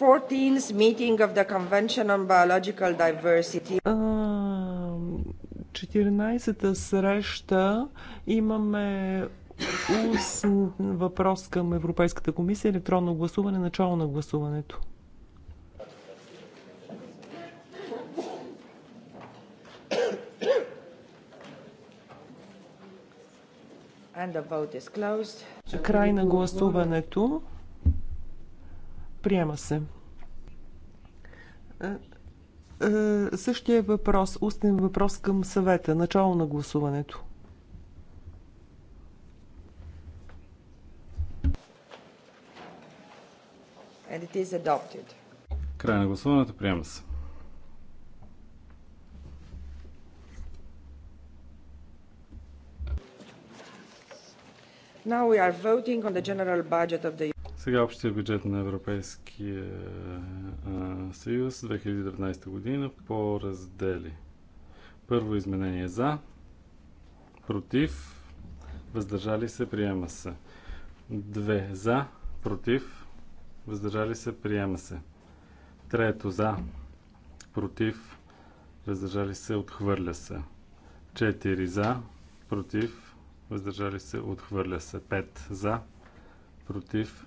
14th meeting of the Convention on Biological Diversity. 14-та среща имаме устен въпрос към Европейската комисия. Електронно гласуване, начало на гласуването. Край на гласуването. Приема се. Е, е, същия въпрос, устен въпрос към съвета, начало на гласуването. And it is adopted. Край на гласуването, приема се. Now we are voting on the general budget of the сега общия бюджет на Европейския съюз 2019 година по раздели. Първо изменение за, против, въздържали се, приема се. Две за, против, въздържали се, приема се. Трето за, против, въздържали се, отхвърля се. 4 за, против, въздържали се, отхвърля се. 5 за, против,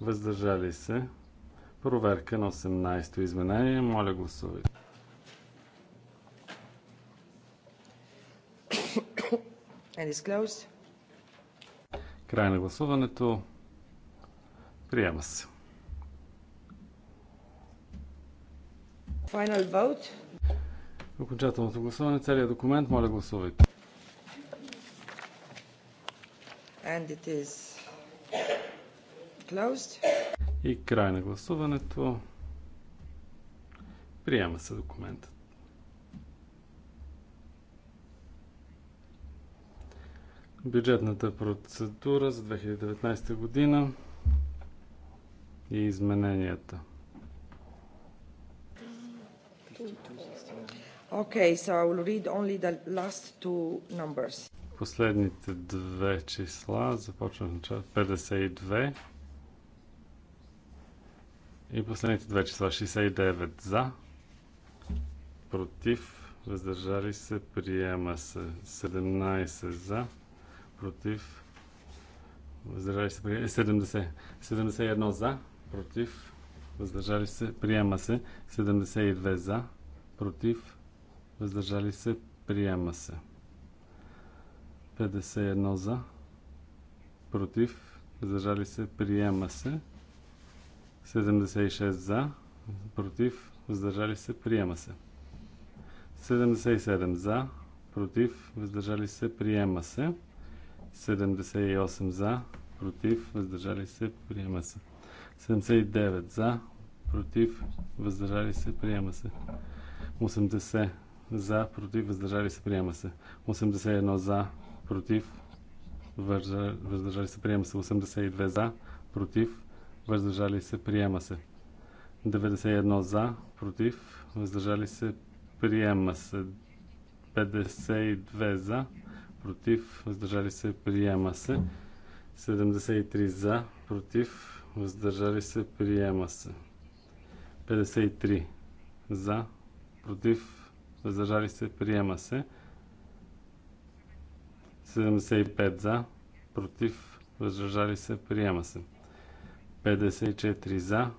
въздържали се. Проверка на 18-то изменение. Моля гласувайте. Край на гласуването. Приема се. Final vote. Окончателното гласуване, целият документ, моля гласувайте. And it is и край на гласуването. Приема се документът. Бюджетната процедура за 2019 година и измененията. Okay, so I will read only the last two numbers. Последните две числа започвам на 52 и последните две числа 69 за, против, въздържали се, приема се 17 за, против, въздържали се, приема 70, 71 за, против, въздържали се, приема се 72 за, против, въздържали се, приема се 51 за, против, въздържали се, приема се 76 за, против, въздържали се, приема се. 77 за, против, въздържали се, приема се. 78 за, против, въздържали се, приема се. 79 за, против, въздържали се, приема се. 80 за, против, въздържали се, приема се. 81 за, против, въздържали се, приема се. 82 за, против, въздържали се, приема се. 91 за, против, въздържали се, приема се. 52 за, против, въздържали се, приема се. 73 за, против, въздържали се, приема се. 53 за, против, въздържали се, приема се. 75 за, против, въздържали се, приема се. 54 за,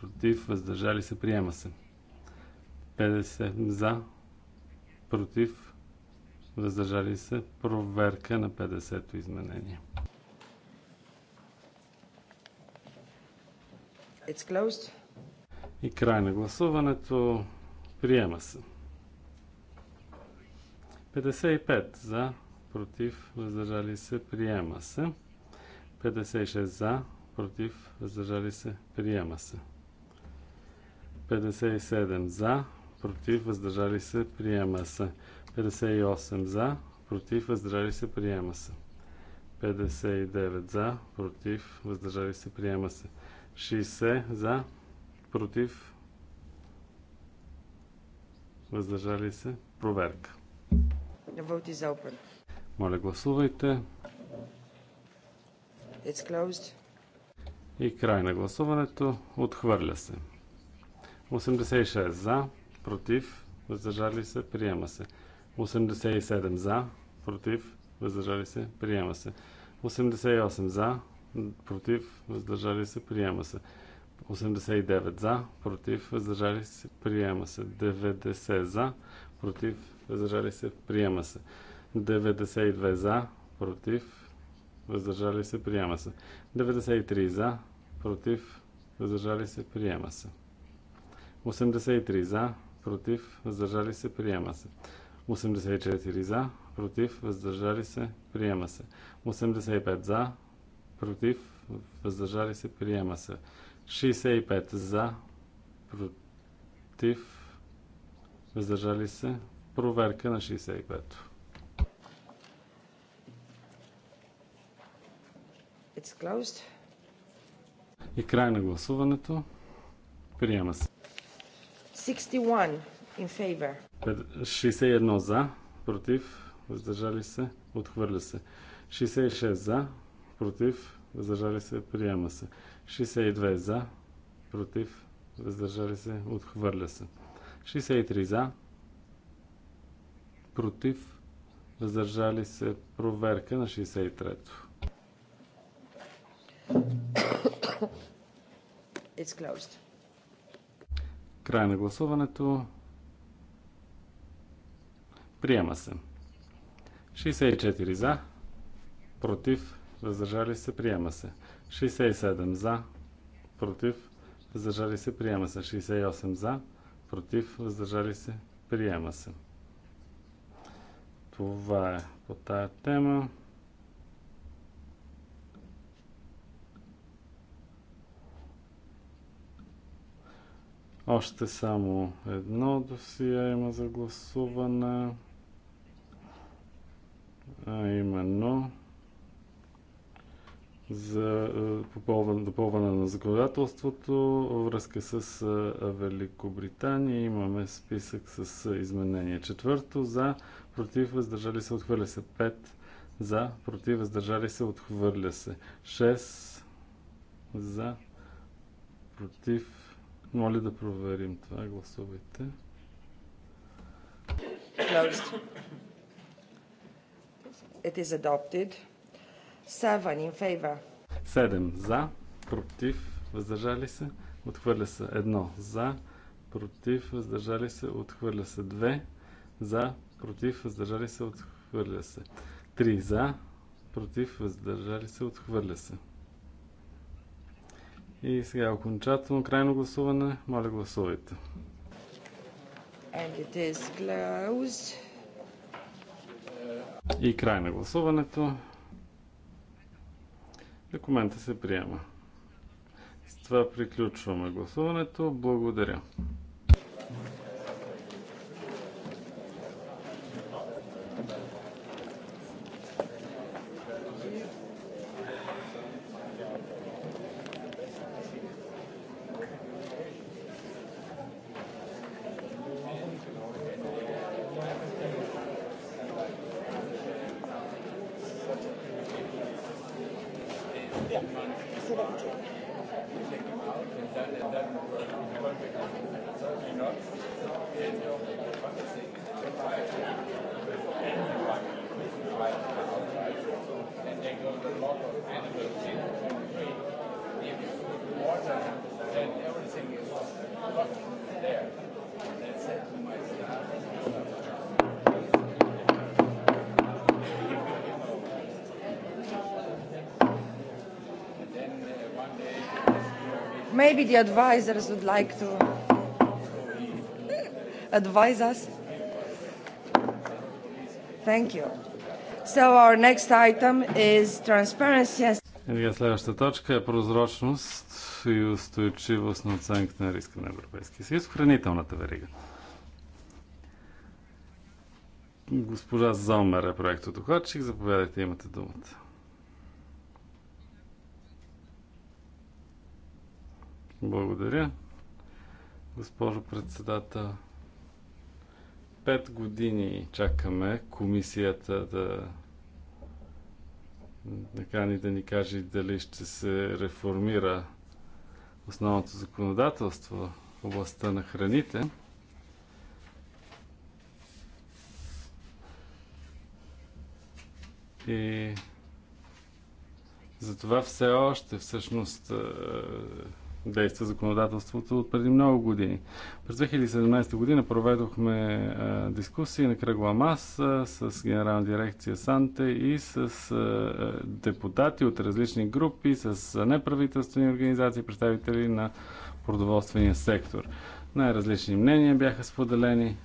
против, въздържали се, приема се. 50 за, против, въздържали се, проверка на 50-то изменение. It's closed. И край на гласуването. Приема се. 55 за, против, въздържали се, приема се. 56 за, против, въздържали се, приема се. 57 за, против, въздържали се, приема се. 58 за, против, въздържали се, приема се. 59 за, против, въздържали се, приема се. 60 за, против, въздържали се, проверка. Моля, гласувайте. It's closed. И край на гласуването. Отхвърля се. 86 за, против, въздържали се, приема се. 87 за, против, въздържали се, приема се. 88 за, против, въздържали се, приема се. 89 за, против, въздържали се, приема се. 90 за, против, въздържали се, приема се. 92 за, против, въздържали се, приема се. 93 за, против, въздържали се, приема се. 83 за, против, въздържали се, приема се. 84 за, против, въздържали се, приема се. 85 за, против, въздържали се, приема се. 65 за, против, въздържали се, проверка на 65. It's closed. И край на гласуването. Приема се. 61 in favor. 61 за, против, въздържали се, отхвърля се. 66 за, против, въздържали се, приема се. 62 за, против, въздържали се, отхвърля се. 63 за, против, въздържали се, проверка на 63-то. It's closed. Край на гласуването. Приема се. 64 за, против, въздържали се, приема се. 67 за, против, въздържали се, приема се. 68 за, против, въздържали се, приема се. Това е по тая тема. Още само едно досие има за гласуване, а именно за е, допълване на законодателството във връзка с е, Великобритания. Имаме списък с е, изменение четвърто за, против, въздържали се, отхвърля се. 5 за, против, въздържали се, отхвърля се. 6 за, против, моля да проверим това. Гласувайте. It is adopted. Seven in favor. Седем за, против, въздържали се, отхвърля се Едно за, против, въздържали се, отхвърля се Две. за, против, въздържали се, отхвърля се Три за, против, въздържали се, отхвърля се. И сега окончателно крайно гласуване. Моля гласувайте. И край на гласуването. Документа се приема. С това приключваме гласуването. Благодаря. the advisors would like to advise us? Thank you. So our next item is transparency and... Сега следващата точка е прозрачност и устойчивост на оценката на риска на Европейския съюз в хранителната верига. Госпожа Зомер е проектодокладчик. Заповядайте, имате думата. Благодаря. Госпожо председател, пет години чакаме комисията да ни да ни каже дали ще се реформира основното законодателство в областта на храните. И затова все още всъщност е, действа законодателството от преди много години. През 2017 година проведохме а, дискусии на кръгла маса с генерална дирекция Санте и с а, депутати от различни групи, с неправителствени организации, представители на продоволствения сектор. Най-различни мнения бяха споделени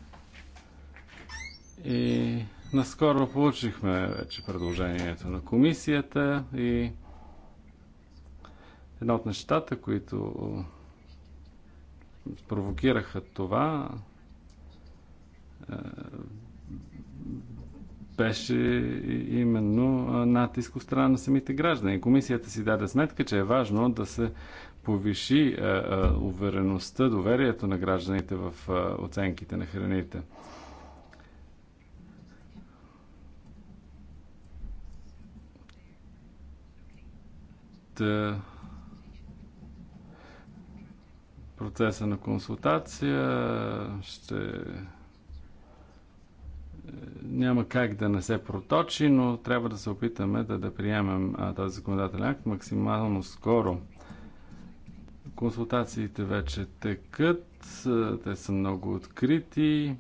и наскоро получихме вече предложението на комисията и Едно от нещата, които провокираха това, е, беше именно натиск от страна на самите граждани. Комисията си даде сметка, че е важно да се повиши е, е, увереността, доверието на гражданите в оценките на храните. Та, процеса на консултация ще е, няма как да не се проточи, но трябва да се опитаме да, да приемем а, този законодателен акт максимално скоро. Консултациите вече текат, е, те са много открити.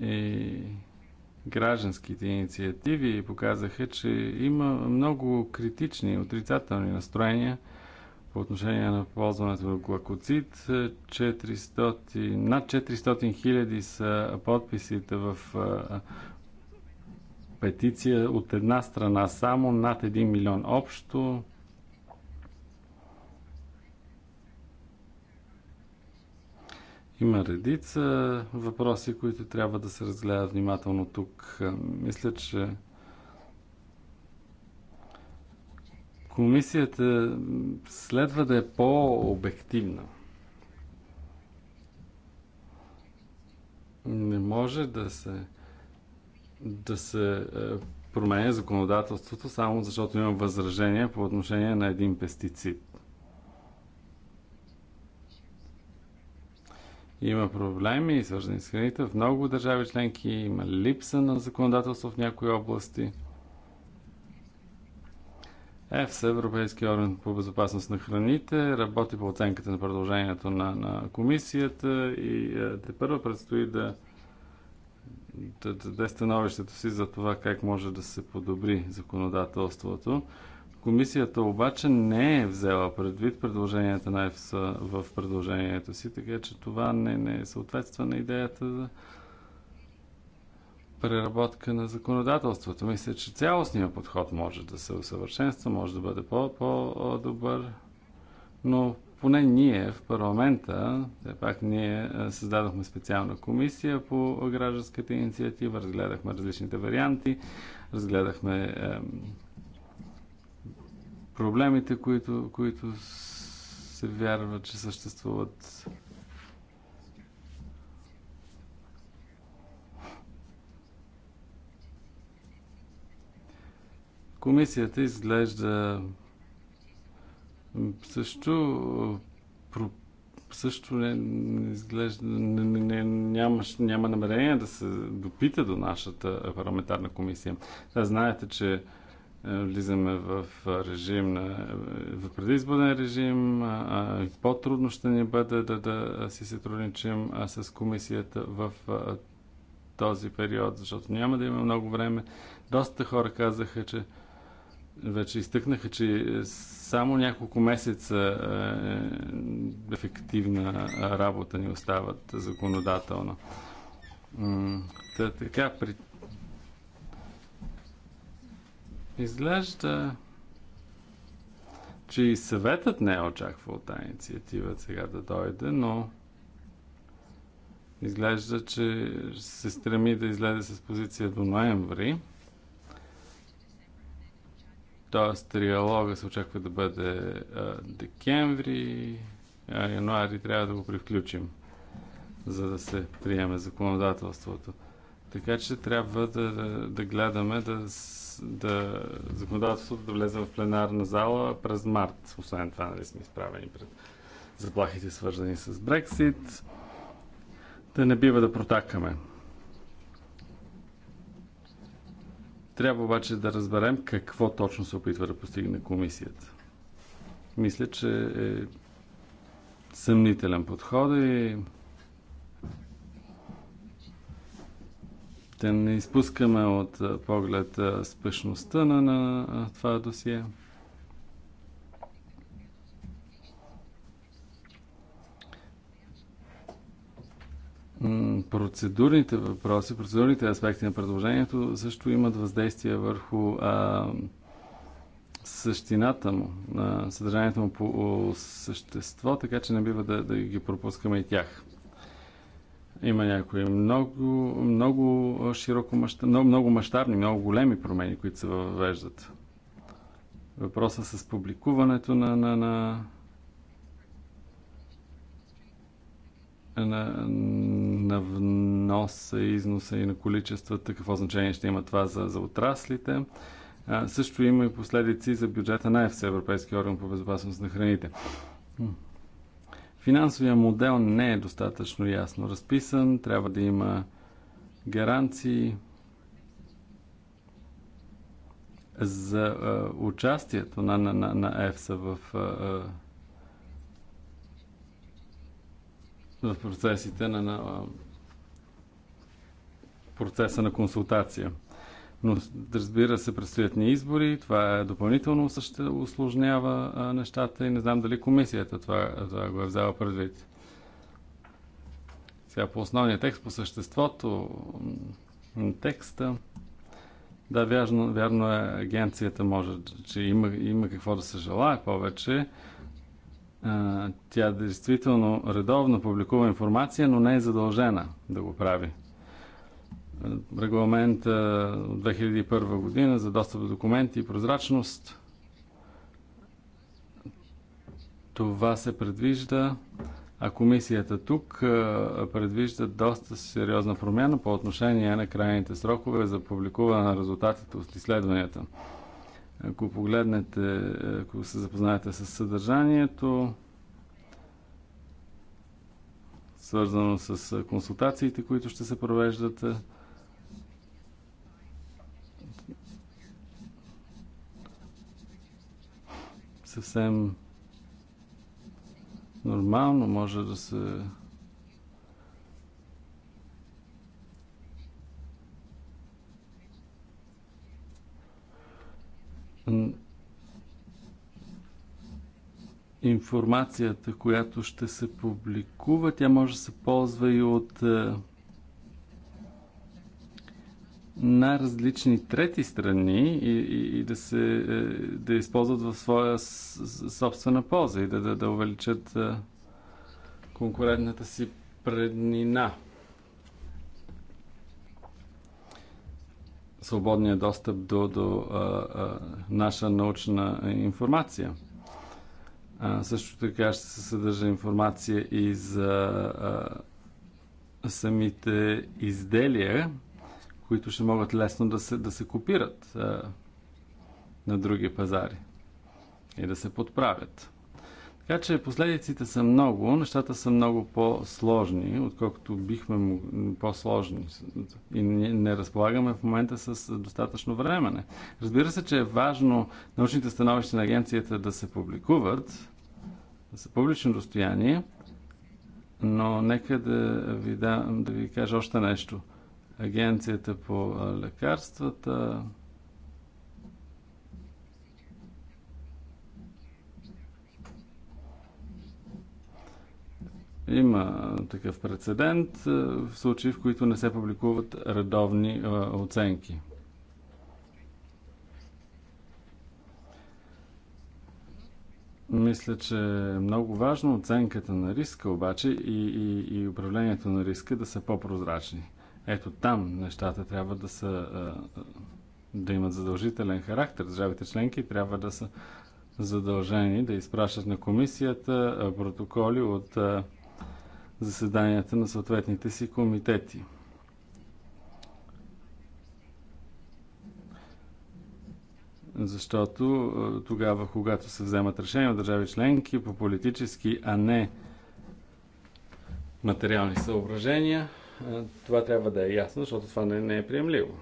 И гражданските инициативи показаха, че има много критични, отрицателни настроения по отношение на ползването на глакоцит. 400, над 400 хиляди са подписите в петиция от една страна само, над 1 милион общо. Има редица въпроси, които трябва да се разгледат внимателно тук. Мисля, че комисията следва да е по-обективна. Не може да се, да се е, променя законодателството само защото има възражение по отношение на един пестицид. Има проблеми, свързани с храните в много държави членки, има липса на законодателство в някои области. ЕФС, Европейски орган по безопасност на храните, работи по оценката на продължението на, на комисията и е, те първо предстои да даде становището си за това как може да се подобри законодателството. Комисията обаче не е взела предвид предложенията на ЕФСА в предложението си, така че това не, не съответства на идеята за преработка на законодателството. Мисля, че цялостният подход може да се усъвършенства, може да бъде по-добър, -по но поне ние в парламента, все пак ние създадохме специална комисия по гражданската инициатива, разгледахме различните варианти, разгледахме е, проблемите, които, които се вярва, че съществуват. Комисията изглежда също също не, изглежда не, не, не, няма, няма намерение да се допита до нашата парламентарна комисия. Да, знаете, че е, влизаме в режим на в предизборен режим, по-трудно ще ни бъде да, да си сътрудничим с комисията в този период, защото няма да има много време. Доста хора казаха, че вече изтъкнаха, че само няколко месеца е, ефективна работа ни остават законодателно. Та, така, при Изглежда, че и съветът не е очаквал тази инициатива сега да дойде, но изглежда, че се стреми да излезе с позиция до ноември. Тоест, триалога се очаква да бъде а, декември, а януари трябва да го приключим, за да се приеме законодателството. Така че трябва да, да гледаме да да законодателството да влезе в пленарна зала през март. Освен това, нали сме изправени пред заплахите, свързани с Брексит. Да не бива да протакаме. Трябва обаче да разберем какво точно се опитва да постигне комисията. Мисля, че е съмнителен подход и да не изпускаме от поглед спешността на, на това досие. Процедурните въпроси, процедурните аспекти на предложението също имат въздействие върху а, същината му, на съдържанието му по същество, така че не бива да, да ги пропускаме и тях. Има някои много, много широко мащаб, много, много мащабни, много големи промени, които се въвеждат. Въпроса с публикуването на, на, на, на, на вноса, износа и на количествата, какво значение ще има това за, за отраслите. А, също има и последици за бюджета на ЕФС, Европейския орган по безопасност на храните. Финансовия модел не е достатъчно ясно разписан, трябва да има гаранции за а, участието на, на, на, на ЕФСА в, а, в процесите на, на процеса на консултация. Но, разбира се, предстоят ни избори. Това е допълнително осложнява нещата и не знам дали комисията това, това го е взела предвид. Сега по основния текст, по съществото на текста. Да, вярно, вярно е, агенцията може, че има, има какво да се желая повече. Тя действително редовно публикува информация, но не е задължена да го прави регламент от 2001 година за достъп до документи и прозрачност. Това се предвижда, а комисията тук предвижда доста сериозна промяна по отношение на крайните срокове за публикуване на резултатите от изследванията. Ако погледнете, ако се запознаете с съдържанието, свързано с консултациите, които ще се провеждат, съвсем нормално може да се информацията, която ще се публикува, тя може да се ползва и от е, на различни трети страни и, и, и да се е, да използват в своя собствена полза и да, да, да увеличат е, конкурентната си преднина. Свободния достъп до, до а, е, а, наша научна информация. А, също така ще се съдържа информация и за а, самите изделия, които ще могат лесно да се, да се копират а, е, на други пазари и да се подправят. Така че последиците са много, нещата са много по-сложни, отколкото бихме по-сложни и не разполагаме в момента с достатъчно време. Разбира се, че е важно научните становища на агенцията да се публикуват, да са публично достояние, но нека да ви, да, да ви кажа още нещо – Агенцията по лекарствата. Има такъв прецедент в случаи, в които не се публикуват редовни оценки. Мисля, че е много важно оценката на риска обаче и, и, и управлението на риска да са по-прозрачни. Ето там нещата трябва да са да имат задължителен характер. Държавите членки трябва да са задължени да изпращат на комисията протоколи от заседанията на съответните си комитети. Защото тогава, когато се вземат решения от държави членки по политически, а не материални съображения, това трябва да е ясно, защото това не, не е приемливо.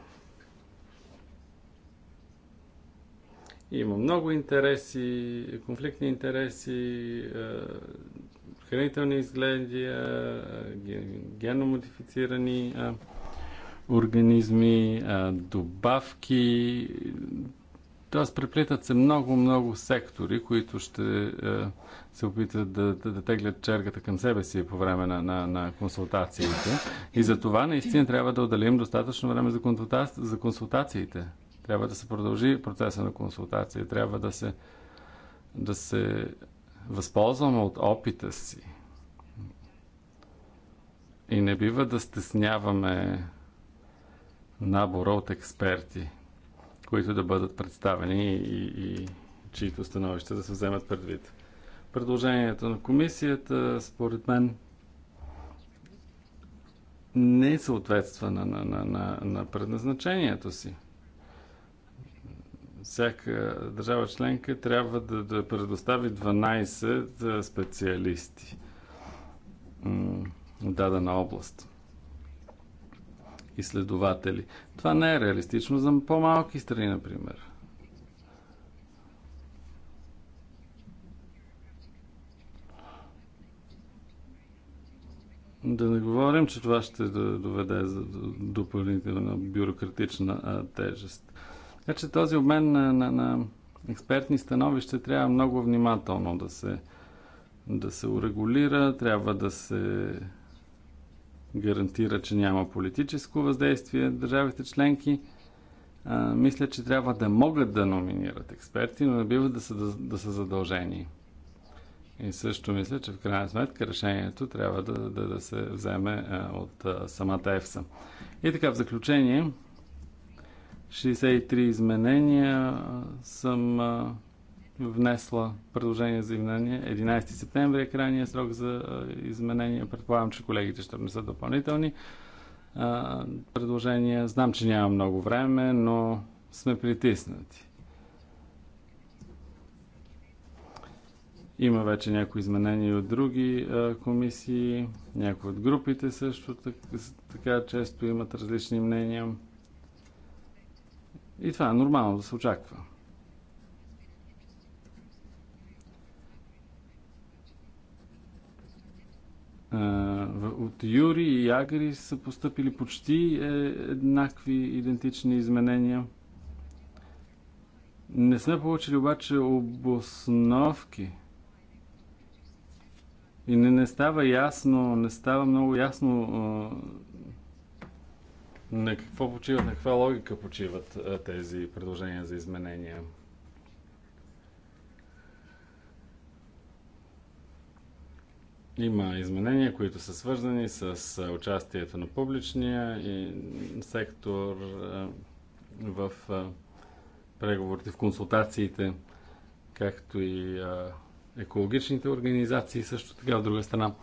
Има много интереси, конфликтни интереси, хранителни изгледия, геномодифицирани организми, добавки, Тоест, преплитат се много-много сектори, които ще е, се опитат да, да, да теглят чергата към себе си по време на, на, на консултациите. И за това наистина трябва да отделим достатъчно време за, консулта... за консултациите. Трябва да се продължи процеса на консултации. Трябва да се, да се възползваме от опита си. И не бива да стесняваме набора от експерти които да бъдат представени и, и чието становища да се вземат предвид. Предложението на комисията, според мен, не съответства на, на, на, на, на предназначението си. Всяка държава членка трябва да, да предостави 12 специалисти в дадена област изследователи. Това не е реалистично за по-малки страни, например. Да не говорим, че това ще доведе за допълнителна бюрократична тежест. Така че този обмен на, на, на експертни становища трябва много внимателно да се, да се урегулира, трябва да се гарантира, че няма политическо въздействие държавите членки. А, мисля, че трябва да могат да номинират експерти, но не бива да са, да, да са задължени. И също мисля, че в крайна сметка решението трябва да, да, да се вземе а, от а, самата ЕФСА. И така, в заключение, 63 изменения съм внесла предложение за изменение. 11 септември е крайния срок за изменение. Предполагам, че колегите ще внесат допълнителни предложения. Знам, че няма много време, но сме притиснати. Има вече някои изменения от други а, комисии, някои от групите също така, така често имат различни мнения. И това е нормално да се очаква. От Юри и Агри са поступили почти е, еднакви, идентични изменения. Не сме получили обаче обосновки. И не, не става ясно, не става много ясно на какво почиват, на каква логика почиват тези предложения за изменения. Има изменения, които са свързани с участието на публичния и сектор в преговорите, в консултациите, както и екологичните организации, също така от друга страна.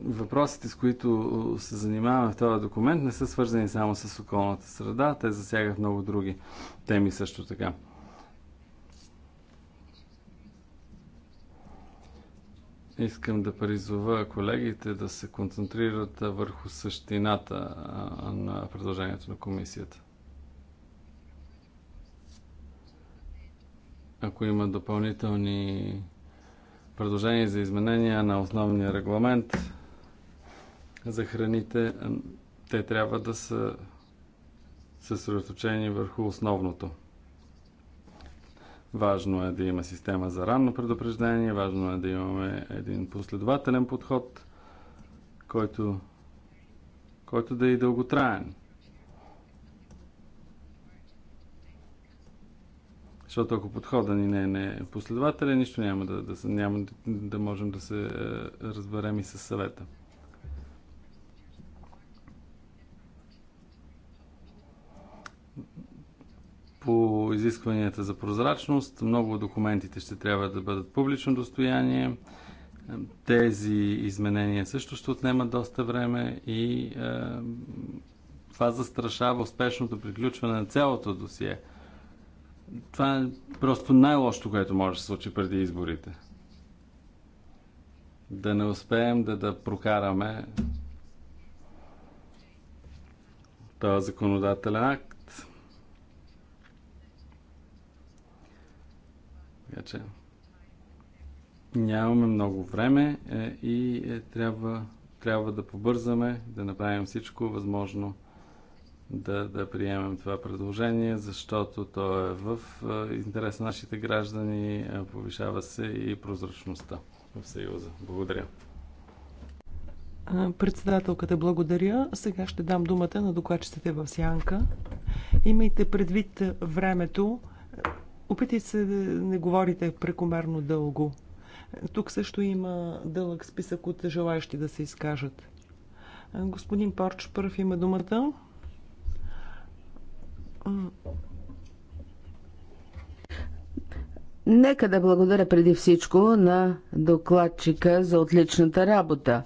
Въпросите, с които се занимаваме в този документ, не са свързани само с околната среда, те засягат много други теми също така. Искам да призова колегите да се концентрират върху същината на предложението на комисията. Ако има допълнителни предложения за изменения на основния регламент за храните, те трябва да са съсредоточени върху основното. Важно е да има система за ранно предупреждение, важно е да имаме един последователен подход, който, който да е и дълготраен. Защото ако подхода ни не е, не е последователен, нищо няма да, да, няма да можем да се е, разберем и с съвета. по изискванията за прозрачност. Много от документите ще трябва да бъдат публично достояние. Тези изменения също ще отнемат доста време и е, това застрашава успешното приключване на цялото досие. Това е просто най-лошото, което може да се случи преди изборите. Да не успеем да, да прокараме този законодателен акт Така че нямаме много време е, и е, трябва, трябва да побързаме, да направим всичко възможно да, да приемем това предложение, защото то е в е, интерес на нашите граждани, повишава се и прозрачността в Съюза. Благодаря. Председателката, благодаря. Сега ще дам думата на докладчиците в Сянка. Имайте предвид времето. Опитайте се да не говорите прекомерно дълго. Тук също има дълъг списък от желаящи да се изкажат. Господин Парч, първ има думата. Нека да благодаря преди всичко на докладчика за отличната работа.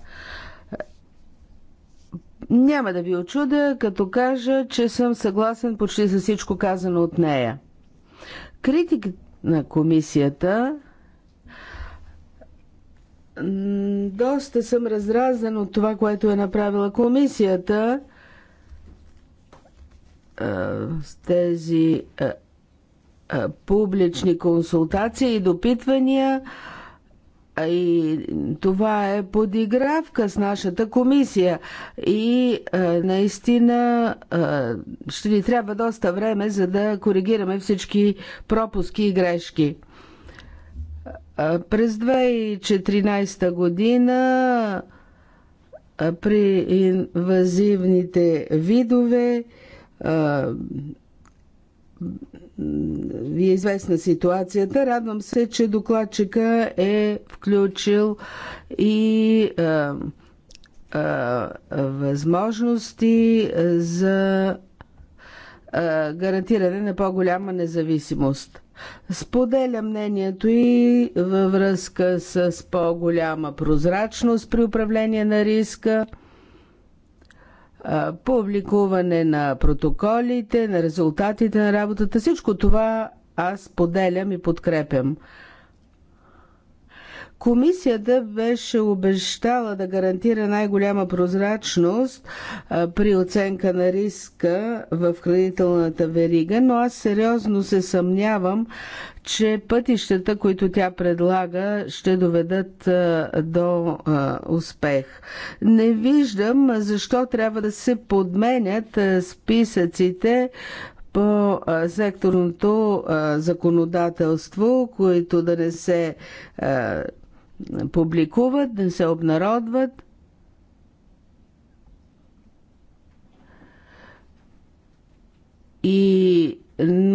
Няма да ви очудя, като кажа, че съм съгласен почти за всичко казано от нея критик на комисията доста съм раздразен от това, което е направила комисията с тези публични консултации и допитвания и това е подигравка с нашата комисия. И е, наистина е, ще ни трябва доста време, за да коригираме всички пропуски и грешки. Е, през 2014 година е, при инвазивните видове е, ви е известна ситуацията. Радвам се, че докладчика е включил и а, а, възможности за а, гарантиране на по-голяма независимост. Споделя мнението и във връзка с по-голяма прозрачност при управление на риска публикуване на протоколите, на резултатите на работата. Всичко това аз поделям и подкрепям. Комисията беше обещала да гарантира най-голяма прозрачност при оценка на риска в хранителната верига, но аз сериозно се съмнявам, че пътищата, които тя предлага, ще доведат до успех. Не виждам защо трябва да се подменят списъците по секторното законодателство, които да не се публикуват, да се обнародват. И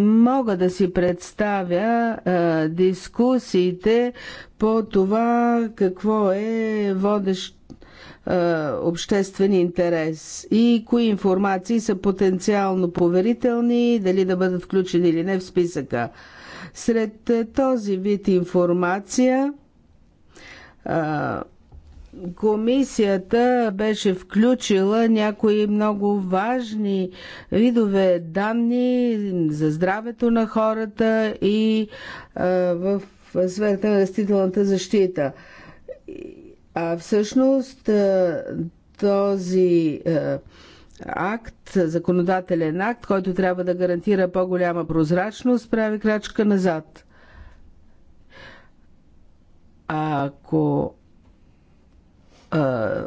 мога да си представя а, дискусиите по това какво е водещ а, обществен интерес и кои информации са потенциално поверителни, дали да бъдат включени или не в списъка. Сред този вид информация Комисията беше включила някои много важни видове данни за здравето на хората и в сферата на растителната защита. А всъщност този акт, законодателен акт, който трябва да гарантира по-голяма прозрачност, прави крачка назад ако а,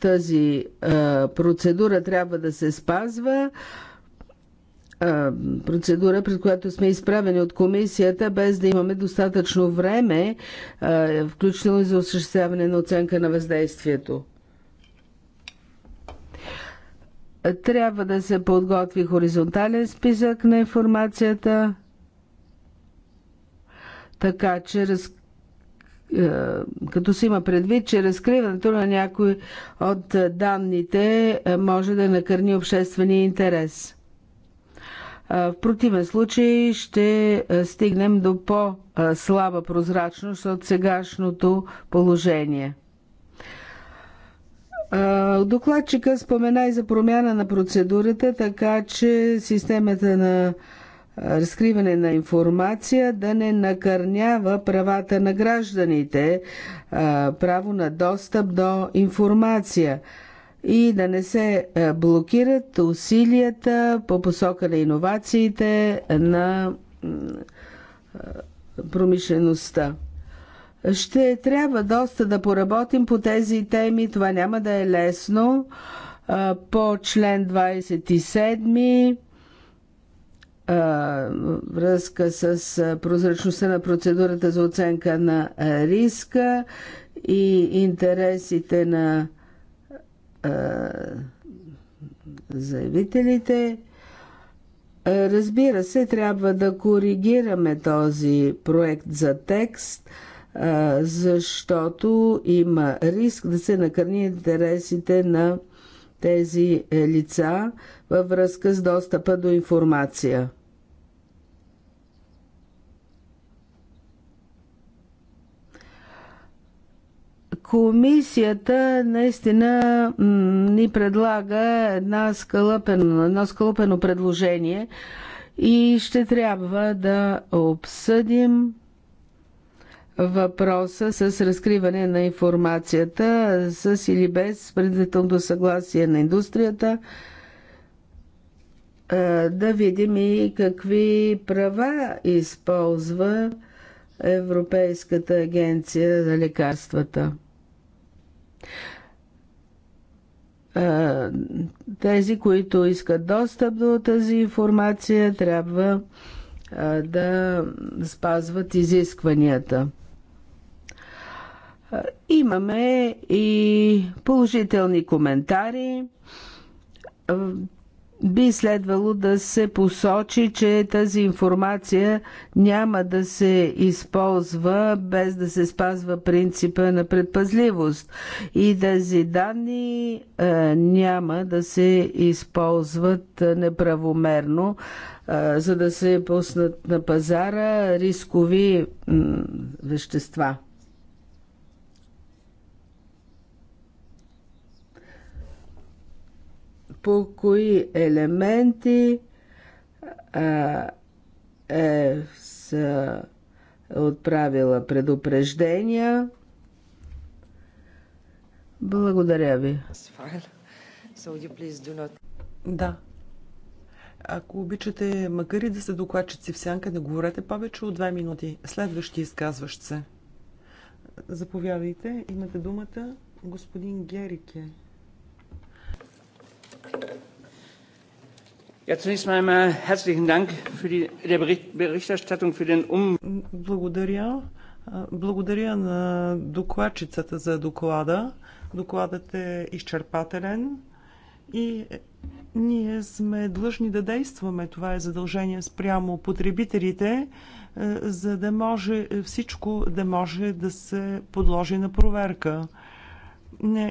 тази а, процедура трябва да се спазва, а, процедура, пред която сме изправени от комисията, без да имаме достатъчно време, а, включително и за осъществяване на оценка на въздействието. Трябва да се подготви хоризонтален списък на информацията, така че разкриването е, като се има предвид, че разкриването на някой от данните е, може да накърни обществения интерес. Е, в противен случай ще стигнем до по-слаба прозрачност от сегашното положение. Докладчика спомена и за промяна на процедурата, така че системата на разкриване на информация да не накърнява правата на гражданите, право на достъп до информация и да не се блокират усилията по посока на иновациите на промишлеността. Ще трябва доста да поработим по тези теми. Това няма да е лесно. По член 27 връзка с прозрачността на процедурата за оценка на риска и интересите на заявителите. Разбира се, трябва да коригираме този проект за текст, защото има риск да се накърни интересите на тези е, лица във връзка с достъпа до информация. Комисията наистина ни предлага една едно скълъпено предложение и ще трябва да обсъдим въпроса с разкриване на информацията с или без предварително съгласие на индустрията. Да видим и какви права използва Европейската агенция за лекарствата. Е, тези, които искат достъп до тази информация, трябва е, да спазват изискванията. Е, имаме и положителни коментари би следвало да се посочи, че тази информация няма да се използва без да се спазва принципа на предпазливост и тези данни е, няма да се използват е, неправомерно, е, за да се пуснат на пазара рискови вещества. по кои елементи а, е, а, отправила предупреждения. Благодаря ви. Да. Ако обичате, макар и да се докладчици в сянка, не говорете повече от две минути. Следващи изказващ се. Заповядайте, имате думата господин Герике. Благодаря. Благодаря на докладчицата за доклада. Докладът е изчерпателен и ние сме длъжни да действаме. Това е задължение спрямо потребителите, за да може всичко да може да се подложи на проверка.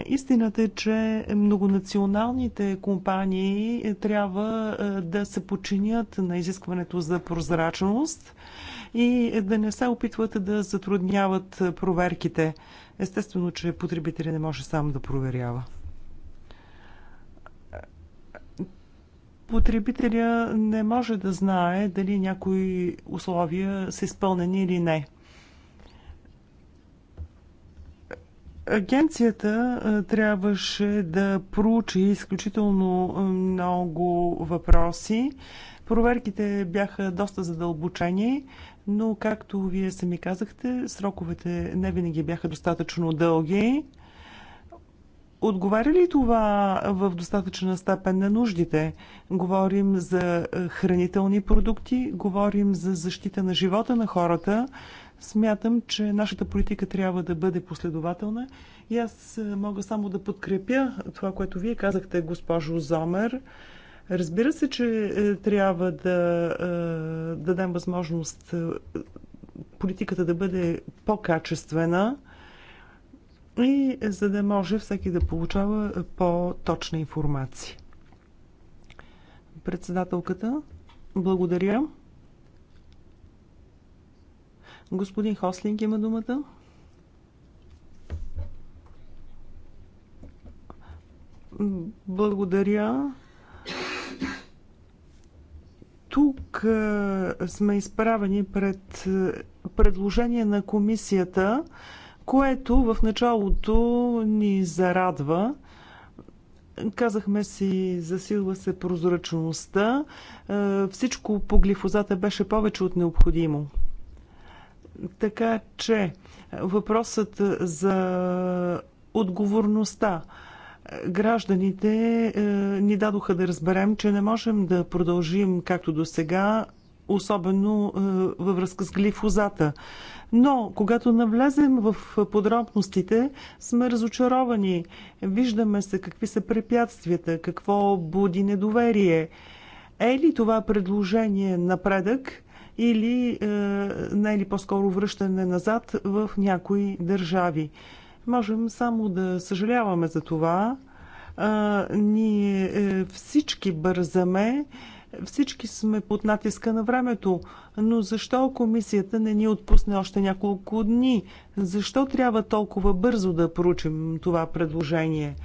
Истината е, че многонационалните компании трябва е, да се подчинят на изискването за прозрачност и да не се опитват да затрудняват проверките. Естествено, че потребителя не може сам да проверява. Потребителя не може да знае дали някои условия са изпълнени или не – Агенцията трябваше да проучи изключително много въпроси. Проверките бяха доста задълбочени, но както вие сами казахте, сроковете не винаги бяха достатъчно дълги. Отговаря ли това в достатъчна степен на нуждите? Говорим за хранителни продукти, говорим за защита на живота на хората, Смятам, че нашата политика трябва да бъде последователна и аз е, мога само да подкрепя това, което вие казахте, госпожо Зомер. Разбира се, че е, трябва е, да дадем възможност политиката да бъде по-качествена и за да може всеки да получава по-точна информация. Председателката, благодаря. Господин Хослинг има думата. Благодаря. Тук сме изправени пред предложение на комисията, което в началото ни зарадва. Казахме си, засилва се прозрачността. Всичко по глифозата беше повече от необходимо. Така че въпросът за отговорността гражданите е, ни дадоха да разберем, че не можем да продължим както до сега, особено е, във връзка с глифозата. Но, когато навлезем в подробностите, сме разочаровани. Виждаме се какви са препятствията, какво буди недоверие. Е ли това предложение напредък? или е, не или по-скоро връщане назад в някои държави. Можем само да съжаляваме за това. А, ние е, всички бързаме, всички сме под натиска на времето, но защо комисията не ни отпусне още няколко дни? Защо трябва толкова бързо да поручим това предложение?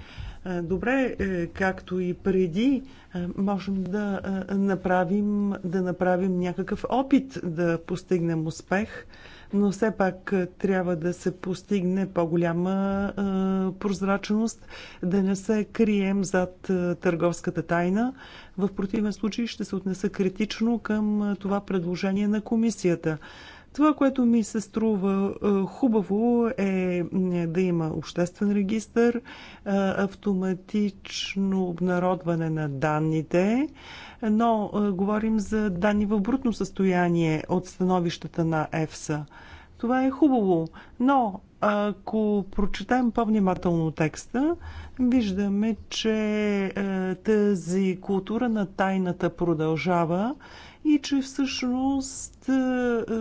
Е, добре, е, както и преди, е, можем да направим, да направим някакъв опит да постигнем успех, но все пак трябва да се постигне по-голяма прозрачност, да не се крием зад търговската тайна. В противен случай ще се отнеса критично към това предложение на комисията. Това, което ми се струва е, хубаво е, е да има обществен регистр, е, автоматично обнародване на данните, но говорим за данни в брутно състояние от становищата на ЕФСА. Това е хубаво, но ако прочетем по-внимателно текста, виждаме, че тази култура на тайната продължава и че всъщност е, е,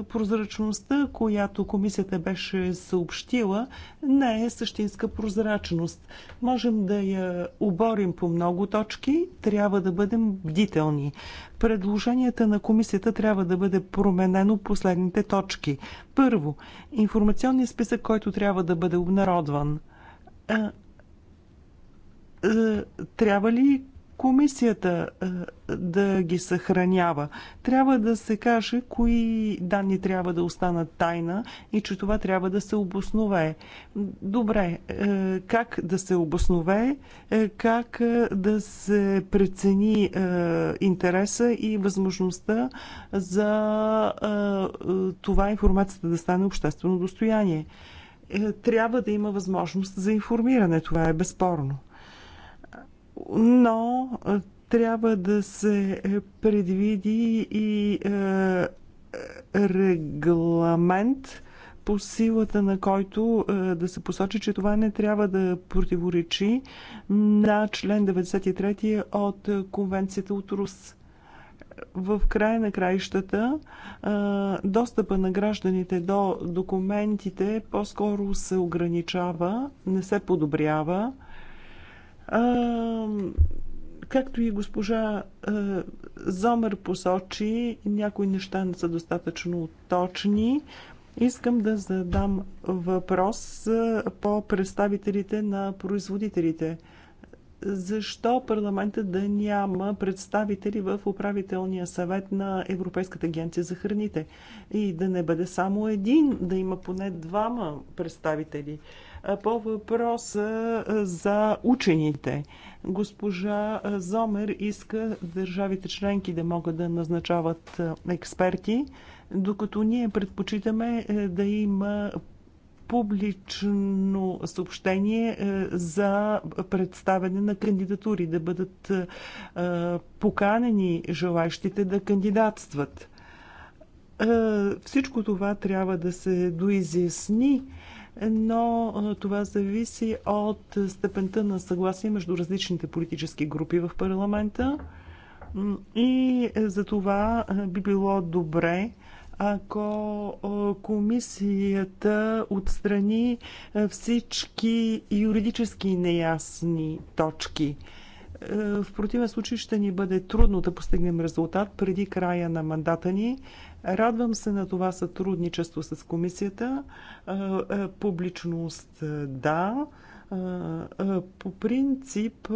прозрачността, която комисията беше съобщила, не е същинска прозрачност. Можем да я оборим по много точки, трябва да бъдем бдителни. Предложенията на комисията трябва да бъде променено последните точки. Първо, информационният списък, който трябва да бъде обнародван е, трябва ли комисията е, да ги съхранява. Трябва да се каже кои данни трябва да останат тайна и че това трябва да се обоснове. Добре, е, как да се обоснове, е, как да се прецени интереса и възможността за това информацията да стане обществено достояние. Трябва да има възможност за информиране, това е безспорно но трябва да се е, предвиди и е, регламент, по силата на който е, да се посочи, че това не трябва да противоречи на член 93 от Конвенцията от РУС. В края на краищата достъпа на гражданите до документите по-скоро се ограничава, не се подобрява. Както и госпожа Зомер посочи, някои неща не са достатъчно точни. Искам да задам въпрос по представителите на производителите. Защо парламента да няма представители в управителния съвет на Европейската агенция за храните? И да не бъде само един, да има поне двама представители. По въпроса за учените. Госпожа Зомер иска държавите членки да могат да назначават експерти, докато ние предпочитаме да има публично съобщение за представяне на кандидатури, да бъдат поканени желащите да кандидатстват. Всичко това трябва да се доизясни но това зависи от степента на съгласие между различните политически групи в парламента. И е, за това би било добре, ако комисията отстрани всички юридически неясни точки. Е, в противен случай ще ни бъде трудно да постигнем резултат преди края на мандата ни. Радвам се на това сътрудничество с комисията. Публичност да. По принцип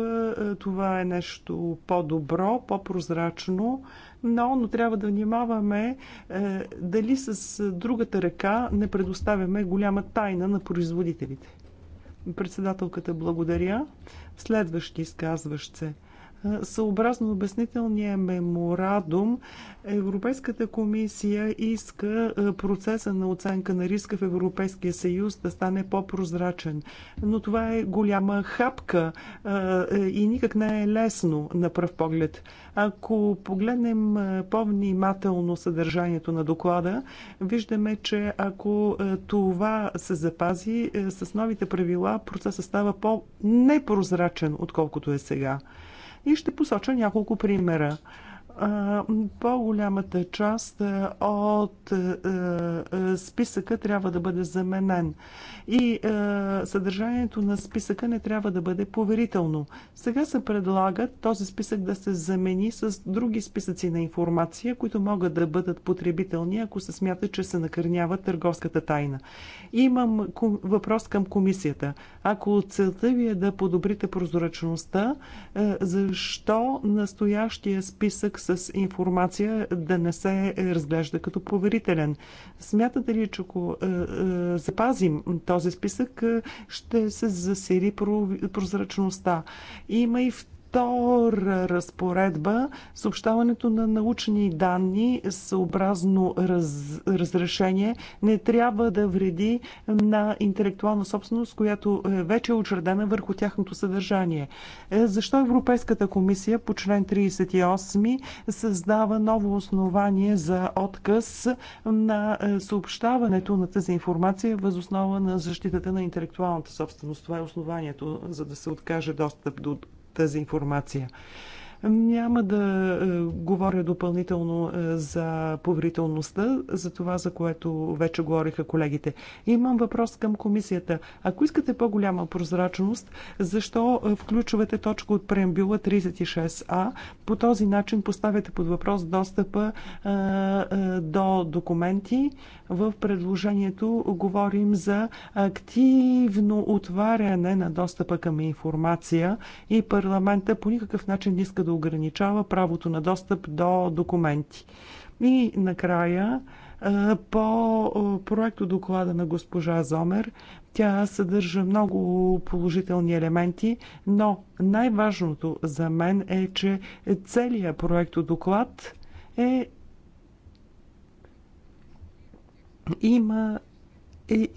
това е нещо по-добро, по-прозрачно, но, но трябва да внимаваме е, дали с другата ръка не предоставяме голяма тайна на производителите. Председателката благодаря. Следващи изказващ се. Съобразно обяснителния меморандум, Европейската комисия иска е, процеса на оценка на риска в Европейския съюз да стане по-прозрачен. Но това е голяма хапка е, е, и никак не е лесно на пръв поглед. Ако погледнем по-внимателно съдържанието на доклада, виждаме, че ако това се запази с новите правила, процесът става по-непрозрачен, отколкото е сега и ще посоча няколко примера по-голямата част от списъка трябва да бъде заменен. И съдържанието на списъка не трябва да бъде поверително. Сега се предлага този списък да се замени с други списъци на информация, които могат да бъдат потребителни, ако се смята, че се накърнява търговската тайна. Имам въпрос към комисията. Ако целта ви е да подобрите прозрачността, защо настоящия списък с информация да не се разглежда като поверителен. Смятате ли, че ако е, е, запазим този списък, е, ще се засили прозрачността? Има и в втора разпоредба съобщаването на научни данни съобразно раз, разрешение не трябва да вреди на интелектуална собственост, която е вече е учредена върху тяхното съдържание. Е, защо Европейската комисия по член 38 създава ново основание за отказ на е, съобщаването на тази информация възоснова на защитата на интелектуалната собственост? Това е основанието за да се откаже достъп до тази информация. Няма да е, говоря допълнително е, за поверителността, за това, за което вече говориха колегите. Имам въпрос към комисията. Ако искате по-голяма прозрачност, защо е, включвате точка от преамбюла 36А? По този начин поставяте под въпрос достъпа до документи, в предложението говорим за активно отваряне на достъпа към информация и парламента по никакъв начин не иска да ограничава правото на достъп до документи. И накрая по проекто доклада на госпожа Зомер. Тя съдържа много положителни елементи, но най-важното за мен е, че целият проекто доклад е Има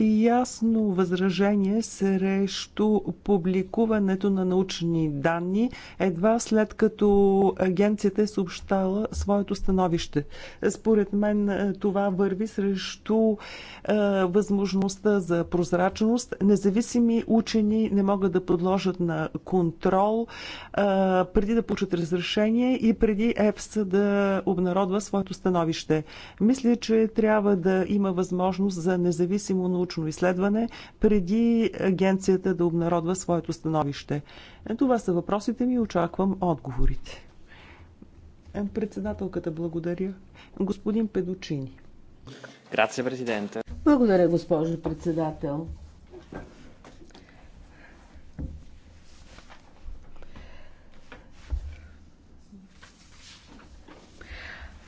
ясно възражение срещу публикуването на научни данни едва след като агенцията е съобщала своето становище. Според мен е, това върви срещу е, възможността за прозрачност. Независими учени не могат да подложат на контрол е, преди да получат разрешение и преди ЕФСА да обнародва своето становище. Мисля, че трябва да има възможност за независимо независимо научно изследване преди агенцията да обнародва своето становище? Е, това са въпросите ми и очаквам отговорите. Е, председателката благодаря. Господин Педочини. Грация, президента. Благодаря, госпожо председател.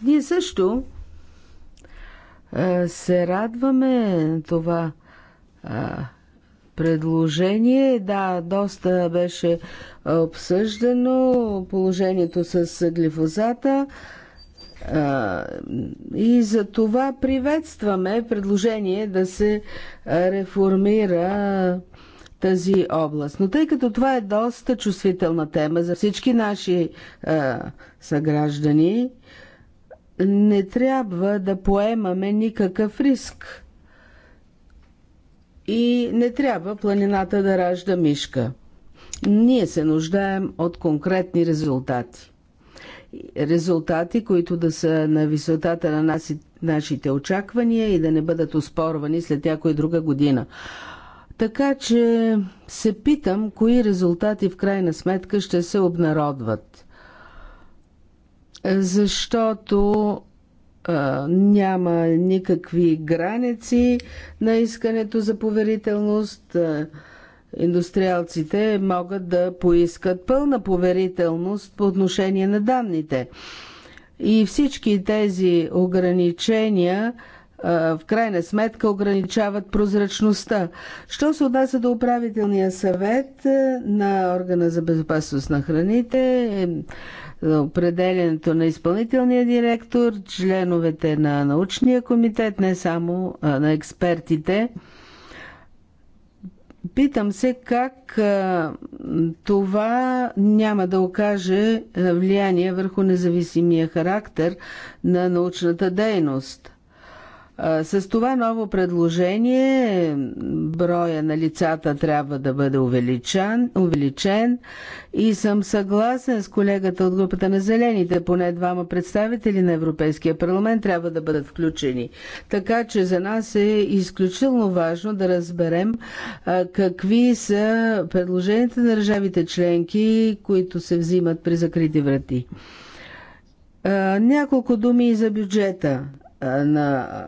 Ние също е, се радваме на това е, предложение. Да, доста беше е, обсъждано положението с глифозата. И за това приветстваме предложение да се реформира тази област. Но тъй като това е доста чувствителна тема за всички наши съграждани, не трябва да поемаме никакъв риск. И не трябва планината да ражда мишка. Ние се нуждаем от конкретни резултати. Резултати, които да са на висотата на нашите очаквания и да не бъдат оспорвани след някоя друга година. Така че се питам, кои резултати в крайна сметка ще се обнародват защото а, няма никакви граници на искането за поверителност. А, индустриалците могат да поискат пълна поверителност по отношение на данните. И всички тези ограничения в крайна сметка ограничават прозрачността. Що се отнася до управителния съвет на органа за безопасност на храните, определенето на изпълнителния директор, членовете на научния комитет, не само на експертите. Питам се как това няма да окаже влияние върху независимия характер на научната дейност. С това ново предложение броя на лицата трябва да бъде увеличен, увеличен и съм съгласен с колегата от групата на зелените. Поне двама представители на Европейския парламент трябва да бъдат включени. Така че за нас е изключително важно да разберем какви са предложенията на държавите членки, които се взимат при закрити врати. Няколко думи и за бюджета на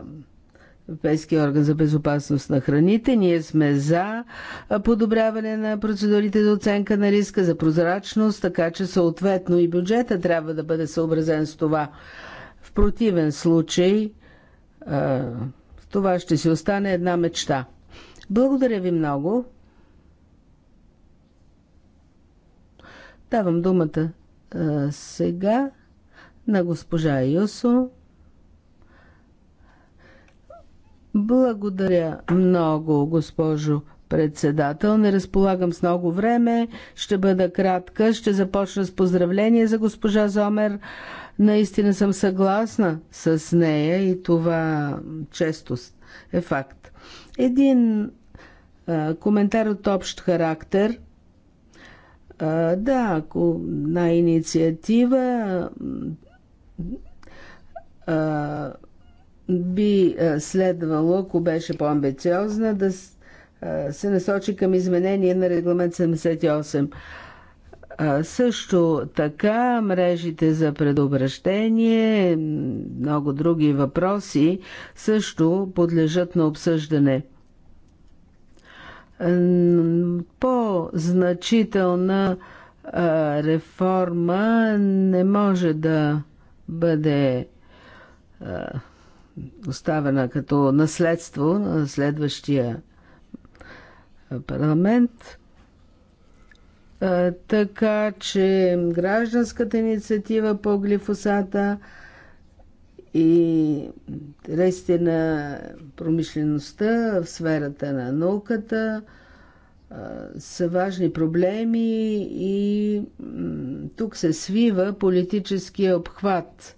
Европейския орган за безопасност на храните. Ние сме за подобряване на процедурите за оценка на риска, за прозрачност, така че съответно и бюджета трябва да бъде съобразен с това. В противен случай това ще си остане една мечта. Благодаря ви много. Давам думата сега на госпожа Юсо Благодаря много, госпожо председател. Не разполагам с много време. Ще бъда кратка. Ще започна с поздравление за госпожа Зомер. Наистина съм съгласна с нея и това често е факт. Един а, коментар от общ характер. А, да, ако на инициатива а, би е, следвало, ако беше по-амбициозна, да е, се насочи към изменение на регламент 78. Също така мрежите за предобращение, много други въпроси също подлежат на обсъждане. По-значителна реформа не може да бъде оставена като наследство на следващия парламент. Така че гражданската инициатива по глифосата и рести на промишлеността в сферата на науката са важни проблеми и тук се свива политическия обхват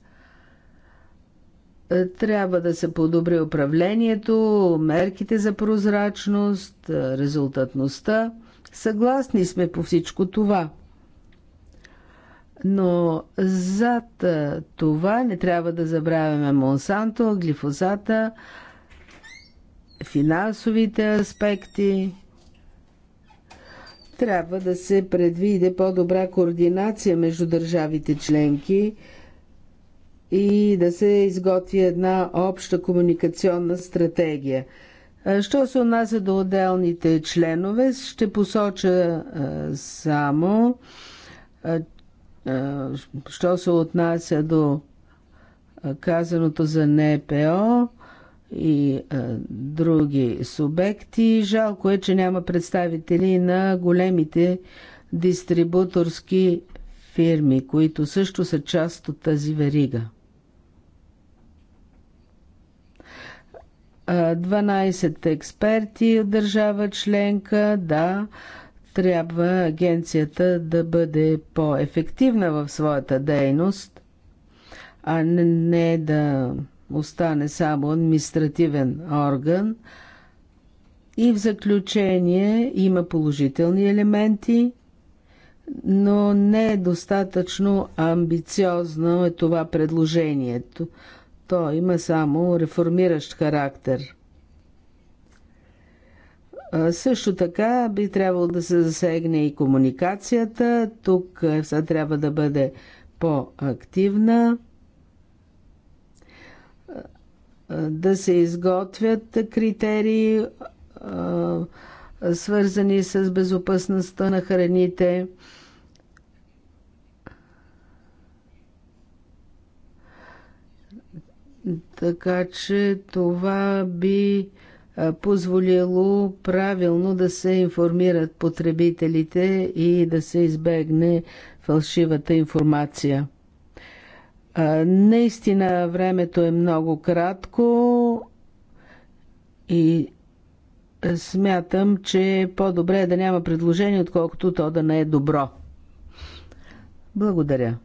е, трябва да се подобри управлението, мерките за прозрачност, е, резултатността. Съгласни сме по всичко това. Но зад е, това не трябва да забравяме Монсанто, глифозата, финансовите аспекти. Трябва да се предвиде по-добра координация между държавите членки – и да се изготви една обща комуникационна стратегия. Що се отнася до отделните членове, ще посоча само, що се отнася до казаното за НПО и други субекти. Жалко е, че няма представители на големите дистрибуторски фирми, които също са част от тази верига. 12 експерти от държава членка, да, трябва агенцията да бъде по-ефективна в своята дейност, а не да остане само административен орган. И в заключение има положителни елементи, но не е достатъчно амбициозно е това предложението то има само реформиращ характер. Също така би трябвало да се засегне и комуникацията. Тук сега трябва да бъде по-активна. Да се изготвят критерии, свързани с безопасността на храните Така че това би позволило правилно да се информират потребителите и да се избегне фалшивата информация. Наистина времето е много кратко и смятам, че е по-добре да няма предложение, отколкото то да не е добро. Благодаря.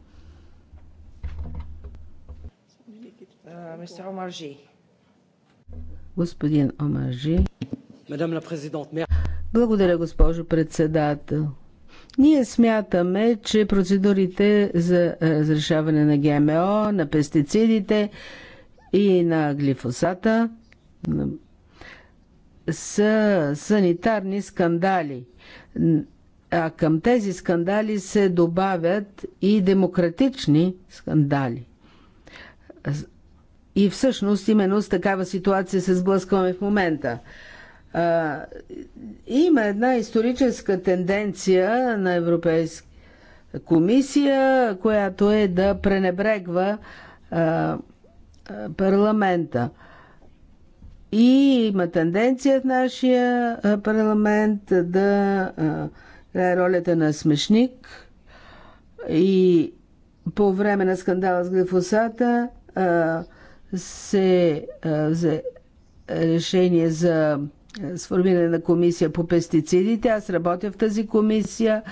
Господин Омаржи. Благодаря, госпожо председател. Ние смятаме, че процедурите за разрешаване на ГМО, на пестицидите и на глифосата са санитарни скандали. А към тези скандали се добавят и демократични скандали. И всъщност именно с такава ситуация се сблъскваме в момента. А, има една историческа тенденция на Европейска комисия, която е да пренебрегва а, парламента. И има тенденция в нашия парламент да играе ролята на смешник и по време на скандала с глифосата а, се взе решение за сформиране на комисия по пестицидите. Аз работя в тази комисия.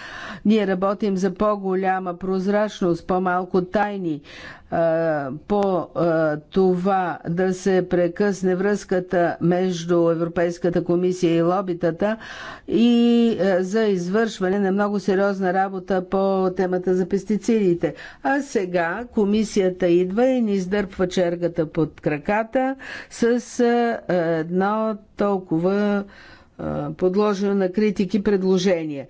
Ние работим за по-голяма прозрачност, по-малко тайни по това да се прекъсне връзката между Европейската комисия и лобитата и за извършване на много сериозна работа по темата за пестицидите. А сега комисията идва и ни издърпва чергата под краката с едно толкова подложено на критики предложение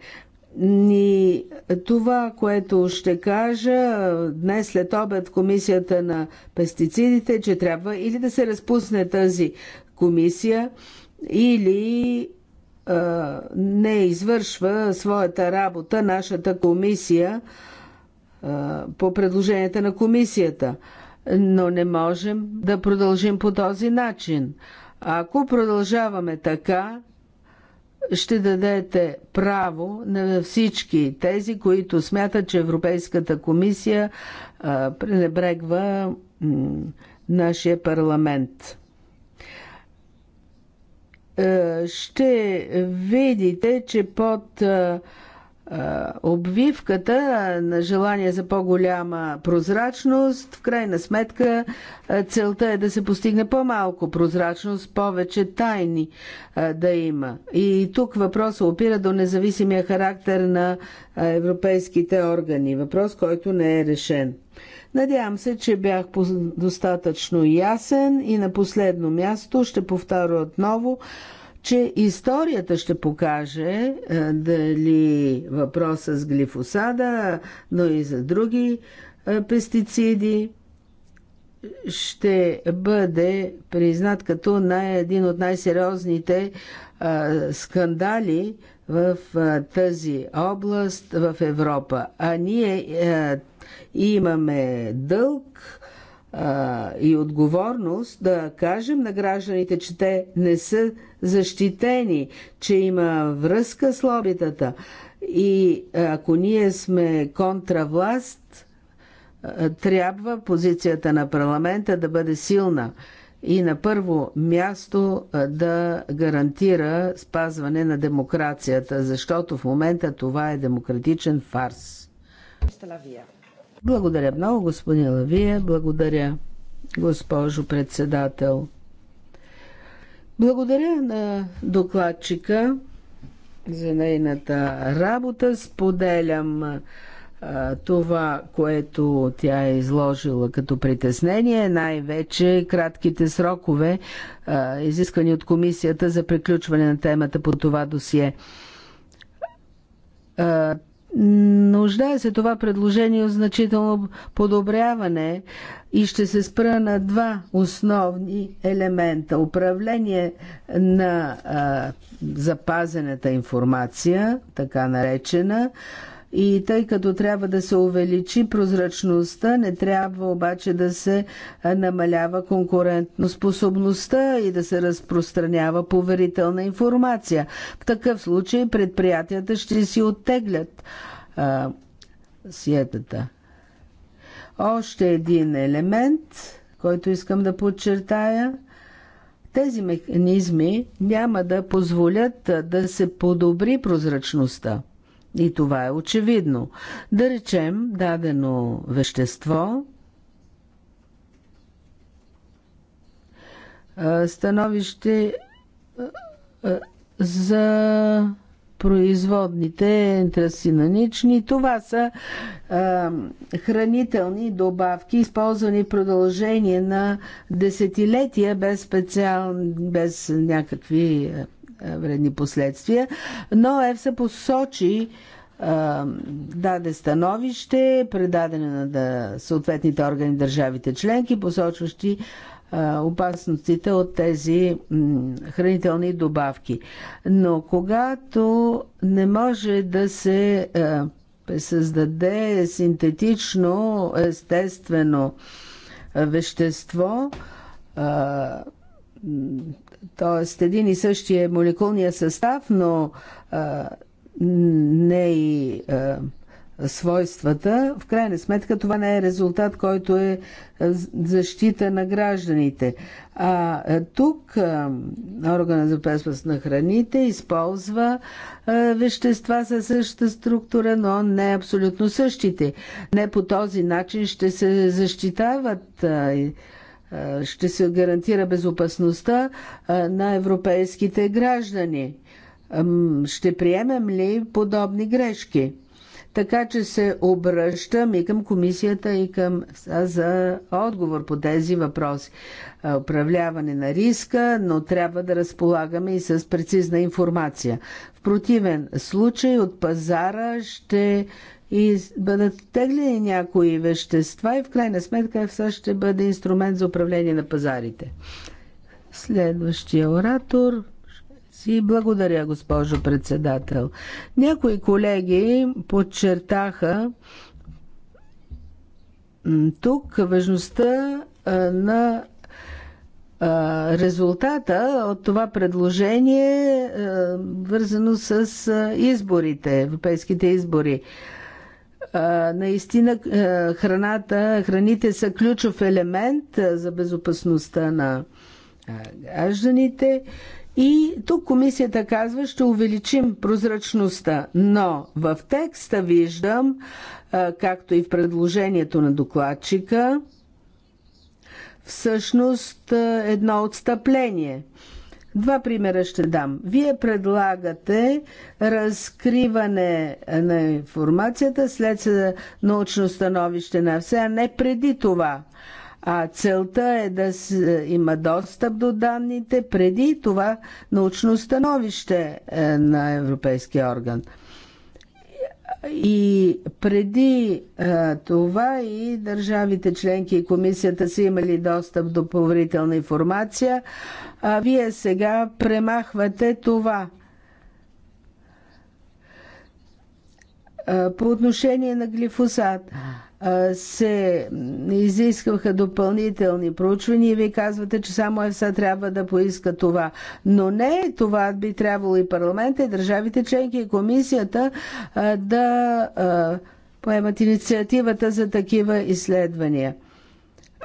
ни това, което ще кажа днес след обед в комисията на пестицидите, че трябва или да се разпусне тази комисия, или а, не извършва своята работа нашата комисия а, по предложенията на комисията. Но не можем да продължим по този начин. Ако продължаваме така, ще дадете право на всички тези, които смятат, че Европейската комисия пренебрегва нашия парламент. Ще видите, че под обвивката на желание за по-голяма прозрачност, в крайна сметка целта е да се постигне по-малко прозрачност, повече тайни да има. И тук въпросът опира до независимия характер на европейските органи. Въпрос, който не е решен. Надявам се, че бях достатъчно ясен и на последно място ще повторя отново че историята ще покаже е, дали въпроса с глифосада, но и за други е, пестициди ще бъде признат като най- един от най-сериозните е, скандали в тази област в Европа. А ние имаме дълг и отговорност да кажем на гражданите, че те не са защитени, че има връзка с лобитата. И ако ние сме контравласт, трябва позицията на парламента да бъде силна и на първо място да гарантира спазване на демокрацията, защото в момента това е демократичен фарс. Благодаря много, господин Лавия. Благодаря, госпожо председател. Благодаря на докладчика за нейната работа. Споделям това, което тя е изложила като притеснение, най-вече кратките срокове, изисквани от комисията за приключване на темата по това досие. Нуждае се това предложение от значително подобряване и ще се спра на два основни елемента. Управление на а, запазената информация, така наречена, и тъй като трябва да се увеличи прозрачността, не трябва обаче да се е, намалява конкурентоспособността и да се разпространява поверителна информация. В такъв случай предприятията ще си оттеглят а, е, сиетата. Още един елемент, който искам да подчертая – тези механизми няма да позволят е, да се подобри прозрачността. И това е очевидно. Да речем, дадено вещество становище за производните трасинанични. Това са а, хранителни добавки, използвани в продължение на десетилетия без специал, без някакви вредни последствия, но ЕФСА посочи, даде становище, предадено на съответните органи държавите членки, посочващи опасностите от тези хранителни добавки. Но когато не може да се създаде синтетично, естествено вещество, Тоест един и същи е молекулния състав, но а, не и а, свойствата. В крайна сметка това не е резултат, който е защита на гражданите. А тук органа за безопасност на храните използва вещества със същата структура, но не абсолютно същите. Не по този начин ще се защитават е, ще се гарантира безопасността е, на европейските граждани. Ще приемем ли подобни грешки? Така че се обръщам и към комисията, и към за отговор по тези въпроси. Е, управляване на риска, но трябва да разполагаме и с прецизна информация. В противен случай от пазара ще и бъдат теглени някои вещества и в крайна сметка ЕФСА ще бъде инструмент за управление на пазарите. Следващия оратор си благодаря, госпожо председател. Някои колеги подчертаха тук важността на резултата от това предложение, вързано с изборите, европейските избори. Наистина храната, храните са ключов елемент за безопасността на гражданите. И тук комисията казва, ще увеличим прозрачността, но в текста виждам, както и в предложението на докладчика, всъщност едно отстъпление – Два примера ще дам. Вие предлагате разкриване на информацията след научно становище на все, а не преди това. А целта е да има достъп до данните преди това научно становище е, на Европейския орган. И преди а, това и държавите членки и комисията са имали достъп до поверителна информация, а вие сега премахвате това. А, по отношение на глифосат се изискваха допълнителни проучвания и вие казвате, че само ЕФСА трябва да поиска това. Но не, това би трябвало и парламента, и държавите членки, и комисията да поемат инициативата за такива изследвания.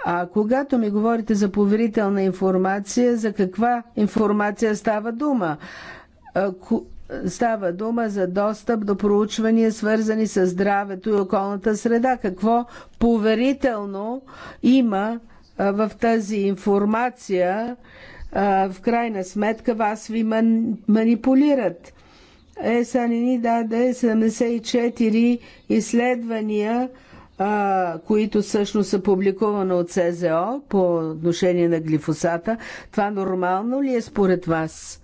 А когато ми говорите за поверителна информация, за каква информация става дума? Става дума за достъп до проучвания, свързани с здравето и околната среда. Какво поверително има в тази информация? В крайна сметка вас ви манипулират. ЕСА не ни даде 74 изследвания, а, които всъщност са публикувани от СЗО по отношение на глифосата. Това нормално ли е според вас?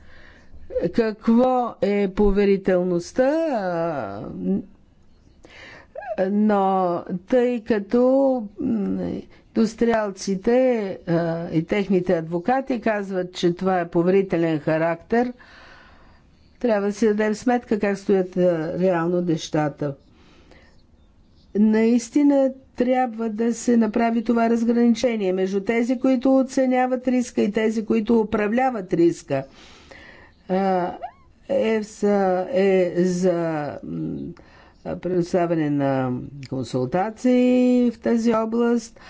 Какво е поверителността? Но тъй като дострелците и техните адвокати казват, че това е поверителен характер, трябва да си дадем сметка как стоят реално нещата. Наистина трябва да се направи това разграничение между тези, които оценяват риска и тези, които управляват риска. ЕФСА е за предоставяне на консултации в тази област.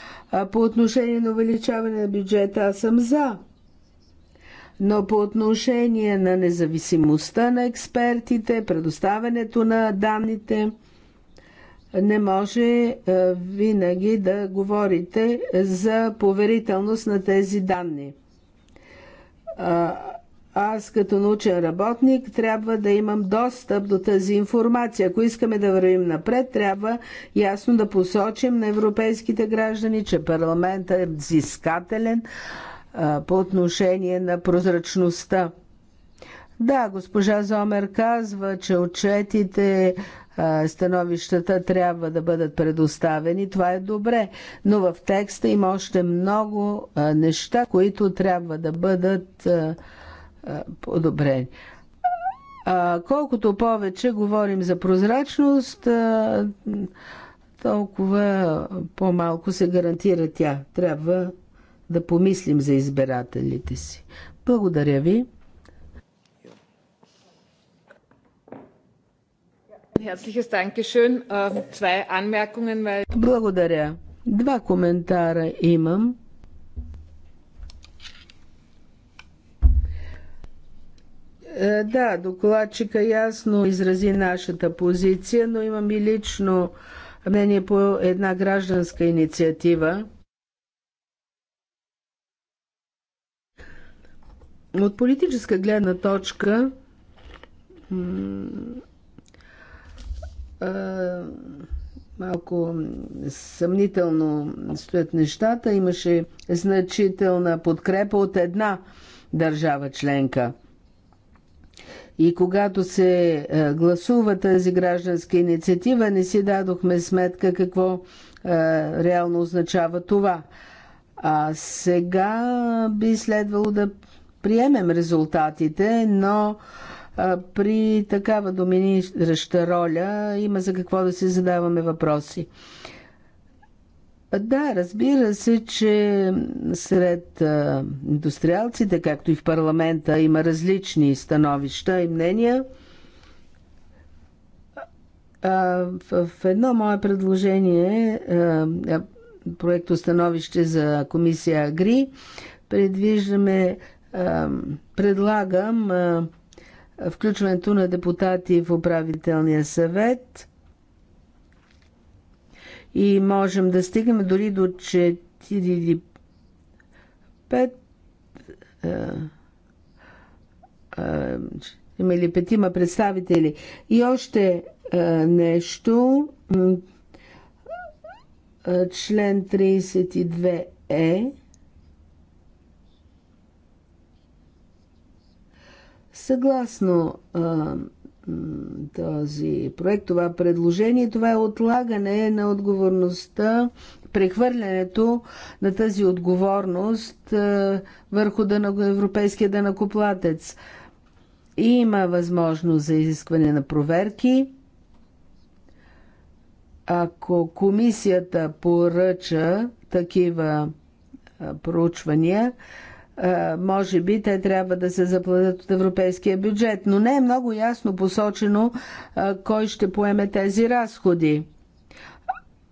По отношение на увеличаване на бюджета, аз съм за. Но по отношение на независимостта на експертите, предоставянето на данните, не може винаги да говорите за поверителност на тези данни аз като научен работник трябва да имам достъп до тази информация. Ако искаме да вървим напред, трябва ясно да посочим на европейските граждани, че парламентът е взискателен а, по отношение на прозрачността. Да, госпожа Зомер казва, че отчетите, становищата трябва да бъдат предоставени. Това е добре, но в текста има още много неща, които трябва да бъдат е, подобрени. А, колкото повече говорим за прозрачност, а, е, толкова по-малко се гарантира тя. Трябва да помислим за избирателите си. Благодаря ви. Äh, Благодаря. Два коментара имам. Е, да, докладчика ясно изрази нашата позиция, но имам и лично мнение по една гражданска инициатива. От политическа гледна точка малко съмнително стоят нещата. Имаше значителна подкрепа от една държава членка – и когато се е, гласува тази гражданска инициатива, не си дадохме сметка какво е, реално означава това. А сега би следвало да приемем резултатите, но е, при такава доминираща роля има за какво да си задаваме въпроси. Да, разбира се, че сред индустриалците, както и в парламента, има различни становища и мнения. В едно мое предложение, проекто становище за комисия Агри, предвиждаме, предлагам включването на депутати в управителния съвет – и можем да стигнем дори до 4 или 5 има или петима представители. И още е, нещо. Е, член 32 е съгласно е, този проект, това предложение. Това е отлагане на отговорността, прехвърлянето на тази отговорност върху европейския данакоплатец. И има възможност за изискване на проверки. Ако комисията поръча такива проучвания, е, може би те трябва да се заплатят от европейския бюджет, но не е много ясно посочено е, кой ще поеме тези разходи.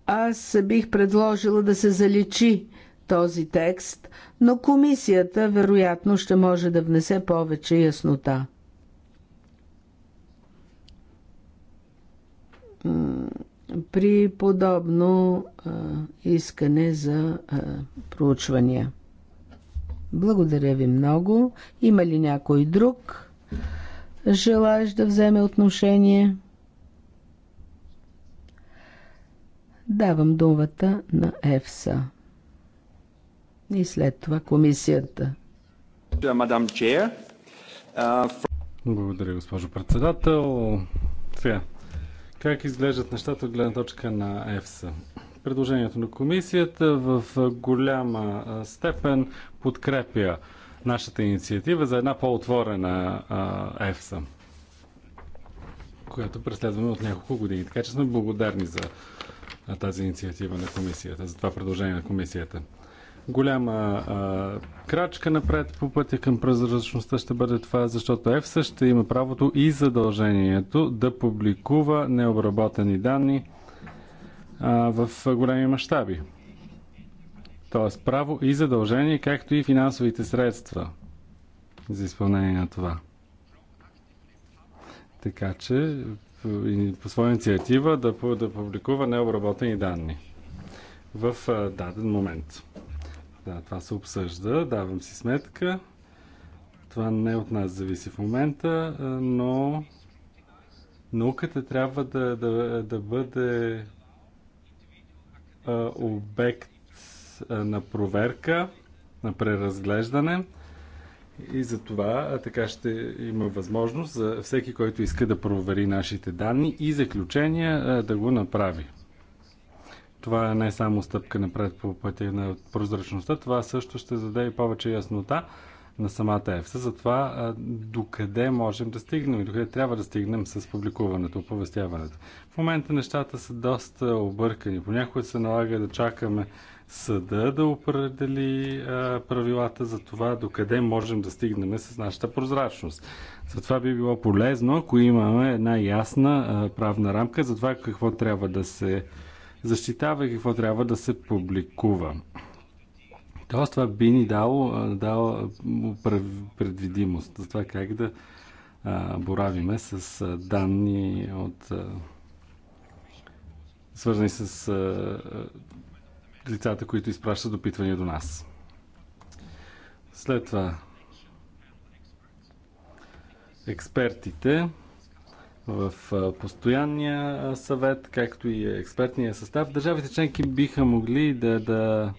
Аз бих предложила да се заличи този текст, но комисията вероятно ще може да внесе повече яснота. При подобно а, е, искане за а, проучвания. Благодаря ви много. Има ли някой друг желаеш да вземе отношение? Давам думата на ЕФСА. И след това комисията. Благодаря, госпожо председател. Сега, как изглеждат нещата от гледна точка на ЕФСА? Предложението на комисията в голяма степен подкрепя нашата инициатива за една по-отворена ЕФСА, която преследваме от няколко години. Така че сме благодарни за тази инициатива на комисията, за това предложение на комисията. Голяма а, крачка напред по пътя към прозрачността ще бъде това, защото ЕФСА ще има правото и задължението да публикува необработени данни в големи мащаби. Тоест право и задължение, както и финансовите средства за изпълнение на това. Така че по своя инициатива да, да публикува необработени данни в даден момент. Да, това се обсъжда, давам си сметка. Това не от нас зависи в момента, но науката трябва да, да, да бъде обект на проверка, на преразглеждане и за това така ще има възможност за всеки, който иска да провери нашите данни и заключения да го направи. Това е не само стъпка напред по пътя на прозрачността, това също ще даде и повече яснота на самата ЕФСА за това докъде можем да стигнем и докъде трябва да стигнем с публикуването, оповестяването. В момента нещата са доста объркани. Понякога се налага да чакаме съда да определи а, правилата за това докъде можем да стигнем с нашата прозрачност. Затова би било полезно, ако имаме една ясна а, правна рамка за това какво трябва да се защитава и какво трябва да се публикува. Тоест това би ни дало, дало предвидимост за това как да боравиме с данни от свързани с лицата, които изпращат допитвания до нас. След това експертите в постоянния съвет, както и експертния състав. Държавите членки биха могли да, да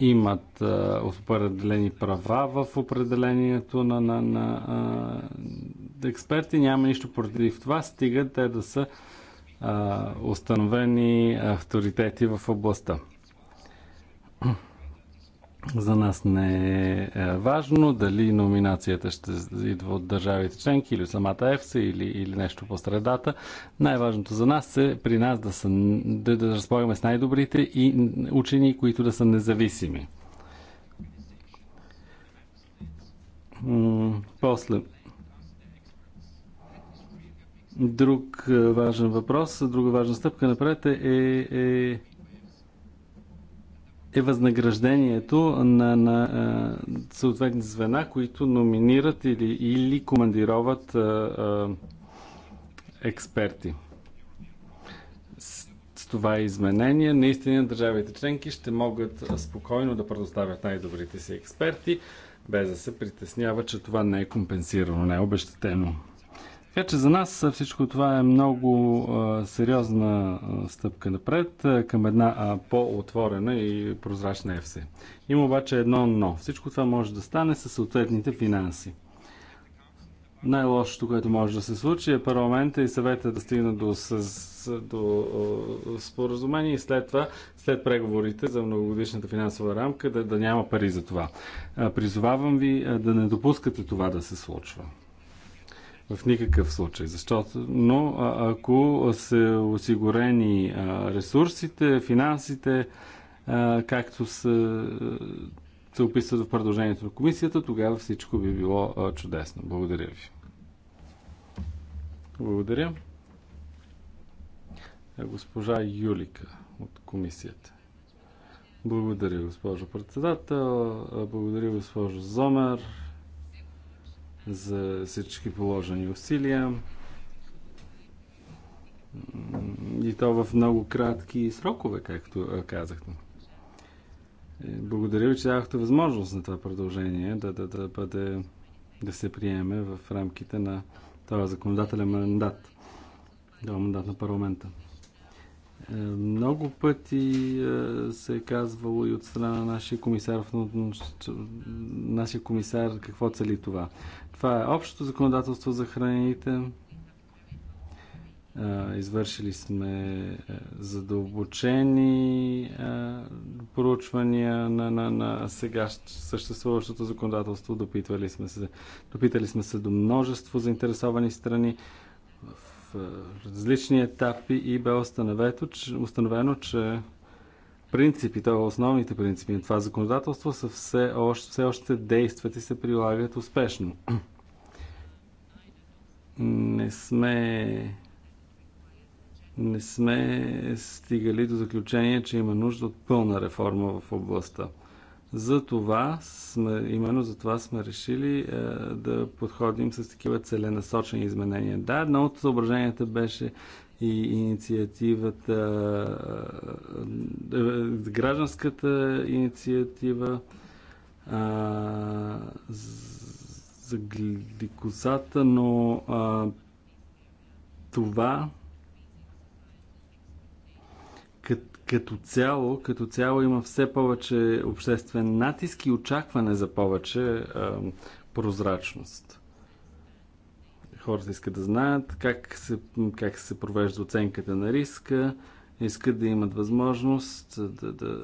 имат а, определени права в определението на, на, на а, експерти. Няма нищо против това, стига те да са а, установени авторитети в областта. За нас не е, е важно дали номинацията ще идва от държавите членки или самата ЕФСА или, или нещо по средата. Най-важното за нас е при нас да, са, да, да разполагаме с най-добрите и учени, които да са независими. после. Друг е, важен въпрос, друга важна стъпка напред е, е е възнаграждението на, на съответни звена, които номинират или, или командироват а, а, експерти. С, с това изменение наистина държавите членки ще могат спокойно да предоставят най-добрите си експерти, без да се притеснява, че това не е компенсирано, не е обещатено. Така че за нас всичко това е много сериозна стъпка напред към една по-отворена и прозрачна ЕФСЕ. Има обаче едно но. Всичко това може да стане със съответните финанси. Най-лошото, което може да се случи е парламента и съвета да стигнат до, с, до споразумение и след това, след преговорите за многогодишната финансова рамка, да, да няма пари за това. Призовавам ви да не допускате това да се случва. В никакъв случай. Защото, но ако са осигурени ресурсите, финансите, както са, се описват в предложението на комисията, тогава всичко би било чудесно. Благодаря ви. Благодаря. Госпожа Юлика от комисията. Благодаря, госпожо председател. Благодаря, госпожо Зомер за всички положени усилия. И то в много кратки срокове, както казахте. Е, благодаря ви, че давахте възможност на това продължение да, да, да бъде да се приеме в рамките на този законодателен мандат, това мандат на парламента. Е, много пъти е, се е казвало и от страна на нашия комисар, нашия комисар какво цели това. Това е общото законодателство за храните. Е, извършили сме задълбочени проучвания на, на, на сега съществуващото законодателство. Допитвали сме се, допитали сме се до множество заинтересовани страни различни етапи и бе установено, че принципите, основните принципи на това законодателство са все още, все още действат и се прилагат успешно. Не сме не сме стигали до заключение, че има нужда от пълна реформа в областта. За това сме, именно за това сме решили е, да подходим с такива целенасочени изменения. Да, едно от съображенията беше и инициативата, е, е, гражданската инициатива е, за гликосата, но е, това като цяло, като цяло има все повече обществен натиск и очакване за повече а, прозрачност. Хората искат да знаят как се, как се провежда оценката на риска, искат да имат възможност да, да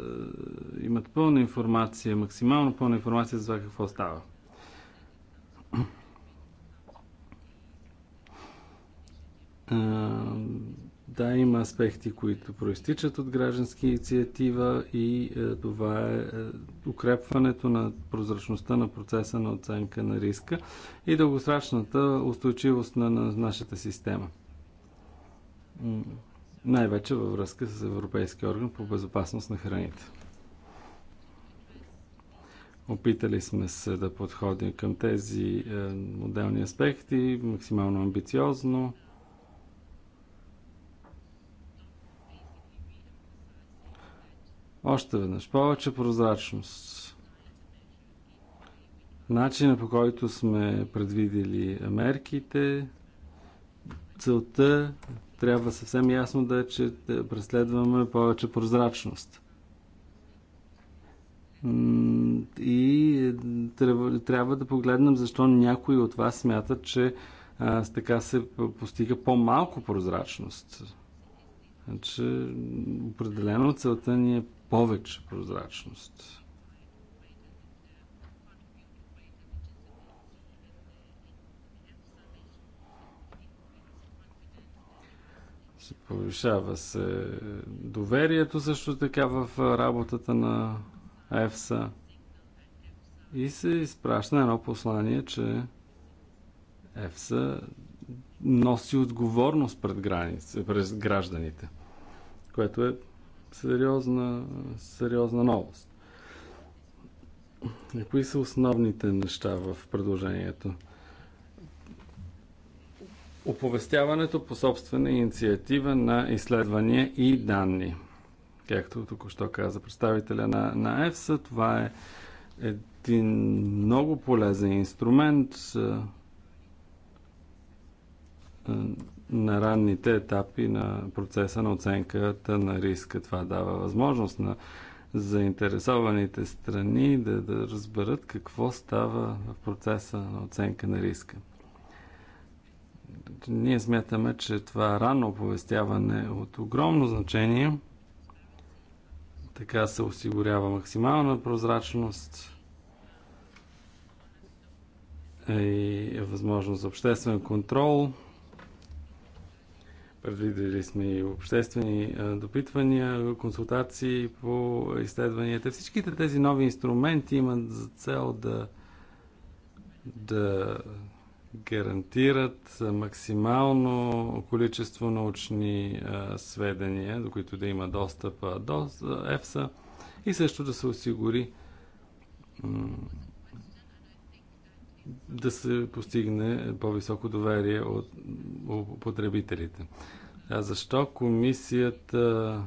имат пълна информация, максимално пълна информация за това какво става. А, да, има аспекти, които проистичат от граждански инициатива и е, това е, е укрепването на прозрачността на процеса на оценка на риска и дългосрачната устойчивост на, на нашата система. Най-вече във връзка с Европейския орган по безопасност на храните. Опитали сме се да подходим към тези е, отделни аспекти максимално амбициозно – Още веднъж, повече прозрачност. Начина по който сме предвидели мерките, целта трябва съвсем ясно да е, че преследваме повече прозрачност. И трябва да погледнем защо някои от вас смятат, че така се постига по-малко прозрачност. Значи, определено целта ни е повече прозрачност. Се повишава се доверието също така в работата на ЕФСА и се изпраща едно послание, че ЕФСА носи отговорност пред, граници, пред гражданите, което е сериозна, сериозна новост. И кои са основните неща в предложението? Оповестяването по собствена инициатива на изследвания и данни. Както току-що каза представителя на, на ЕФСА, това е един много полезен инструмент на ранните етапи на процеса на оценката на риска. Това дава възможност на заинтересованите страни да, да разберат какво става в процеса на оценка на риска. Ние смятаме, че това ранно оповестяване е от огромно значение. Така се осигурява максимална прозрачност е и възможност за обществен контрол – Предвидели сме и обществени допитвания, консултации по изследванията. Всичките тези нови инструменти имат за цел да, да гарантират максимално количество научни сведения, до които да има достъп до ЕФСА и също да се осигури да се постигне по-високо доверие от потребителите. А защо комисията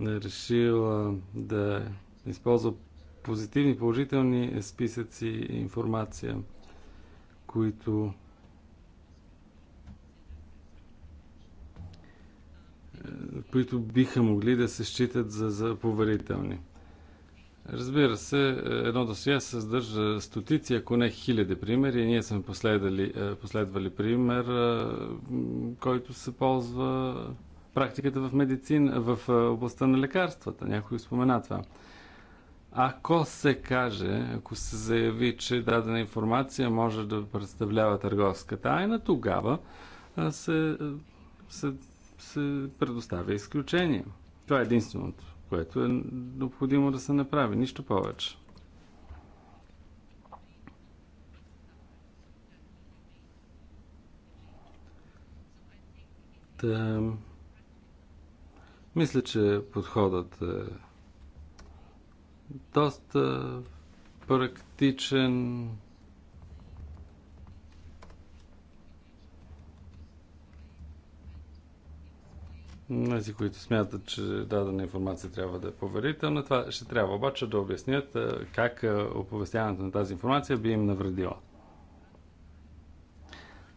е решила да използва позитивни, положителни списъци и информация, които които биха могли да се считат за, за поверителни. Разбира се, е, едно досие съдържа стотици, ако не хиляди примери. Ние сме последвали, е, последвали пример, е, който се ползва практиката в медицин, в областта на лекарствата. Някой спомена това. Ако се каже, ако се заяви, че дадена информация може да представлява търговска тайна, тогава се, се, се предоставя изключение. Това е единственото което е необходимо да се направи. Нищо повече. Та, мисля, че подходът е доста практичен, Тези, които смятат, че дадена информация трябва да е поверителна, това ще трябва обаче да обяснят как оповестяването на тази информация би им навредила.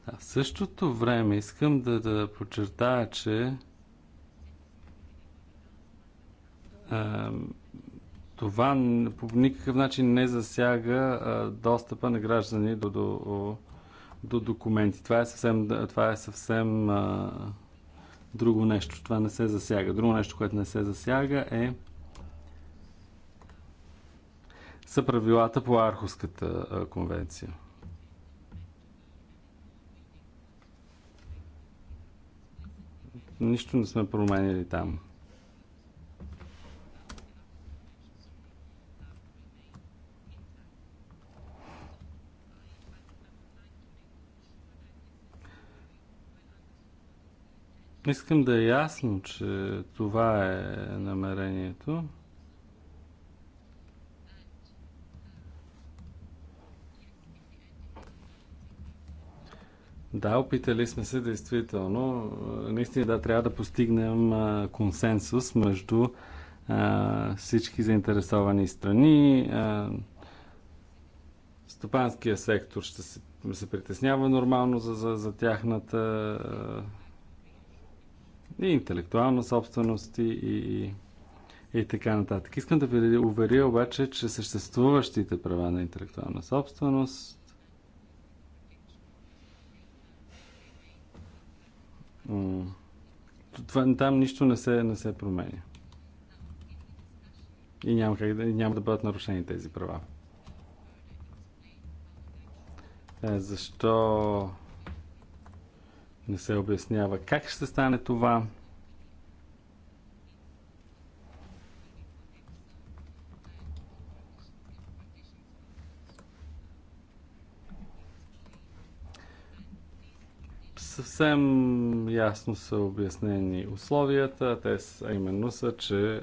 А в същото време искам да, да подчертая, че а, това по никакъв начин не засяга а, достъпа на граждани до, до, до документи. Това е съвсем, това е съвсем а, Друго нещо, това не се засяга. Друго нещо, което не се засяга е са правилата по Архуската конвенция. Нищо не сме променили там. Искам да е ясно, че това е намерението. Да, опитали сме се действително. Наистина да, трябва да постигнем консенсус между всички заинтересовани страни. Стопанския сектор ще се, се притеснява нормално за, за, за тяхната и интелектуална собственост и, и, и така нататък. Искам да ви уверя обаче, че съществуващите права на интелектуална собственост това, там нищо не се, не се променя. И няма, как да, няма да бъдат нарушени тези права. Е, защо не се обяснява как ще стане това. съвсем ясно са обяснени условията. Те са, именно са, че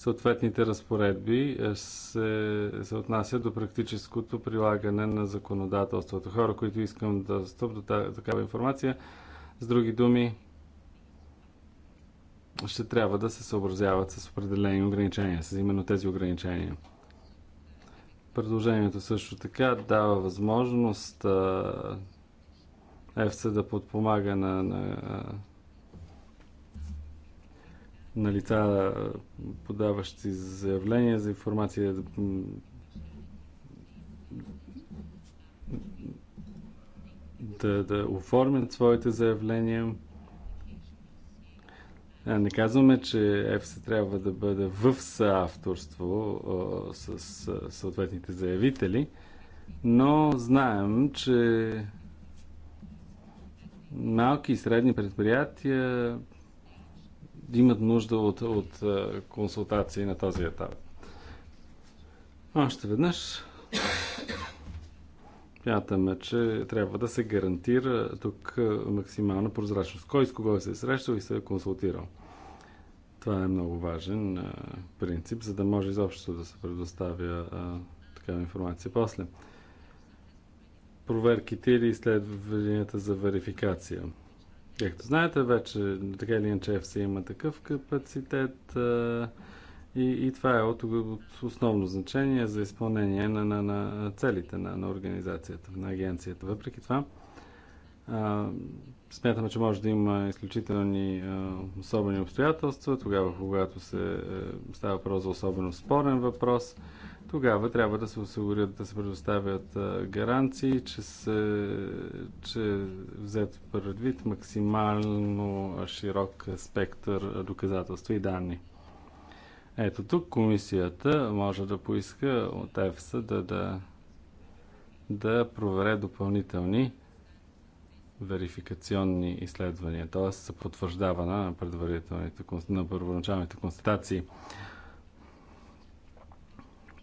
съответните разпоредби е, се, се отнасят до практическото прилагане на законодателството. Хора, които искам да достъп до такава информация, с други думи, ще трябва да се съобразяват с определени ограничения, с именно тези ограничения. Предложението също така дава възможност ФС да подпомага на, на на лица, подаващи заявления за информация, да, да оформят своите заявления. А, не казваме, че ЕФСА трябва да бъде в съавторство а, с а, съответните заявители, но знаем, че малки и средни предприятия имат нужда от, от консултации на този етап. Още веднъж смятаме, че трябва да се гарантира тук максимална прозрачност. Кой с кого се е срещал и се е консултирал. Това е много важен принцип, за да може изобщо да се предоставя такава информация после проверките или изследванията за верификация. Както знаете, вече така или иначе FC има такъв капацитет и, и това е от, от основно значение за изпълнение на, на, на целите на, на организацията, на агенцията. Въпреки това, а, смятаме, че може да има изключителни а, особени обстоятелства, тогава, когато се а, е, става въпрос за особено спорен въпрос. А, тогава трябва да се осигурят, да се предоставят гаранции, че, се, че взет предвид максимално широк спектър доказателства и данни. Ето тук комисията може да поиска от ЕФСА да, да, да провере допълнителни верификационни изследвания, т.е. за потвърждаване на предварителните, на първоначалните констатации.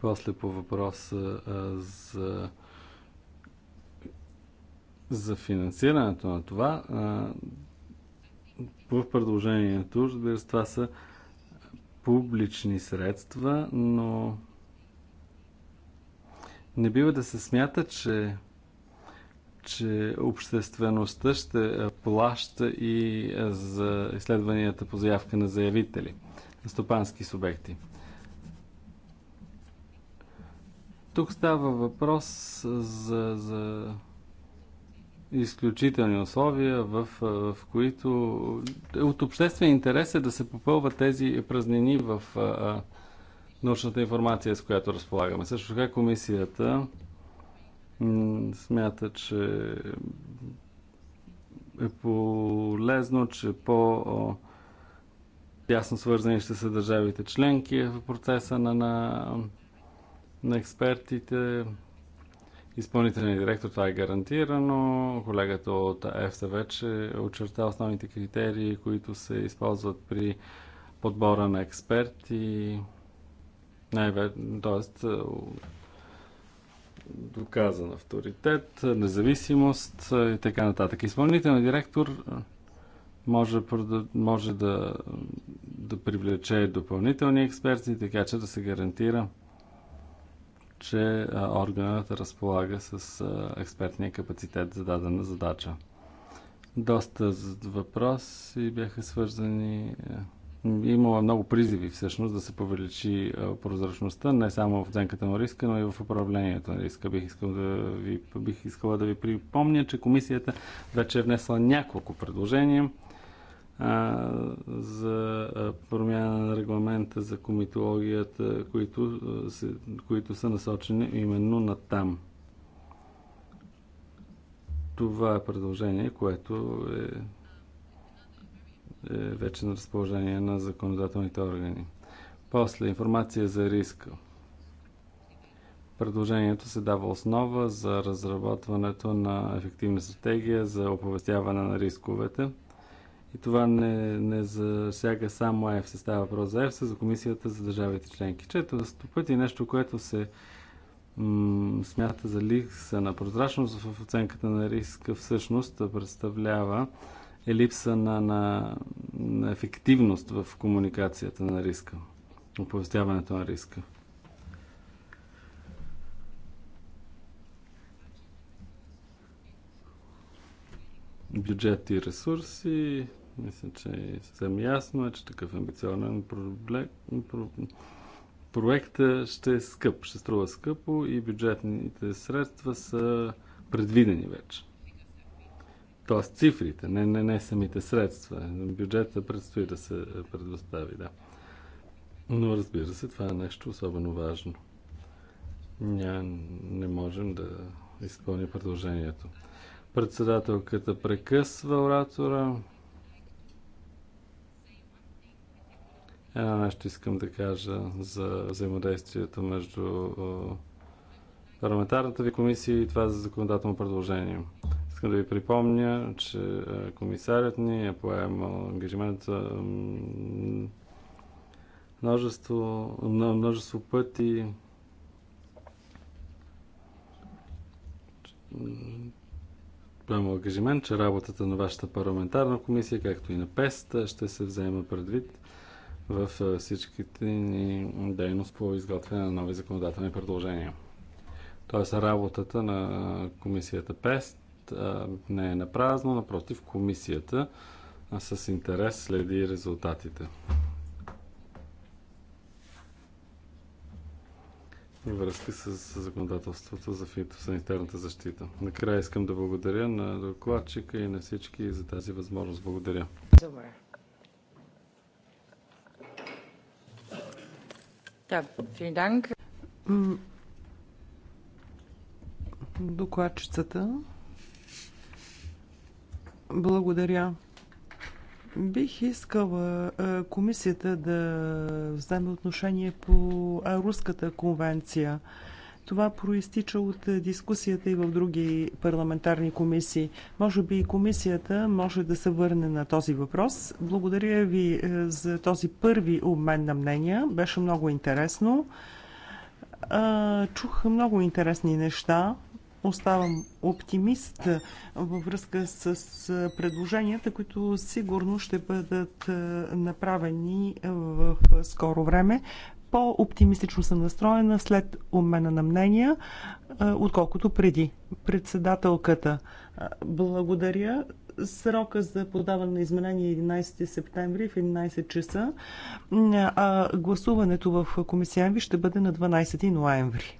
После по въпроса за, за финансирането на това, в предложението, разбира се, това са публични средства, но не бива да се смята, че, че обществеността ще плаща и за изследванията по заявка на заявители, на стопански субекти. Тук става въпрос за, за изключителни условия, в, в които от обществен интерес е да се попълват тези празнини в а, научната информация, с която разполагаме. Също така комисията смята, че е полезно, че по тясно свързани ще са държавите членки в процеса на, на на експертите. Изпълнителният директор, това е гарантирано. Колегата от ЕФСА вече очерта основните критерии, които се използват при подбора на експерти. Т.е. доказан авторитет, независимост и така нататък. Изпълнителният директор може, може да, да привлече допълнителни експерти, така че да се гарантира че органът разполага с експертния капацитет за дадена задача. Доста въпроси бяха свързани. Е, имало е много призиви всъщност да се повеличи прозрачността, не само в оценката на риска, но и в управлението на риска. Бих, искал да ви, бих искала да ви припомня, че комисията вече е внесла няколко предложения за промяна на регламента за комитологията, които, които са насочени именно на там. Това е предложение, което е, е вече на разположение на законодателните органи. После информация за риска. Предложението се дава основа за разработването на ефективна стратегия за оповестяване на рисковете – и това не, не засяга само ЕФС Става въпрос за ЕФС, за Комисията за държавите членки. Чето пъти е нещо, което се смята за липса на прозрачност в оценката на риска всъщност представлява е липса на, на, на ефективност в комуникацията на риска, оповестяването на риска. бюджет и ресурси. Мисля, че съвсем ясно е, че такъв амбициозен проект проекта ще е скъп, ще струва скъпо и бюджетните средства са предвидени вече. Тоест цифрите, не, не, не самите средства. Бюджета предстои да се предостави, да. Но разбира се, това е нещо особено важно. Ня, не можем да изпълним предложението. Председателката прекъсва оратора. Едно нещо искам да кажа за взаимодействието между парламентарната ви комисия и това за законодателно предложение. Искам да ви припомня, че е, комисарят ни е поемал ангажимент множество, множество пъти поема ангажимент, че работата на вашата парламентарна комисия, както и на ПЕСТ, ще се взема предвид в всичките ни дейност по изготвяне на нови законодателни предложения. Тоест работата на комисията ПЕСТ не е напразно, напротив, комисията с интерес следи резултатите. връзка с законодателството за фитосанитарната защита. Накрая искам да благодаря на докладчика и на всички за тази възможност. Благодаря. Добре. Да, dank. Докладчицата. Благодаря. Бих искала комисията да вземе отношение по руската конвенция. Това проистича от дискусията и в други парламентарни комисии. Може би и комисията може да се върне на този въпрос. Благодаря ви за този първи обмен на мнения. Беше много интересно. Чух много интересни неща оставам оптимист във връзка с предложенията, които сигурно ще бъдат направени в скоро време. По-оптимистично съм настроена след обмена на мнения, отколкото преди. Председателката, благодаря срока за подаване на изменение 11 септември в 11 часа, а гласуването в комисия ви ще бъде на 12 ноември.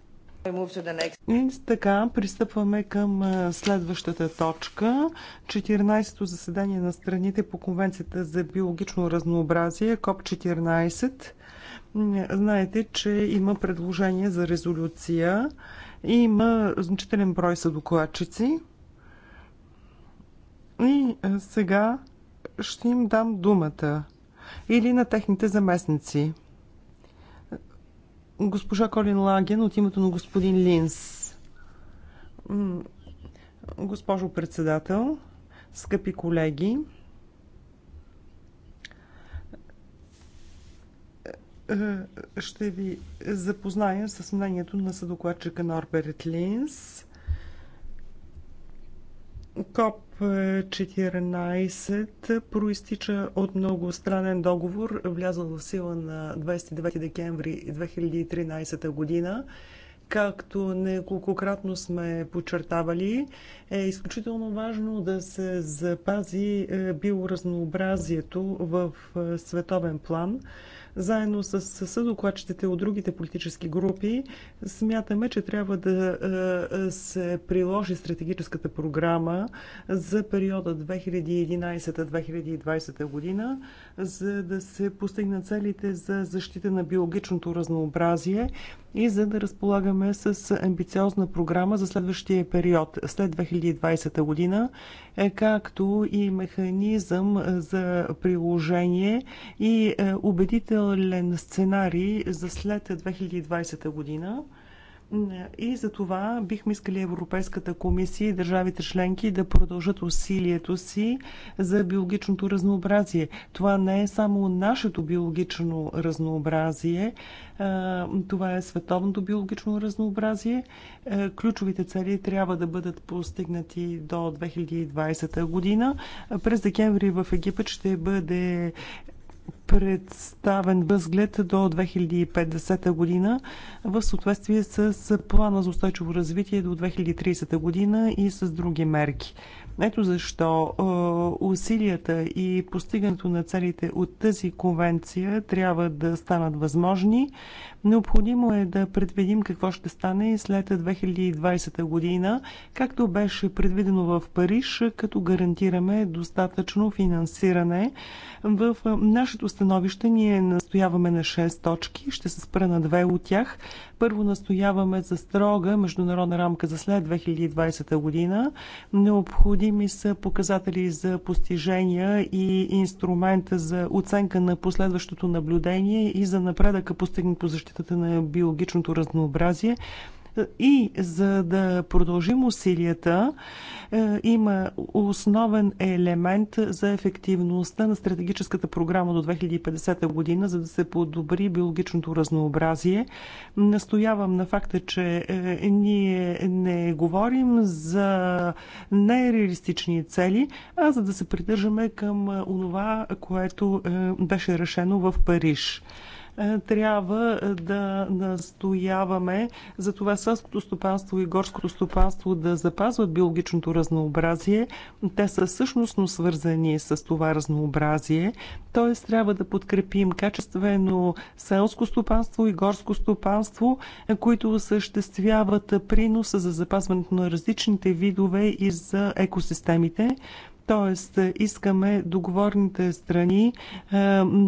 Така, пристъпваме към следващата точка. 14-то заседание на страните по Конвенцията за биологично разнообразие, КОП-14. Знаете, че има предложение за резолюция. и Има значителен брой съдокладчици. И сега ще им дам думата или на техните заместници. Госпожа Колин Лаген от името на господин Линс. Госпожо председател, скъпи колеги, е, е, ще ви запозная с мнението на съдокладчика Норберт Линс. КОП-14 проистича от многостранен договор, влязъл в сила на 29 декември 2013 година. Както неколкократно сме подчертавали, е изключително важно да се запази е, биоразнообразието в е, световен план. Заедно с съдокладчетите от другите политически групи смятаме, че трябва да е, е, се приложи стратегическата програма за периода 2011-2020 година, за да се постигнат целите за защита на биологичното разнообразие и за да разполагаме с амбициозна програма за следващия период след 2020 година е както и механизъм за приложение и е, убедителен сценарий за след 2020 година. И за това бихме искали Европейската комисия и държавите членки да продължат усилието си за биологичното разнообразие. Това не е само нашето биологично разнообразие, това е световното биологично разнообразие. Ключовите цели трябва да бъдат постигнати до 2020 година. През декември в Египет ще бъде представен възглед до 2050 година в съответствие с плана за устойчиво развитие до 2030 година и с други мерки. Ето защо е, усилията и постигането на целите от тази конвенция трябва да станат възможни. Необходимо е да предвидим какво ще стане след 2020 година, както беше предвидено в Париж, като гарантираме достатъчно финансиране. В нашето становище ние настояваме на 6 точки, ще се спра на две от тях. Първо настояваме за строга международна рамка за след 2020 година. Необходими са показатели за постижения и инструмента за оценка на последващото наблюдение и за напредъка постигнат по защита защитата на биологичното разнообразие. И за да продължим усилията, е, има основен елемент за ефективността на стратегическата програма до 2050 година, за да се подобри биологичното разнообразие. Настоявам на факта, че е, ние не говорим за нереалистични цели, а за да се придържаме към онова, което е, беше решено в Париж. Е, трябва е, да настояваме за това селското стопанство и горското стопанство да запазват биологичното разнообразие. Те са същностно свързани с това разнообразие, т.е. трябва да подкрепим качествено селско стопанство и горско стопанство, е, които осъществяват приноса за запазването на различните видове и за екосистемите. Тоест, е, искаме договорните страни е,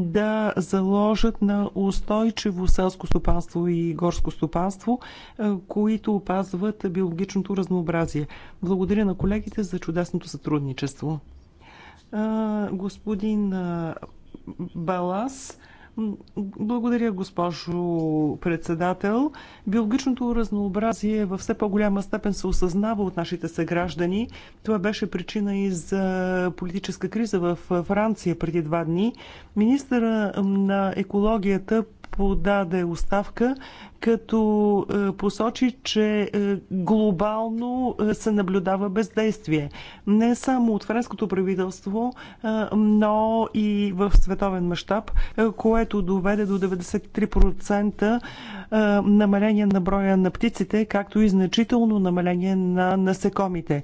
да заложат на устойчиво селско стопанство и горско стопанство, е, които опазват биологичното разнообразие. Благодаря на колегите за чудесното сътрудничество. Господин Балас, благодаря, госпожо председател. Биологичното разнообразие във все по-голяма степен се осъзнава от нашите съграждани. Това беше причина и за политическа криза в Франция преди два дни. Министъра на екологията подаде оставка като е, посочи, че е, глобално е, се наблюдава бездействие. Не само от френското правителство, но и в световен мащаб, което доведе до 93% намаление на броя на птиците, както и значително намаление на насекомите.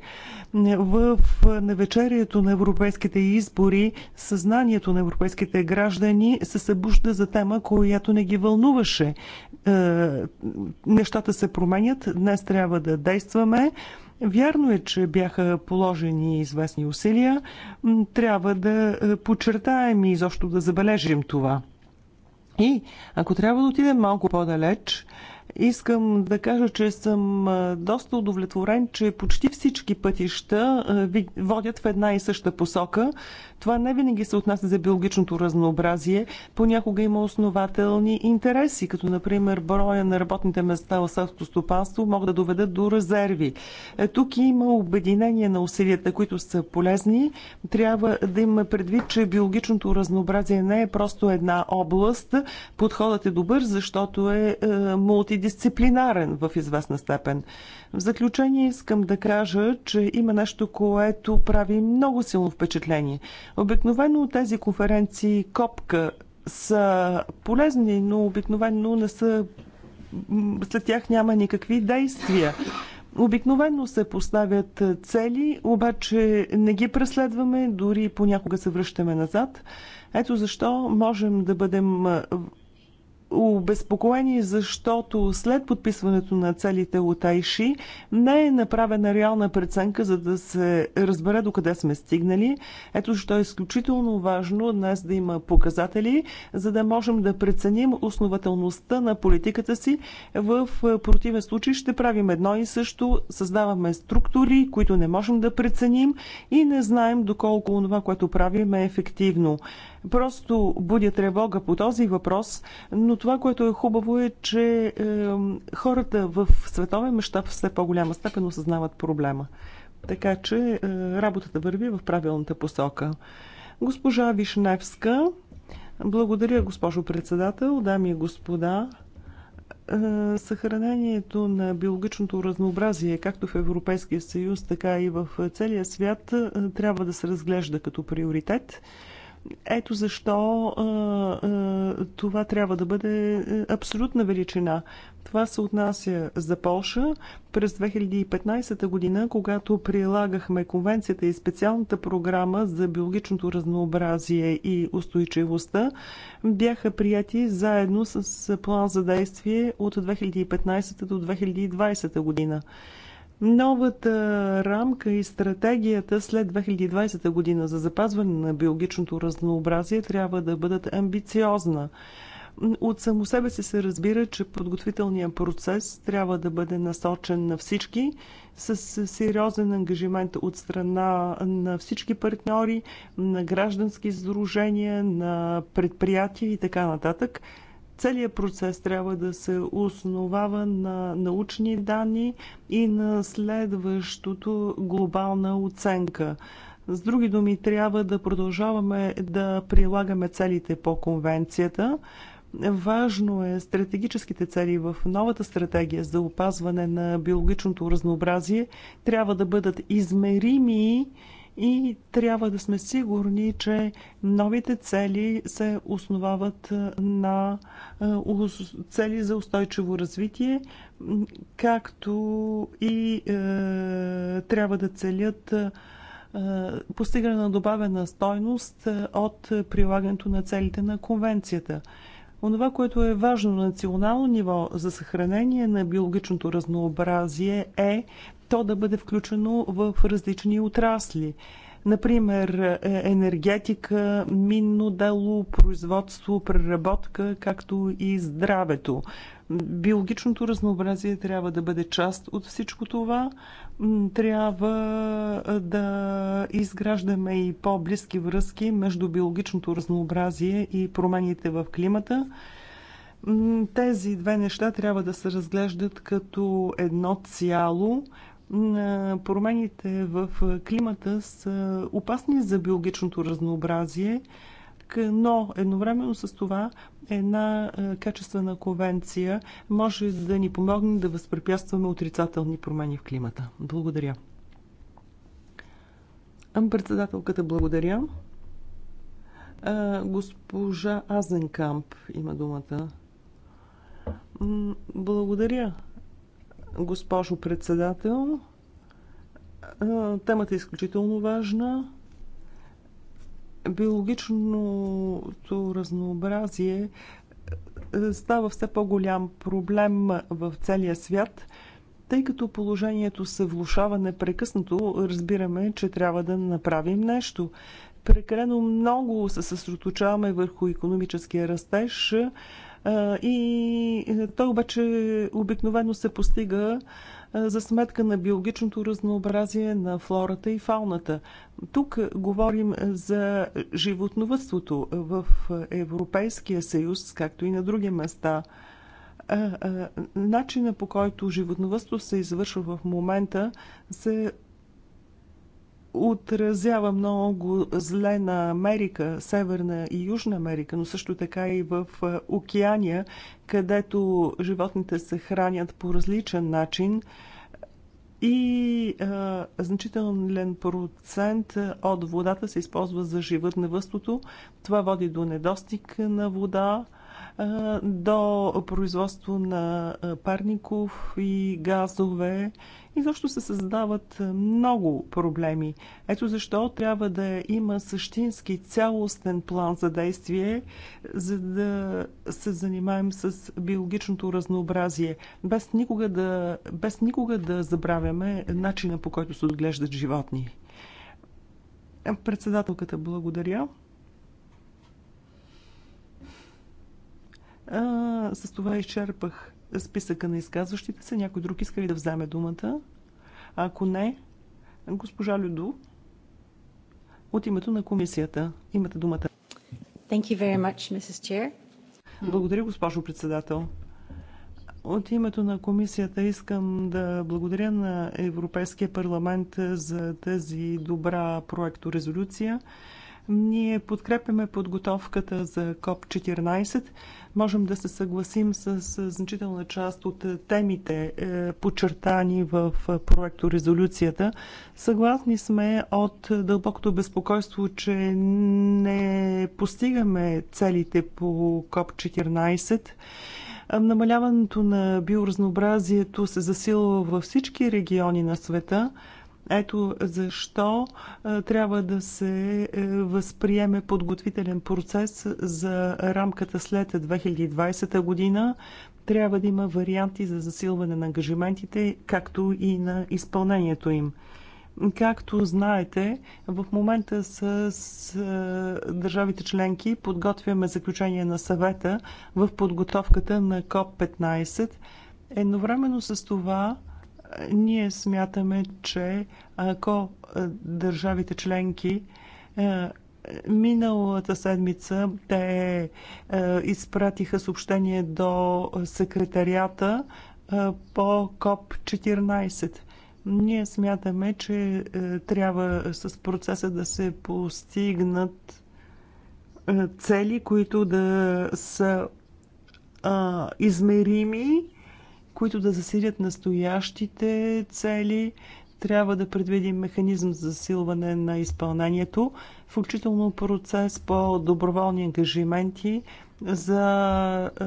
В навечерието на европейските избори съзнанието на европейските граждани се събужда за тема, която не ги вълнуваше. Е, нещата се променят, днес трябва да действаме. Вярно е, че бяха положени известни усилия. Трябва да е, подчертаем и изобщо да забележим това. И ако трябва да отидем малко по-далеч, Искам да кажа, че съм доста удовлетворен, че почти всички пътища водят в една и съща посока. Това не винаги се отнася за биологичното разнообразие. Понякога има основателни интереси, като например броя на работните места в селското стопанство могат да доведат до резерви. Е, тук има обединение на усилията, които са полезни. Трябва да има предвид, че биологичното разнообразие не е просто една област. Подходът е добър, защото е, е мултидисциплинарен дисциплинарен в известна степен. В заключение искам да кажа, че има нещо, което прави много силно впечатление. Обикновено тези конференции копка са полезни, но обикновено не са. След тях няма никакви действия. Обикновено се поставят цели, обаче не ги преследваме, дори понякога се връщаме назад. Ето защо можем да бъдем обезпокоени, защото след подписването на целите от Айши не е направена реална преценка, за да се разбере до къде сме стигнали. Ето защо е изключително важно днес да има показатели, за да можем да преценим основателността на политиката си. В противен случай ще правим едно и също, създаваме структури, които не можем да преценим и не знаем доколко това, което правим е ефективно. Просто будя тревога по този въпрос, но това, което е хубаво е, че е, хората в световен мащаб все по-голяма степен осъзнават проблема. Така че е, работата върви в правилната посока. Госпожа Вишневска, благодаря, госпожо председател, дами и господа. Е, съхранението на биологичното разнообразие, както в Европейския съюз, така и в целия свят, е, трябва да се разглежда като приоритет. Ето защо това трябва да бъде е, абсолютна величина. Това се отнася за Польша. През 2015 година, когато прилагахме конвенцията и специалната програма за биологичното разнообразие и устойчивостта, бяха прияти заедно с план за действие от 2015 до 2020 година. Новата рамка и стратегията след 2020 година за запазване на биологичното разнообразие трябва да бъдат амбициозна. От само себе си се разбира, че подготвителният процес трябва да бъде насочен на всички, с сериозен ангажимент от страна на всички партньори, на граждански сдружения, на предприятия и така нататък – Целият процес трябва да се основава на научни данни и на следващото глобална оценка. С други думи, трябва да продължаваме да прилагаме целите по конвенцията. Важно е стратегическите цели в новата стратегия за опазване на биологичното разнообразие трябва да бъдат измерими и трябва да сме сигурни, че новите цели се основават на е, цели за устойчиво развитие, както и е, трябва да целят е, постигане на добавена стойност от прилагането на целите на конвенцията. Онова, което е важно на национално ниво за съхранение на биологичното разнообразие е то да бъде включено в различни отрасли. Например, е, енергетика, минно дело, производство, преработка, както и здравето. Биологичното разнообразие трябва да бъде част от всичко това. Трябва е, да изграждаме и по-близки връзки между биологичното разнообразие и промените в климата. Тези две неща трябва да се разглеждат като едно цяло – промените в климата са опасни за биологичното разнообразие, но едновременно с това една качествена конвенция може да ни помогне да възпрепятстваме отрицателни промени в климата. Благодаря. Председателката благодаря. Госпожа Азенкамп има думата. Благодаря, госпожо председател. Темата е изключително важна. Биологичното разнообразие става все по-голям проблем в целия свят. Тъй като положението се влушава непрекъснато, разбираме, че трябва да направим нещо. Прекалено много се съсредоточаваме върху економическия растеж, и е, той обаче обикновено се постига е, за сметка на биологичното разнообразие на флората и фауната. Тук говорим за животновътството в Европейския съюз, както и на други места. Е, начина по който животновътство се извършва в момента се отразява много зле на Америка, Северна и Южна Америка, но също така и в е, Океания, където животните се хранят по различен начин и а, е, значителен процент от водата се използва за на въстото. Това води до недостиг на вода, а, е, до производство на парников и газове и защо се създават е, много проблеми. Ето защо трябва да има същински цялостен план за действие, за да се занимаем с биологичното разнообразие, без никога да, без никога да забравяме начина по който се отглеждат животни. Председателката, благодаря. А, с това изчерпах списъка на изказващите се. Някой друг иска ли да вземе думата? А ако не, госпожа Людо, от името на комисията, имате думата. Thank you very much, Mrs. Chair. Благодаря, госпожо председател. От името на комисията искам да благодаря на Европейския парламент за тази добра проекторезолюция. резолюция ние подкрепяме подготовката за КОП-14. Можем да се съгласим с значителна част от темите, е, подчертани в проекто резолюцията. Съгласни сме от дълбокото безпокойство, че не постигаме целите по КОП-14. Е, намаляването на биоразнообразието се засилва във всички региони на света – ето защо е, трябва да се е, възприеме подготвителен процес за рамката след 2020 година. Трябва да има варианти за засилване на ангажиментите, както и на изпълнението им. Както знаете, в момента с, с е, държавите членки подготвяме заключение на съвета в подготовката на КОП-15. Едновременно с това ние смятаме, че ако държавите членки Миналата седмица те изпратиха съобщение до секретарията по КОП-14. Ние смятаме, че е, трябва с процеса да се постигнат е, цели, които да са измерими които да засилят настоящите цели. Трябва да предвидим механизъм за засилване на изпълнението, включително процес по доброволни ангажименти за е,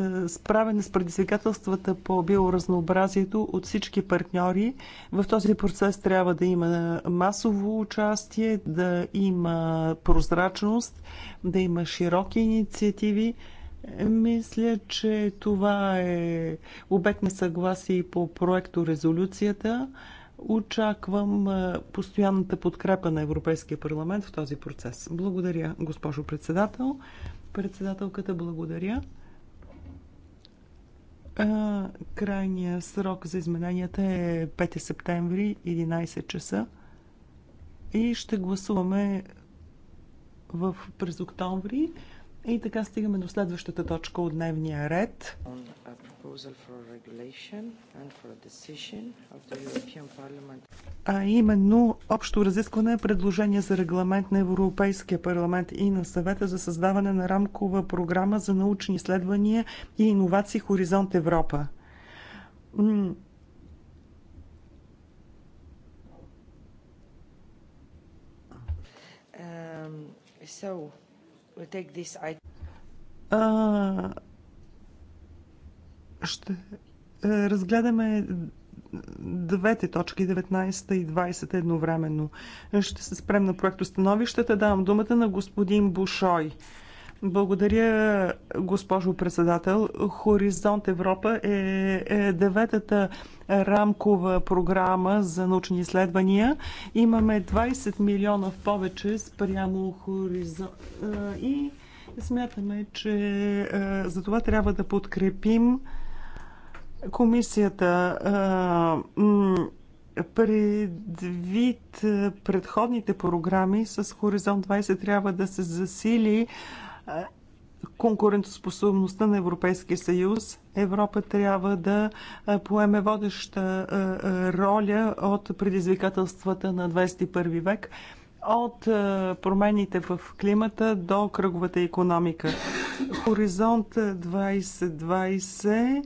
е, справяне с предизвикателствата по биоразнообразието от всички партньори. В този процес трябва да има масово участие, да има прозрачност, да има широки инициативи. Мисля, че това е обект на съгласие по проекто резолюцията. Очаквам постоянната подкрепа на Европейския парламент в този процес. Благодаря, госпожо председател. Председателката благодаря. Крайният срок за измененията е 5 септември, 11 часа. И ще гласуваме в, през октомври. И така стигаме до следващата точка от дневния ред. А именно общо разискване е предложение за регламент на Европейския парламент и на съвета за създаване на рамкова програма за научни изследвания и иновации Хоризонт Европа. Um, so, а, ще е, разгледаме двете точки, 19 и 20 едновременно. Ще се спрем на проекто становищата. Давам думата на господин Бушой. Благодаря, госпожо председател. Хоризонт Европа е, е деветата рамкова програма за научни изследвания. Имаме 20 милиона в повече спрямо хоризонт. Е, и смятаме, че е, за това трябва да подкрепим комисията предвид предходните програми с Хоризонт 20 трябва да се засили конкурентоспособността на Европейския съюз, Европа трябва да поеме водеща роля от предизвикателствата на 21 век, от промените в климата до кръговата економика. Хоризонт 2020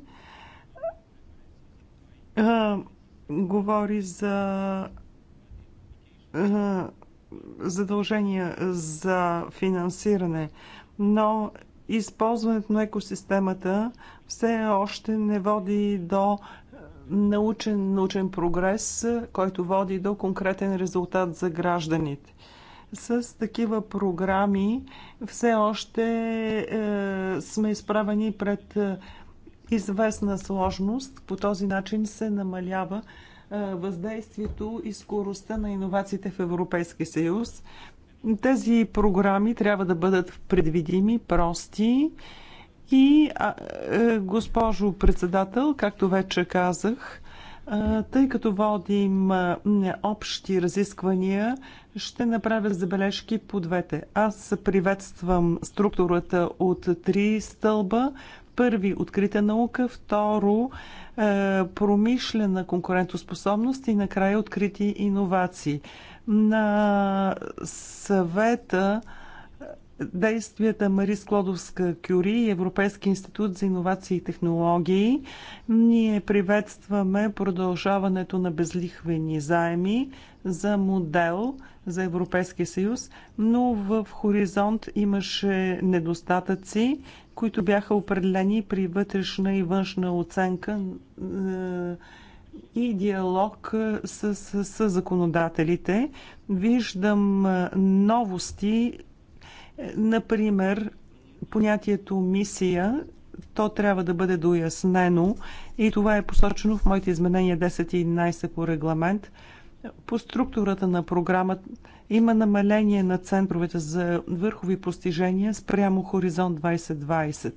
говори за задължения за финансиране но използването на екосистемата все още не води до е, научен, научен прогрес, който води до конкретен резултат за гражданите. С такива програми все още е, сме изправени пред е, известна сложност. По този начин се намалява е, въздействието и скоростта на иновациите в Европейски съюз. Тези програми трябва да бъдат предвидими, прости и, е, госпожо председател, както вече казах, е, тъй като водим е, общи разисквания, ще направя забележки по двете. Аз приветствам структурата от три стълба. Първи – открита наука, второ – промишлена конкурентоспособност и накрая – открити иновации на съвета действията Мари Склодовска Кюри Европейски институт за иновации и технологии. Ние приветстваме продължаването на безлихвени заеми за модел за Европейския съюз, но в хоризонт имаше недостатъци, които бяха определени при вътрешна и външна оценка е, и диалог е, с, с, с законодателите. Виждам е, новости, е, например, понятието мисия, то трябва да бъде дояснено и това е посочено в моите изменения 10 и 11 по регламент. По структурата на програмата има намаление на центровете за върхови постижения спрямо Хоризонт 2020.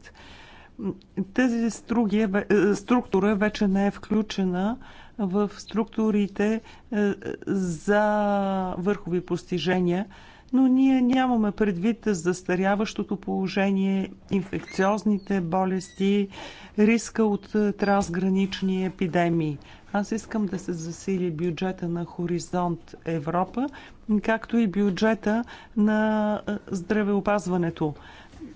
Тази стругия, е е, структура вече не е включена в структурите е, за върхови постижения, но ние нямаме предвид застаряващото положение, инфекциозните болести, риска от трансгранични епидемии. Аз искам да се засили бюджета на Хоризонт Европа, както и бюджета на здравеопазването.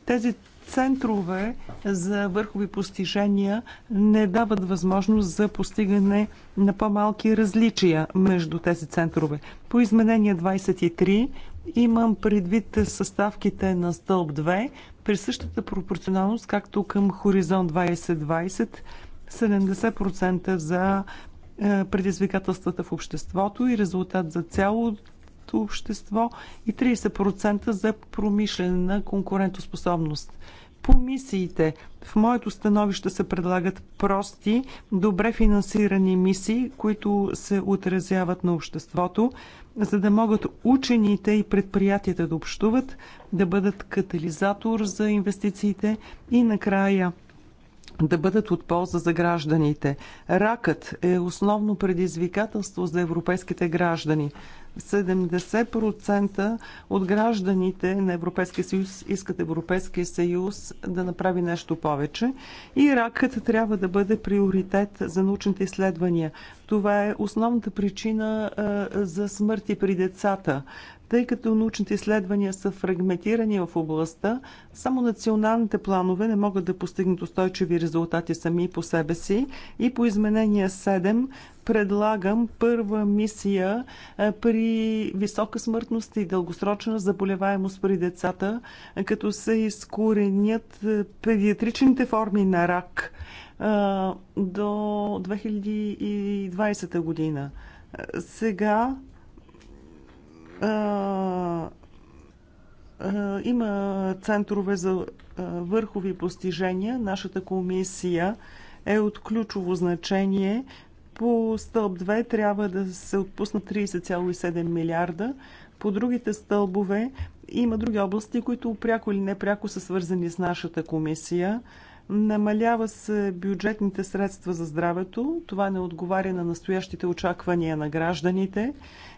Тези центрове за върхови постижения не дават възможност за постигане на по-малки различия между тези центрове. По изменение 23 имам предвид съставките на стълб 2 при същата пропорционалност, както към Хоризонт 2020, 70% за е, предизвикателствата в обществото и резултат за цялото общество и 30% за промишлена конкурентоспособност. По мисиите в моето становище се предлагат прости, добре финансирани мисии, които се отразяват на обществото, за да могат учените и предприятията да общуват, да бъдат катализатор за инвестициите и накрая да бъдат от полза за гражданите. Ракът е основно предизвикателство за европейските граждани. 70% от гражданите на Европейския съюз искат Европейския съюз да направи нещо повече. И ракът трябва да бъде приоритет за научните изследвания. Това е основната причина за смърти при децата. Тъй като научните изследвания са фрагментирани в областта, само националните планове не могат да постигнат устойчиви резултати сами по себе си и по изменение 7 предлагам първа мисия е, при висока смъртност и дългосрочна заболеваемост при децата, е, като се изкоренят е, педиатричните форми на рак до 2020 година. Сега има центрове за върхови постижения. Нашата комисия е от ключово значение по стълб 2 трябва да се отпуснат 30,7 милиарда. По другите стълбове има други области, които пряко или непряко са свързани с нашата комисия. Намалява се бюджетните средства за здравето. Това не отговаря на настоящите очаквания на гражданите.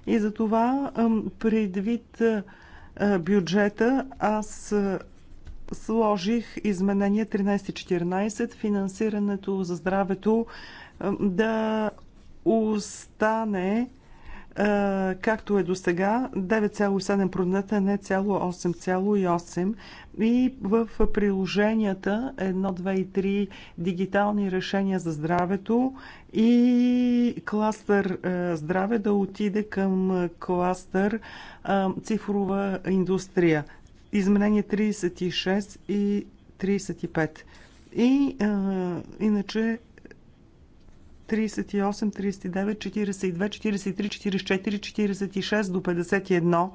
И за това предвид бюджета аз сложих изменения 13-14, финансирането за здравето да остане както е до сега 9,7%, а не цяло 8,8%. И в приложенията 1, 2 и 3 дигитални решения за здравето и кластър здраве да отиде към кластър цифрова индустрия. Изменение 36 и 35. И а, иначе 38, 39, 42, 43, 44, 46 до 51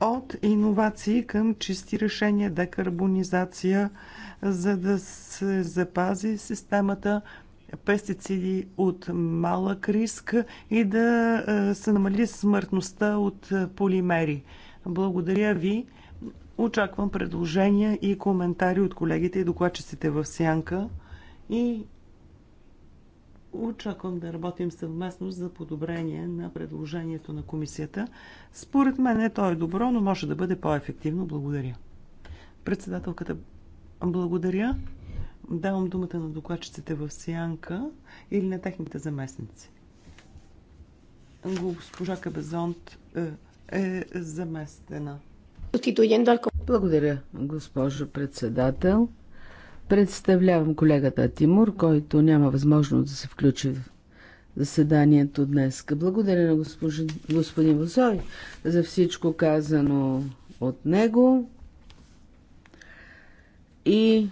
от иновации към чисти решения, декарбонизация, за да се запази системата пестициди от малък риск и да се намали смъртността от полимери. Благодаря ви. Очаквам предложения и коментари от колегите и докладчиците в Сянка. И Очаквам да работим съвместно за подобрение на предложението на комисията. Според мен е, то е добро, но може да бъде по-ефективно. Благодаря. Председателката, благодаря. Давам думата на докладчиците в Сянка или на техните заместници. Госпожа Кабезонт е, е заместена. Благодаря, госпожо председател. Представлявам колегата Тимур, който няма възможност да се включи в заседанието днес. Благодаря на госпожи, господин Васой за всичко казано от него и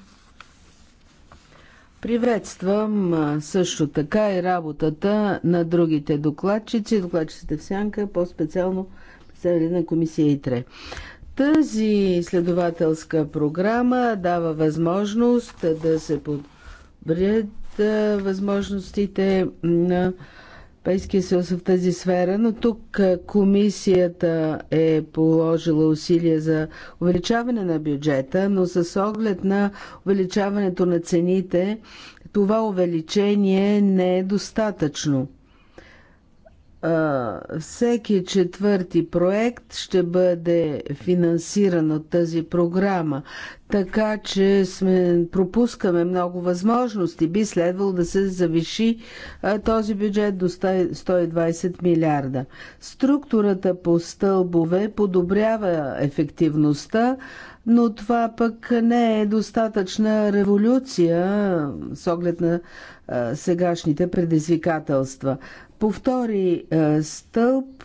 приветствам също така и работата на другите докладчици, докладчиците в Сянка, по-специално представили на комисия ИТРЕ. Тази изследователска програма дава възможност да се подобрят възможностите на Европейския съюз в тази сфера, но тук комисията е положила усилия за увеличаване на бюджета, но с оглед на увеличаването на цените, това увеличение не е достатъчно всеки четвърти проект ще бъде финансиран от тази програма, така че сме, пропускаме много възможности. Би следвало да се завиши а, този бюджет до 100, 120 милиарда. Структурата по стълбове подобрява ефективността, но това пък не е достатъчна революция с оглед на а, сегашните предизвикателства. По втори е, стълб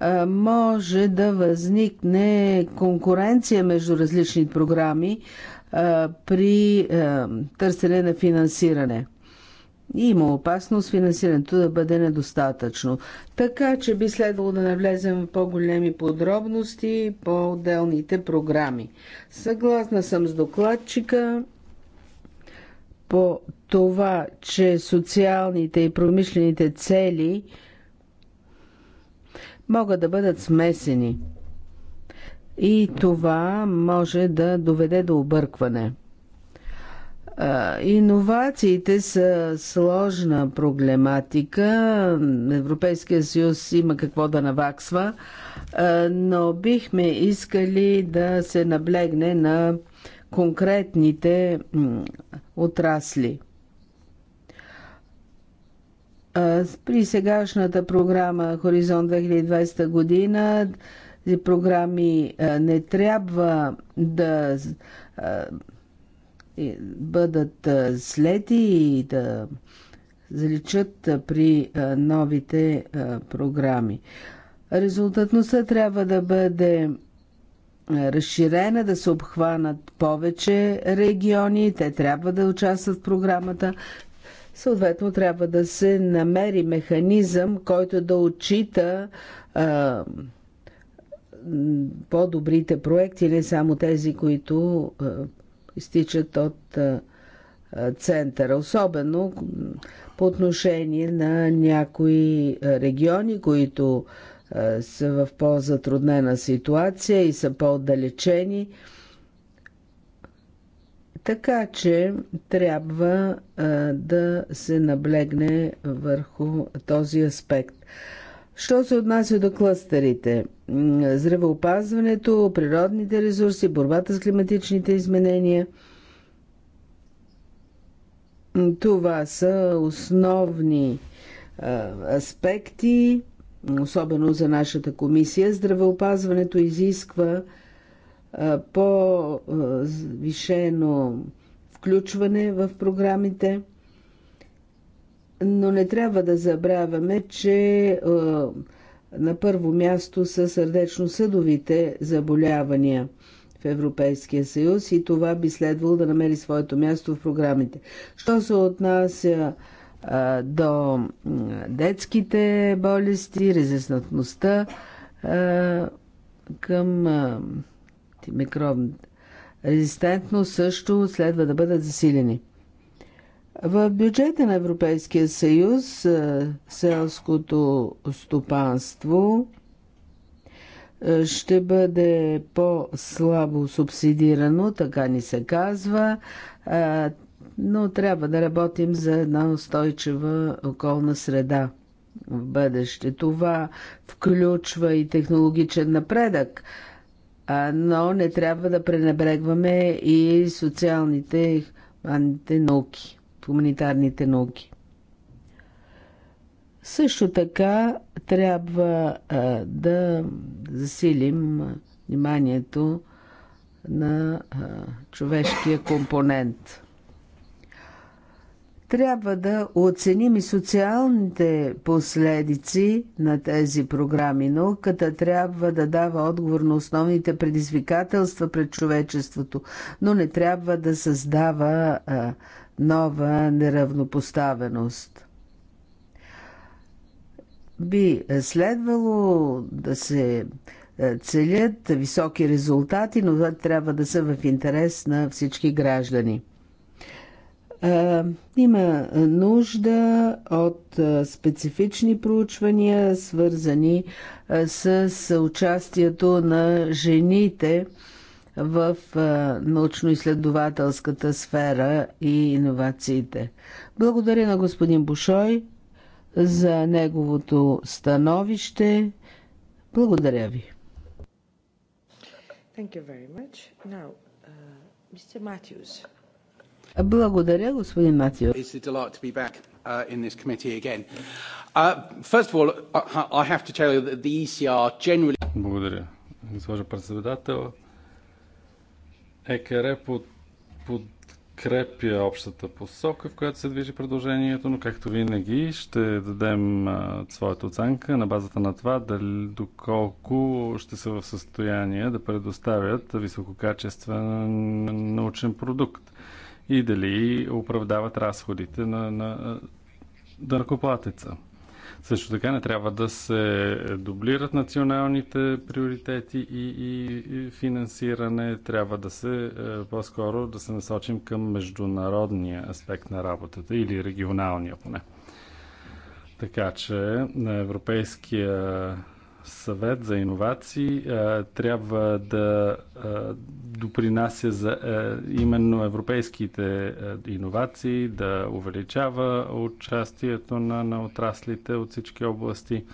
е, може да възникне конкуренция между различни програми е, при търсене на финансиране. И има опасност финансирането да бъде недостатъчно. Така че би следвало да навлезем в по-големи подробности по отделните програми. Съгласна съм с докладчика по това, че социалните и промишлените цели могат да бъдат смесени. И това може да доведе до объркване. Иновациите са сложна проблематика. Европейския съюз има какво да наваксва, но бихме искали да се наблегне на конкретните отрасли. При сегашната програма Хоризонт 2020 година е, програми не трябва да бъдат следи и да заличат при новите програми. Резултатността трябва да бъде разширена, да се обхванат повече региони, те трябва да участват в програмата. Съответно, трябва да се намери механизъм, който да отчита а, по-добрите проекти, не само тези, които а, изтичат от а, центъра. Особено по отношение на някои региони, които а, е, са в по-затруднена ситуация и са по-отдалечени. Така че трябва е, да се наблегне върху този аспект. Що се отнася до клъстерите? Здравеопазването, природните ресурси, борбата с климатичните изменения. Това са основни е, аспекти, особено за нашата комисия. Здравеопазването изисква по-вишено включване в програмите, но не трябва да забравяме, че на първо място са сърдечно-съдовите заболявания в Европейския съюз и това би следвало да намери своето място в програмите. Що се отнася до детските болести, резистентността към микробната резистентност също следва да бъдат засилени. В бюджета на Европейския съюз селското стопанство ще бъде по-слабо субсидирано, така ни се казва но трябва да работим за една устойчива околна среда в бъдеще. Това включва и технологичен напредък, но не трябва да пренебрегваме и социалните науки, хуманитарните науки. Също така трябва да засилим вниманието на човешкия компонент – трябва да оценим и социалните последици на тези програми. Науката трябва да дава отговор на основните предизвикателства пред човечеството, но не трябва да създава а, нова неравнопоставеност. Би следвало да се целят високи резултати, но това трябва да са в интерес на всички граждани. Е, има нужда от е, специфични проучвания, свързани е, с участието на жените в научно-изследователската сфера и иновациите. Благодаря на господин Бушой за неговото становище. Благодаря ви. Thank you very much. Now, uh, Mr. Matthews. Благодаря, господин Матио. Uh, uh, e Благодаря, госпожо председател. ЕКР под, подкрепя общата посока, в която се движи предложението, но както винаги ще дадем а, своята оценка на базата на това дали, доколко ще са в състояние да предоставят висококачествен научен продукт и дали оправдават разходите на, на дъркоплатеца. Също така не трябва да се дублират националните приоритети и, и, и финансиране. Трябва да се по-скоро да се насочим към международния аспект на работата или регионалния поне. Така че на европейския съвет за иновации трябва да допринася за именно европейските иновации, да увеличава участието на, на отраслите от всички области.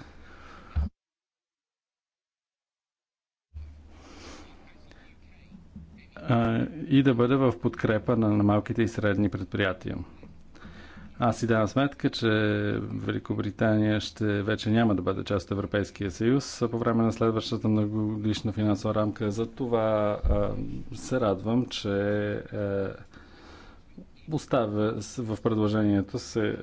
и да бъде в подкрепа на, на малките и средни предприятия. Аз си давам сметка, че Великобритания ще вече няма да бъде част от Европейския съюз по време на следващата многогодишна финансова рамка. За това а, се радвам, че а, оставя в предложението се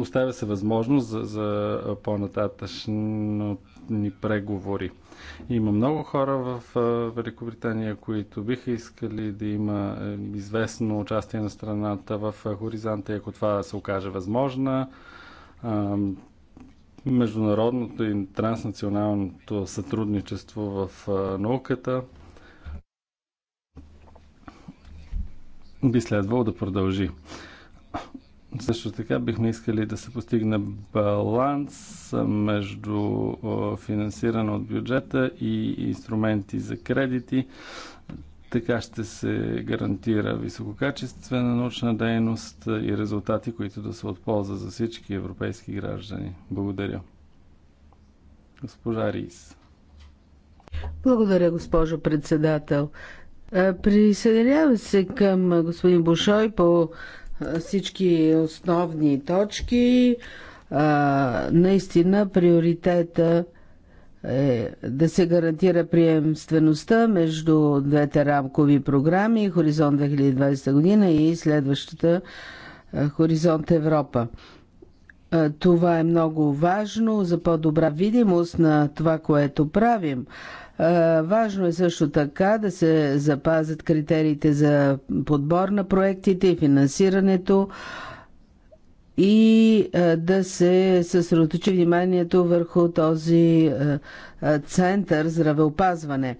оставя се възможност за, за по-нататъчни преговори. Има много хора в Великобритания, които биха искали да има е, известно участие на страната в хоризонта ако това се окаже възможно, международното и транснационалното сътрудничество в науката би следвало да продължи. Също така бихме искали да се постигне баланс между финансиране от бюджета и инструменти за кредити. Така ще се гарантира висококачествена научна дейност и резултати, които да са от полза за всички европейски граждани. Благодаря. Госпожа Рис. Благодаря, госпожо председател. Е, присъединявам се към господин Бушой по всички основни точки. Наистина приоритета е да се гарантира приемствеността между двете рамкови програми Хоризонт 2020 година и следващата Хоризонт Европа. Това е много важно за по-добра видимост на това, което правим. Важно е също така да се запазят критериите за подбор на проектите и финансирането и да се съсредоточи вниманието върху този център здравеопазване.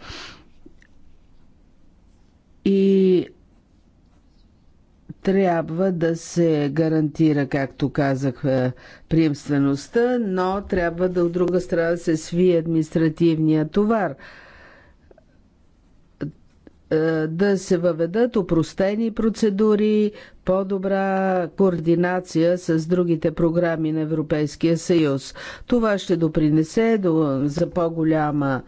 И трябва да се гарантира, както казах, е, приемствеността, но трябва да от друга страна да се сви административния товар е, да се въведат упростени процедури, по-добра координация с другите програми на Европейския съюз. Това ще допринесе до, за по-голяма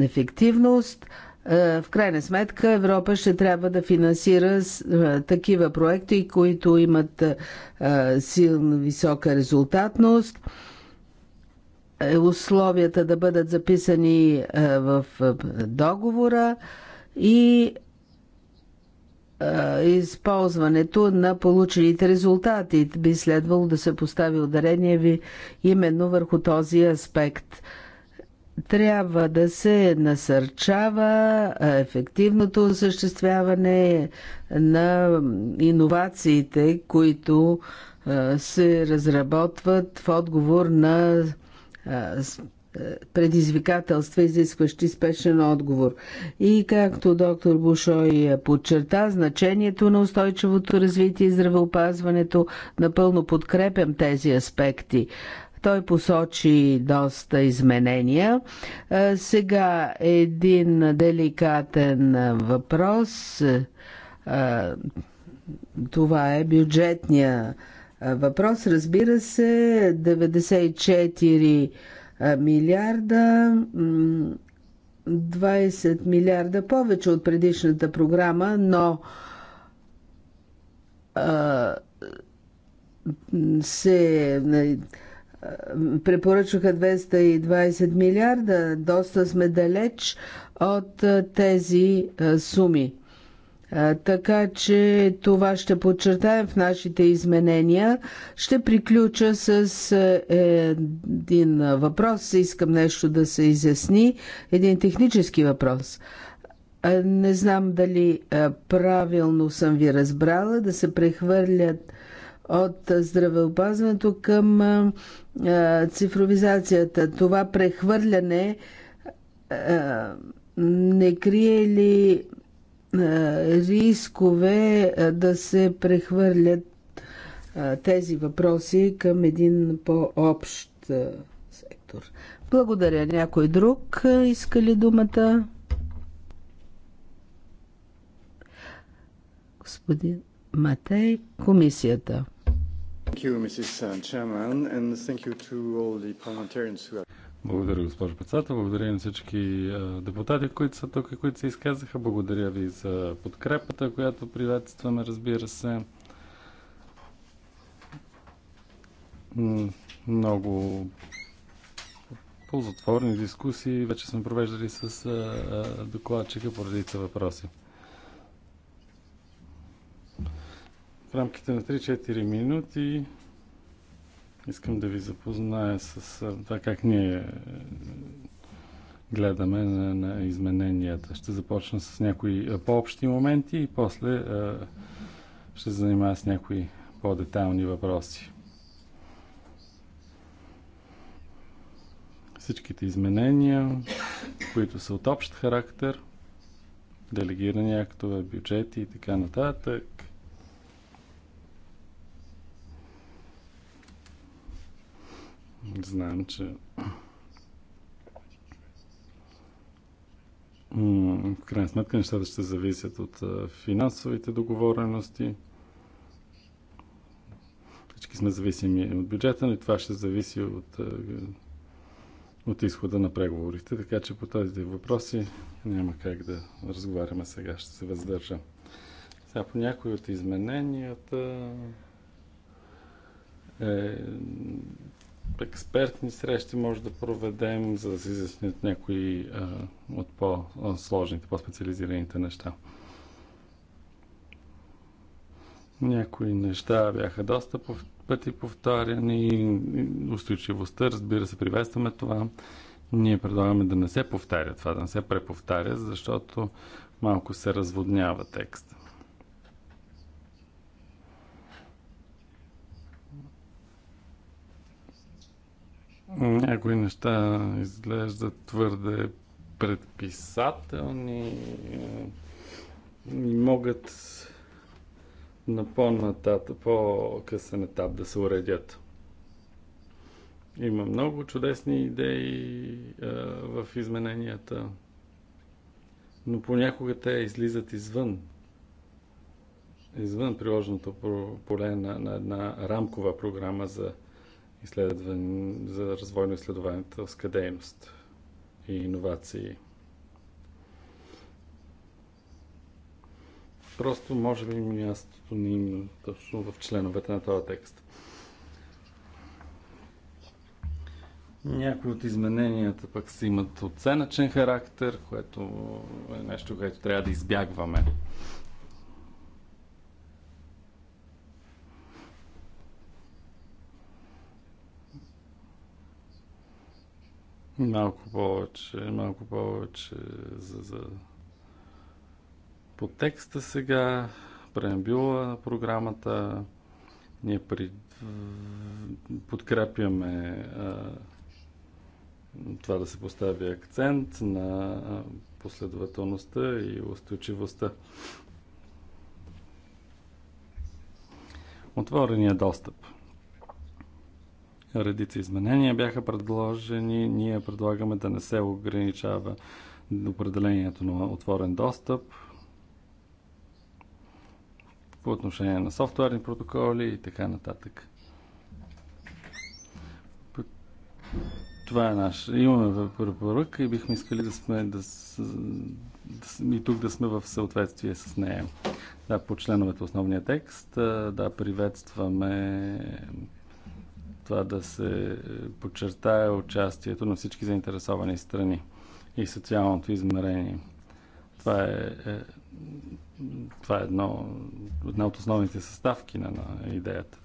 е, ефективност, е, в крайна сметка Европа ще трябва да финансира е, такива проекти, които имат е, силна висока резултатност. Условията да бъдат записани в договора и използването на получените резултати. Би следвало да се постави ударение ви именно върху този аспект – трябва да се насърчава ефективното осъществяване на иновациите, които се разработват в отговор на предизвикателства, изискващи спешен отговор. И както доктор Бушой подчерта, значението на устойчивото развитие и здравеопазването, напълно подкрепям тези аспекти. Той посочи доста изменения. Сега един деликатен въпрос. Това е бюджетния въпрос. Разбира се, 94 милиарда 20 милиарда повече от предишната програма, но се препоръчаха 220 милиарда. Доста сме далеч от тези суми. Така че това ще подчертаем в нашите изменения. Ще приключа с е, един въпрос. Искам нещо да се изясни. Един технически въпрос. Не знам дали правилно съм ви разбрала да се прехвърлят от здравеопазването към цифровизацията. Това прехвърляне не крие ли рискове да се прехвърлят тези въпроси към един по-общ сектор. Благодаря. Някой друг иска ли думата? Господин Матей, комисията. Благодаря, госпожо председател. Благодаря на всички депутати, които са тук и които се изказаха. Благодаря ви за подкрепата, която приветстваме, разбира се. Много ползотворни дискусии вече сме провеждали с докладчика по редица въпроси. рамките на 3-4 минути искам да ви запозная с това как ние е, гледаме на, на измененията. Ще започна с някои по-общи моменти и после ще се занимая с някои по-детайлни въпроси. Всичките изменения, които са от общ характер, делегирани актове, бюджети и така нататък, Знам, че в крайна сметка нещата ще зависят от финансовите договорености. Всички сме зависими от бюджета, но и това ще зависи от, от изхода на преговорите. Така че по тези въпроси няма как да разговаряме сега. Ще се въздържа. Сега по някои от измененията е експертни срещи може да проведем, за да се изяснят някои а, от по-сложните, по-специализираните неща. Някои неща бяха доста пъти повтаряни. Устойчивостта, разбира се, приветстваме това. Ние предлагаме да не се повтаря това, да не се преповтаря, защото малко се разводнява текст. Някои неща изглеждат твърде предписателни е, и могат на по-натата, по-късен етап да се уредят. Има много чудесни идеи е, в измененията, но понякога те излизат извън извън приложеното поле на, на една рамкова програма за Изследване за развойно-изследователска дейност и иновации. Просто може би мястото ни има точно в членовете на този текст. Някои от измененията пък си имат оценъчен характер, което е нещо, което трябва да избягваме. Малко повече, малко повече за, за... по текста сега, преамбюла на програмата. Ние при... подкрепяме а, това да се постави акцент на последователността и устойчивостта. Отворения достъп – Редица изменения бяха предложени. Ние предлагаме да не се ограничава определението на отворен достъп по отношение на софтуерни протоколи и така нататък. Това е наш. Имаме препоръка и бихме искали да сме да, да, и тук да сме в съответствие с нея. Да, по членовете основния текст, да, приветстваме това да се е, подчертае участието на всички заинтересовани страни и социалното измерение. Това е, е, това е едно, една от основните съставки на, на идеята.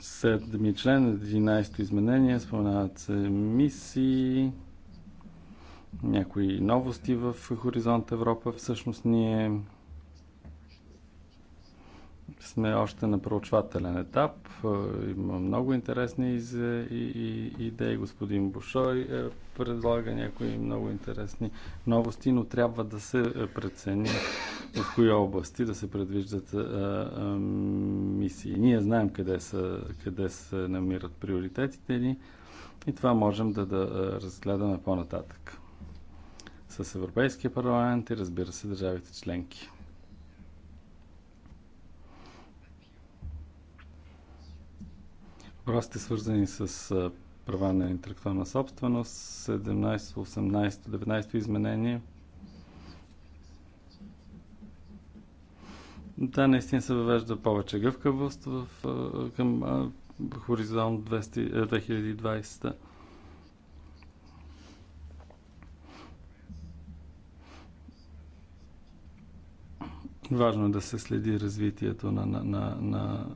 Седми член, 11-то изменение, споменават се мисии, някои новости в Хоризонт Европа. Всъщност ние сме още на проучвателен етап. Е, има много интересни идеи. Господин Бушой е, предлага някои много интересни новости, но трябва да се е, прецени в кои области да се предвиждат мисии. Ние знаем къде, са, къде се намират приоритетите ни и това можем да, да разгледаме по-нататък. С Европейския парламент и разбира се държавите членки. въпросите свързани с права на интелектуална собственост, 17, 18, 19 изменение. Да, наистина се въвежда повече гъвкавост в, към хоризонт 200, 2020. Важно е да се следи развитието на, на, на, на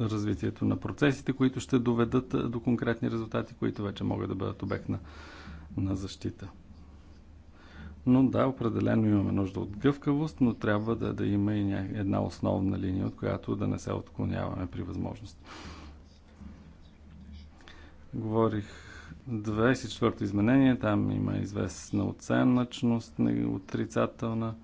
развитието на процесите, които ще доведат до конкретни резултати, които вече могат да бъдат обект на, на защита. Но да, определено имаме нужда от гъвкавост, но трябва да, да има и една основна линия, от която да не се отклоняваме при възможност. Говорих 24-то изменение, там има известна оценъчност, отрицателна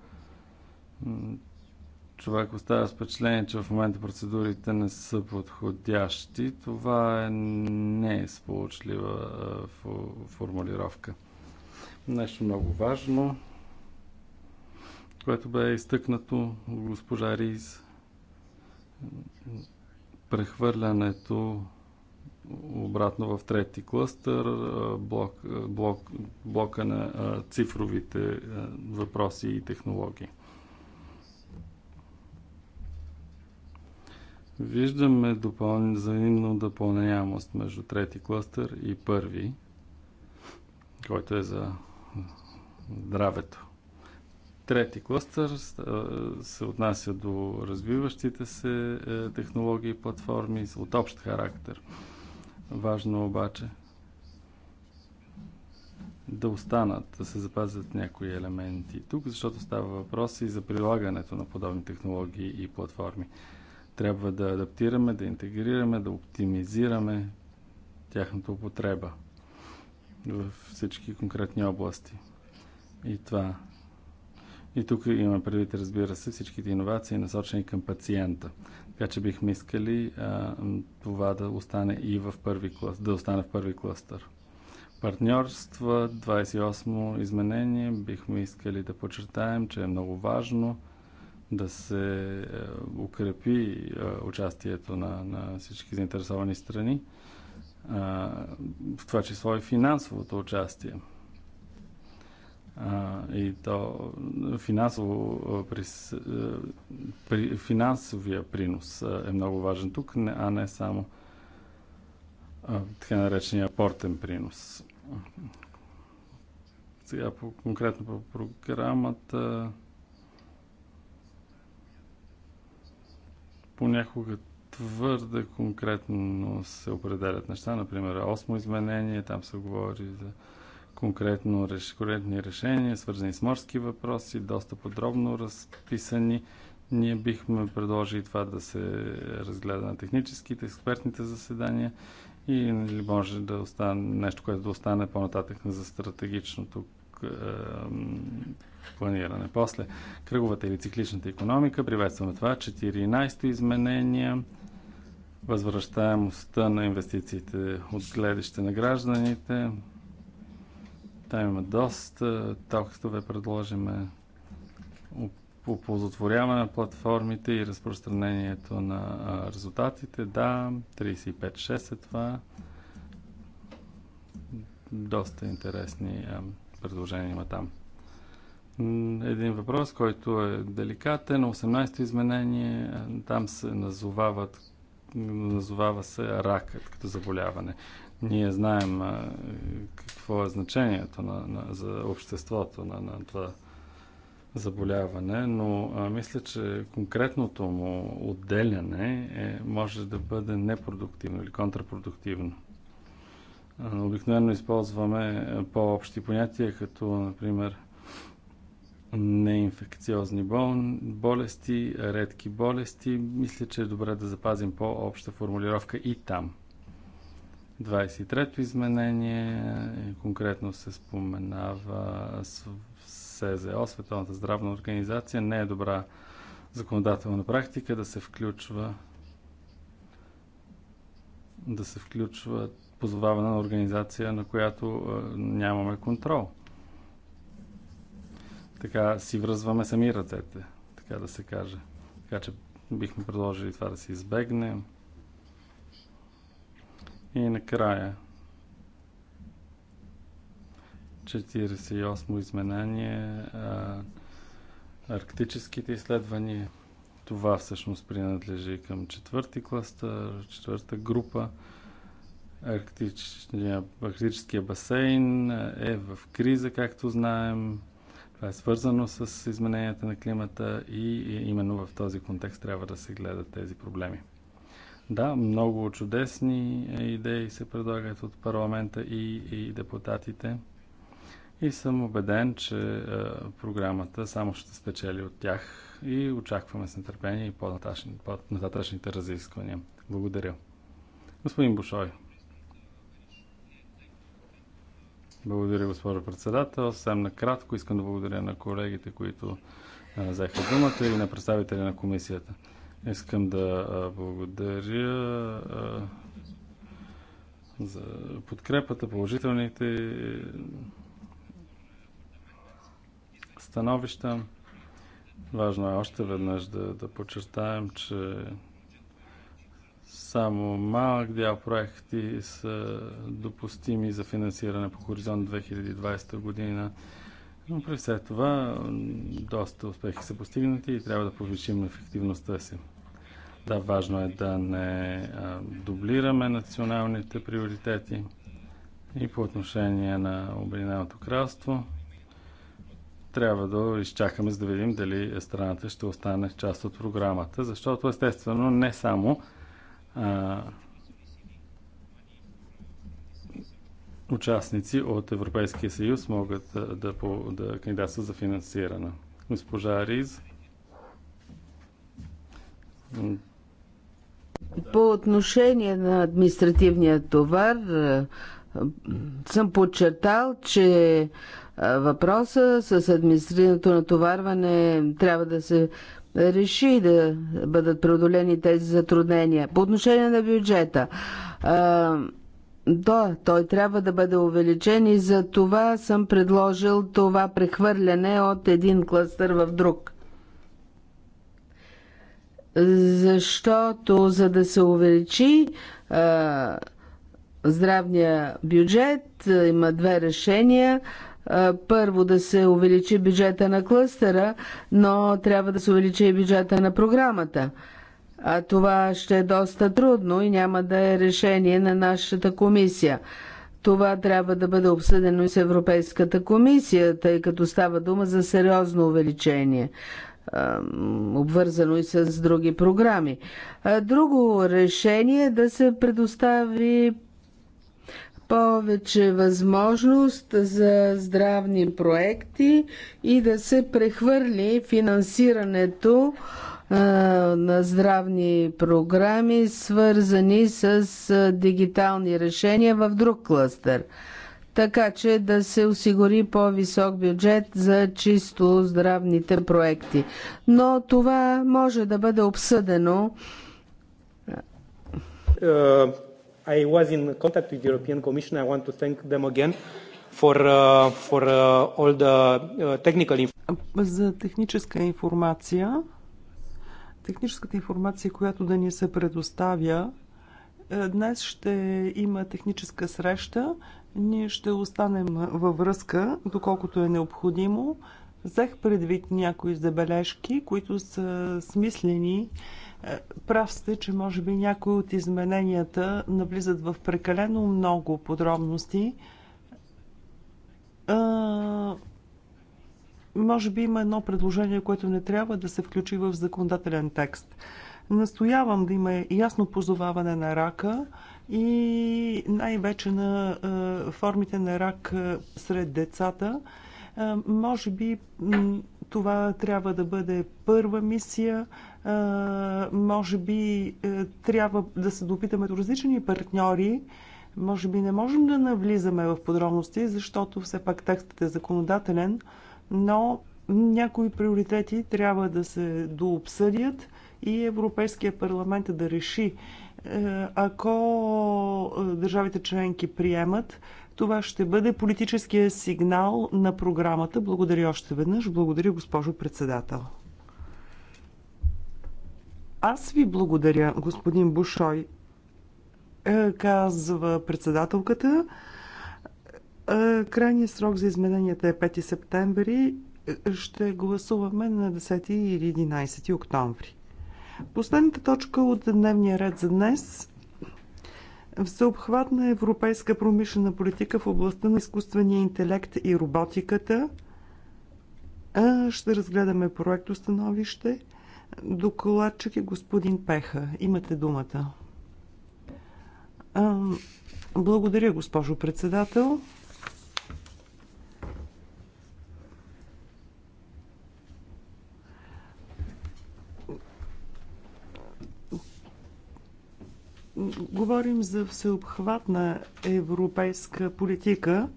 човек оставя впечатление, че в момента процедурите не са подходящи, това е, не е сполучлива формулировка. Нещо много важно, което бе изтъкнато госпожа Риз. Прехвърлянето обратно в трети клъстър, блок, блок, блока на цифровите въпроси и технологии. Виждаме допълн... взаимно допълняемост между трети клъстър и първи, който е за здравето. Трети клъстър е, се отнася до развиващите се е, технологии и платформи от общ характер. Важно обаче да останат, да се запазят някои елементи тук, защото става въпрос и за прилагането на подобни технологии и платформи. Трябва да адаптираме, да интегрираме, да оптимизираме тяхната употреба във всички конкретни области. И това. И тук имаме предвид, разбира се, всичките иновации, насочени към пациента. Така че бихме искали а, това да остане и в първи клас, да остане в първи кластър. Партньорства, 28 изменение, бихме искали да подчертаем, че е много важно да се е, укрепи е, участието на, на всички заинтересовани страни, е, в това число и финансовото участие. И то финансово, при, при, финансовия принос е много важен тук, а не само така наречения портен принос. Сега по, конкретно по програмата понякога твърде конкретно се определят неща. Например, осмо изменение, там се говори за конкретно, конкретни решения, свързани с морски въпроси, доста подробно разписани. Ние бихме предложили това да се разгледа на техническите, експертните заседания и може да остане нещо, което да остане по-нататък за стратегичното планиране. После кръговата или цикличната економика. Приветстваме това. 14-то изменение. Възвръщаемостта на инвестициите от гледаще на гражданите. Там има доста текстове. Предложиме оползотворяване на платформите и разпространението на резултатите. Да, 35-6 е това. Доста интересни предложения има там. Един въпрос, който е деликатен. 18-то изменение, е, там се назовават, назовава се ракът като заболяване. Ние знаем е, какво е значението на, на, за обществото на, на това заболяване, но а, мисля, че конкретното му отделяне е, може да бъде непродуктивно или контрапродуктивно. Обикновено използваме е, по-общи понятия, като, например, неинфекциозни болести, редки болести. Мисля, че е добре да запазим по-обща формулировка и там. 23-то изменение е, конкретно се споменава СЗО, Световната здравна организация. Не е добра законодателна практика да се включва да се включва позоваване на организация, на която е, нямаме контрол така си връзваме сами ръцете, така да се каже. Така че бихме предложили това да се избегне. И накрая 48 мо изменение а, арктическите изследвания. Това всъщност принадлежи към четвърти кластър, четвърта група. Арктичния, арктическия басейн е в криза, както знаем. Това е свързано с измененията на климата и именно в този контекст трябва да се гледат тези проблеми. Да, много чудесни е, идеи се предлагат от парламента и, и депутатите. И съм убеден, че е, програмата само ще спечели от тях и очакваме с нетърпение и по-нататъчните разисквания. Благодаря. Господин Бушой. Благодаря, госпожо председател. Съвсем накратко искам да благодаря на колегите, които взеха думата и на представители на комисията. Искам да благодаря за подкрепата, положителните е, становища. Важно е още веднъж да, да подчертаем, че само малък дял проекти са допустими за финансиране по Хоризонт 2020 година. Но при все това доста успехи са постигнати и трябва да повишим ефективността си. Да, важно е да не дублираме националните приоритети и по отношение на Обединеното кралство. Трябва да изчакаме, за да видим дали страната ще остане част от програмата, защото естествено не само участници от Европейския съюз могат да, да, да кандидатстват за финансиране. Госпожа Риз. По отношение на административния товар, съм подчертал, че въпроса с административното натоварване трябва да се реши да бъдат преодолени тези затруднения. По отношение на бюджета, да, той трябва да бъде увеличен и за това съм предложил това прехвърляне от един кластър в друг. Защото за да се увеличи здравния бюджет, има две решения – първо да се увеличи бюджета на клъстера, но трябва да се увеличи и бюджета на програмата. А това ще е доста трудно и няма да е решение на нашата комисия. Това трябва да бъде обсъдено и с Европейската комисия, тъй като става дума за сериозно увеличение, обвързано и с други програми. Друго решение е да се предостави повече възможност за здравни проекти и да се прехвърли финансирането на здравни програми, свързани с дигитални решения в друг кластър, Така че да се осигури по-висок бюджет за чисто здравните проекти. Но това може да бъде обсъдено. Е, I was in contact with the European Commission. I want to thank them again for, uh, for uh, all the uh, technical За техническа информация, техническата информация, която да ни се предоставя, е, днес ще има техническа среща. Ние ще останем във връзка, доколкото е необходимо. Взех предвид някои забележки, които са смислени Прав сте, че може би някои от измененията навлизат в прекалено много подробности. А, може би има едно предложение, което не трябва да се включи в законодателен текст. Настоявам да има ясно позоваване на рака и най-вече на а, формите на рак а, сред децата. А, може би това трябва да бъде първа мисия може би е, трябва да се допитаме до различни партньори. Може би не можем да навлизаме в подробности, защото все пак текстът е законодателен, но някои приоритети трябва да се дообсъдят и Европейския парламент да реши. Е, ако е, държавите членки приемат, това ще бъде политическия сигнал на програмата. Благодаря още веднъж. Благодаря, госпожо председател. Аз ви благодаря, господин Бушой, е, казва председателката. Е, крайният срок за измененията е 5 септември. Ще гласуваме на 10 или 11 октомври. Последната точка от дневния ред за днес Всеобхватна европейска промишлена политика в областта на изкуствения интелект и роботиката. Е, ще разгледаме проект становище Докладчик е господин Пеха. Имате думата. Благодаря, госпожо председател. Говорим за всеобхватна европейска политика.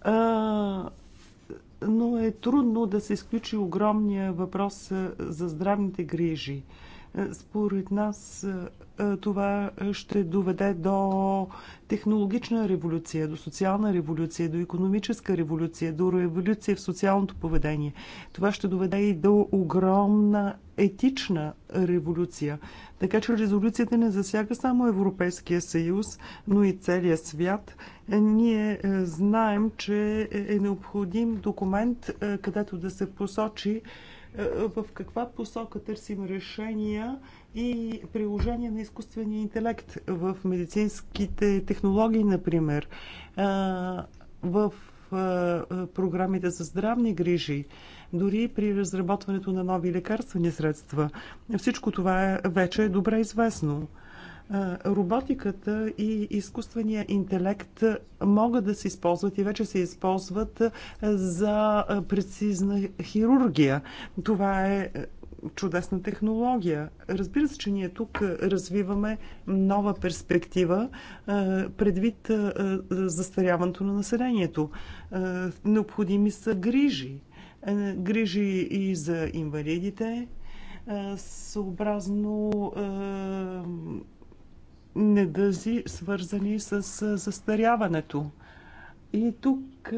А, но е трудно да се изключи огромния въпрос за здравните грижи. Според нас е, е, това ще доведе до технологична революция, до социална революция, до економическа революция, до революция в социалното поведение. Това ще доведе и до огромна етична революция. Така че резолюцията не засяга само Европейския съюз, но и целия свят. Е, ние знаем, че е необходим документ, където да се посочи е, е, в каква посока търсим решения и приложение на изкуствения интелект в медицинските технологии, например, е, в програмите за здравни грижи, дори при разработването на нови лекарствени средства. Всичко това вече е добре известно. Роботиката и изкуствения интелект могат да се използват и вече се използват за прецизна хирургия. Това е чудесна технология. Разбира се, че ние тук развиваме нова перспектива предвид застаряването на населението. Необходими са грижи. Грижи и за инвалидите, съобразно недъзи, свързани с застаряването. И тук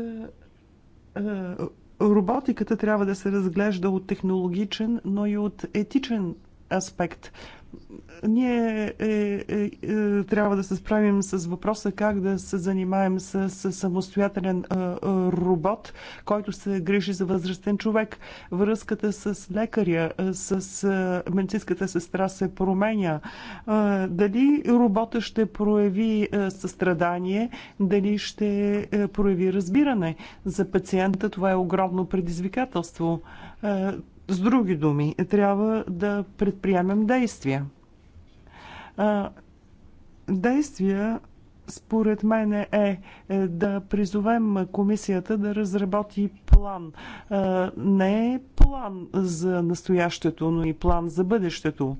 роботиката трябва да се разглежда от технологичен, но и от етичен аспект – ние е, е, е, трябва да се справим с въпроса как да се занимаем с, с самостоятелен е, е, робот, който се грижи за възрастен човек. Връзката с лекаря, с е, медицинската сестра се променя. Е, дали робота ще прояви е, състрадание, дали ще е, прояви разбиране. За пациента това е огромно предизвикателство. Е, с други думи, трябва да предприемем действия. Действия, според мен, е, е да призовем комисията да разработи план. Не е план за настоящето, но и план за бъдещето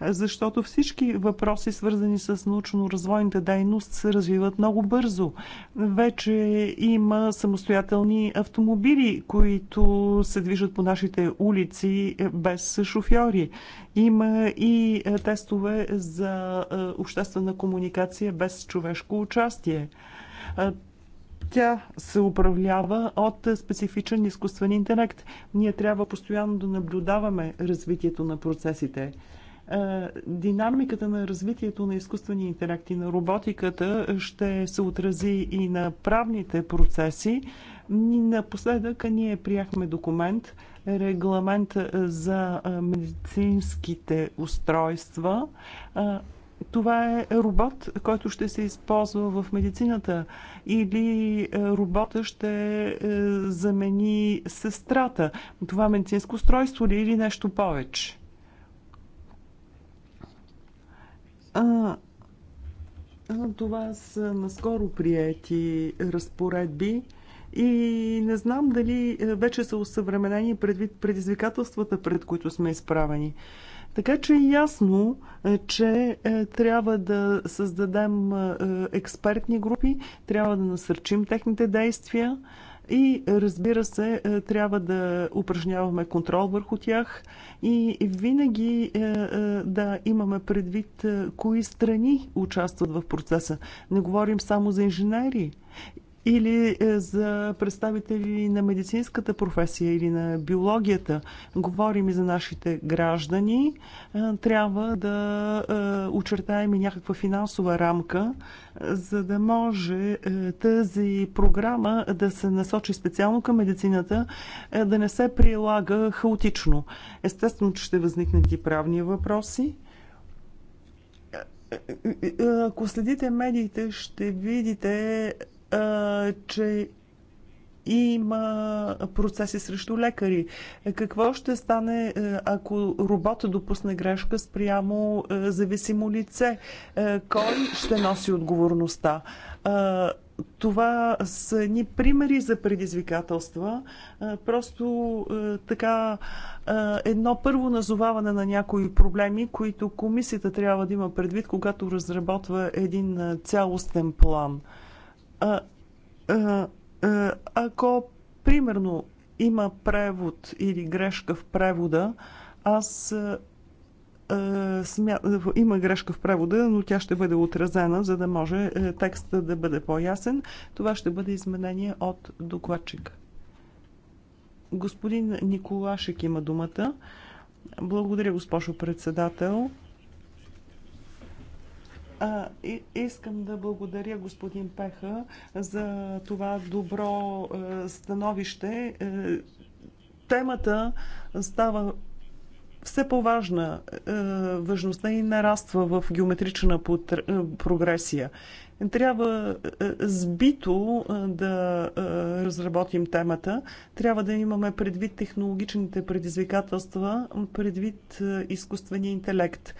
защото всички въпроси, свързани с научно-развойната дейност, се развиват много бързо. Вече има самостоятелни автомобили, които се движат по нашите улици е, без шофьори. Има и е, тестове за е, обществена комуникация без човешко участие тя се управлява от специфичен изкуствен интелект. Ние трябва постоянно да наблюдаваме развитието на процесите. Е, динамиката на развитието на изкуствения интелект и на роботиката ще се отрази и на правните процеси. Напоследък ние приехме документ, регламент за е, медицинските устройства. Е, това е робот, който ще се използва в медицината или робота ще замени сестрата. Това медицинско устройство ли или нещо повече? А, това са наскоро приети разпоредби и не знам дали е, вече са усъвременени предвид предизвикателствата, пред които сме изправени. Така че е ясно, е, че е, трябва да създадем експертни групи, трябва да насърчим техните действия и разбира се, е, трябва да упражняваме контрол върху тях и винаги е, е, да имаме предвид кои страни участват в процеса. Не говорим само за инженери или е, за представители на медицинската професия или на биологията. Говорим и за нашите граждани. Е, трябва да е, очертаем и някаква финансова рамка, за да може тази програма да се насочи специално към медицината, да не се прилага хаотично. Естествено, че ще възникнат и правни въпроси ако следите медиите, ще видите че има процеси срещу лекари. Какво ще стане, ако робота допусне грешка спрямо зависимо лице? Кой ще носи отговорността? Това са ни примери за предизвикателства. Просто така едно първо назоваване на някои проблеми, които комисията трябва да има предвид, когато разработва един цялостен план а, а, ако примерно има превод или грешка в превода, аз смя... има грешка в превода, но тя ще бъде отразена, за да може е, текста да бъде по-ясен. Това ще бъде изменение от докладчик. Господин Николашек има думата. Благодаря, госпожо председател. Искам да благодаря господин Пеха за това добро е, становище. Е, темата става все по-важна. Е, важността и нараства в геометрична прогресия. Трябва сбито да разработим темата. Трябва да имаме предвид технологичните предизвикателства, предвид изкуствения интелект.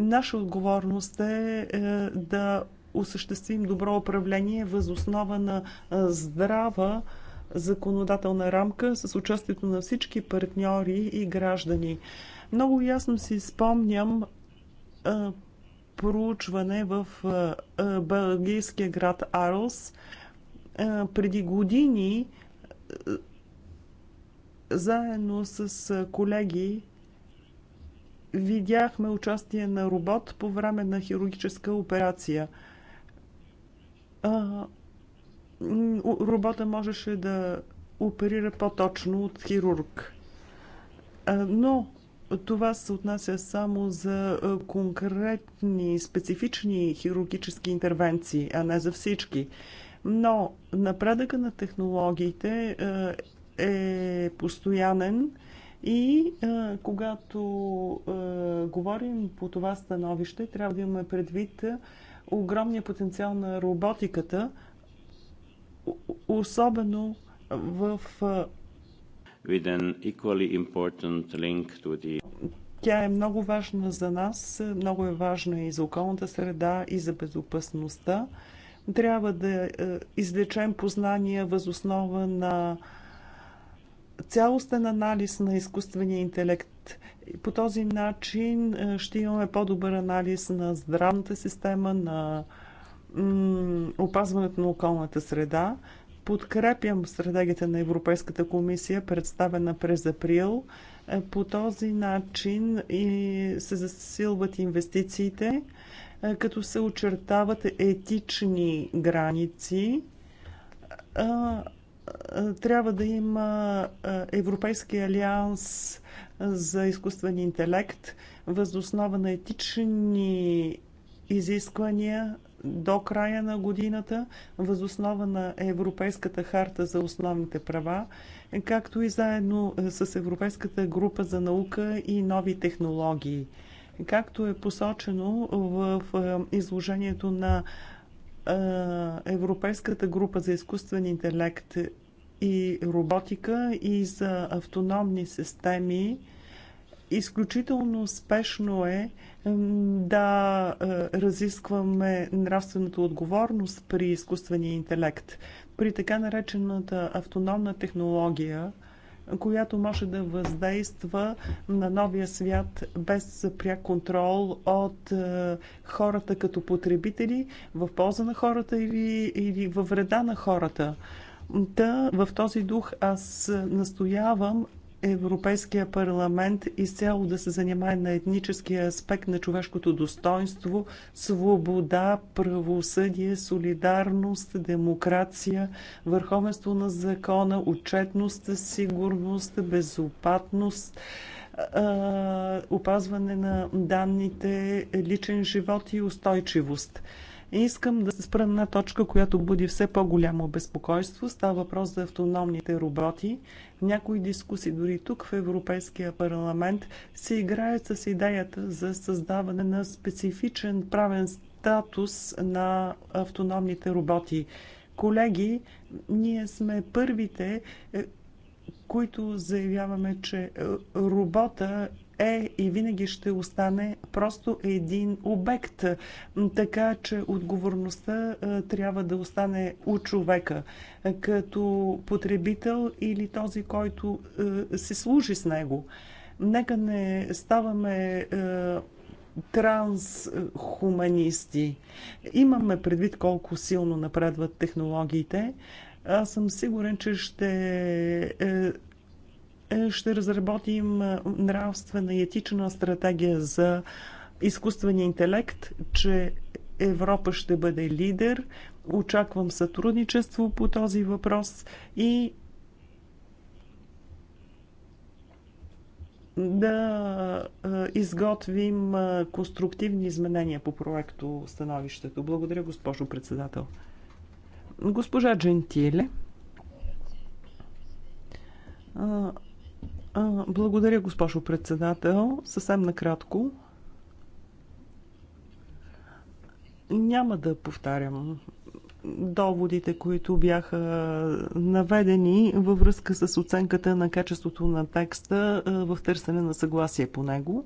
Наша отговорност е, е да осъществим добро управление възоснова на е, здрава законодателна рамка с участието на всички партньори и граждани. Много ясно си спомням е, проучване в бългийския град Арлс преди години заедно с колеги видяхме участие на робот по време на хирургическа операция. Робота можеше да оперира по-точно от хирург. Но това се отнася само за конкретни, специфични хирургически интервенции, а не за всички. Но напредъка на технологиите е постоянен и а, когато а, говорим по това становище, трябва да имаме предвид огромния потенциал на роботиката, особено в. А, With an equally important link to the... Тя е много важна за нас, много е важна и за околната среда, и за безопасността. Трябва да е, излечем познания възоснова на цялостен анализ на изкуствения интелект. По този начин е, ще имаме по-добър анализ на здравната система, на опазването на околната среда. Подкрепям стратегията на Европейската комисия, представена през април. Е, по този начин и се засилват инвестициите, е, като се очертават етични граници трябва да има Европейски алианс за изкуствен интелект, възоснова на етични изисквания до края на годината, възоснова на Европейската харта за основните права, както и заедно с Европейската група за наука и нови технологии. Както е посочено в изложението на Европейската група за изкуствен интелект и роботика и за автономни системи. Изключително спешно е да разискваме нравствената отговорност при изкуствения интелект. При така наречената автономна технология – която може да въздейства на новия свят без пряк контрол от е, хората като потребители, в полза на хората или, или във вреда на хората. Та, в този дух аз настоявам Европейския парламент изцяло да се занимае на етническия аспект на човешкото достоинство, свобода, правосъдие, солидарност, демокрация, върховенство на закона, отчетност, сигурност, безопатност, опазване на данните, личен живот и устойчивост. Искам да се спра на точка, която буди все по-голямо безпокойство. Става въпрос за автономните роботи. Някои дискусии дори тук в Европейския парламент се играят с идеята за създаване на специфичен правен статус на автономните роботи. Колеги, ние сме първите, е, които заявяваме, че е, робота е и винаги ще остане просто един обект. Така че отговорността е, трябва да остане у човека, е, като потребител или този, който е, се служи с него. Нека не ставаме трансхуманисти. Имаме предвид колко силно напредват технологиите. Аз съм сигурен, че ще е, ще разработим е, нравствена и етична стратегия за изкуствения интелект, че Европа ще бъде лидер. Очаквам сътрудничество по този въпрос и да е, изготвим конструктивни изменения по проекто становището. Благодаря, госпожо председател. Госпожа Джентиле. Благодаря, госпожо председател. Съвсем накратко. Няма да повтарям доводите, които бяха наведени във връзка с оценката на качеството на текста в търсене на съгласие по него.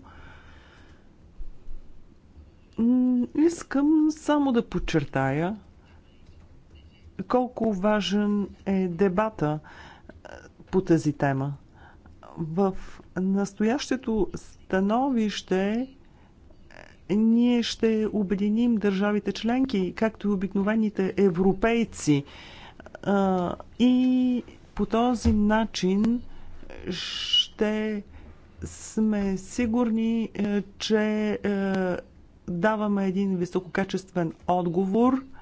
Искам само да подчертая колко важен е дебата по тази тема. В настоящето становище ние ще обединим държавите членки, както и обикновените европейци. И по този начин ще сме сигурни, е, че е, даваме един висококачествен отговор –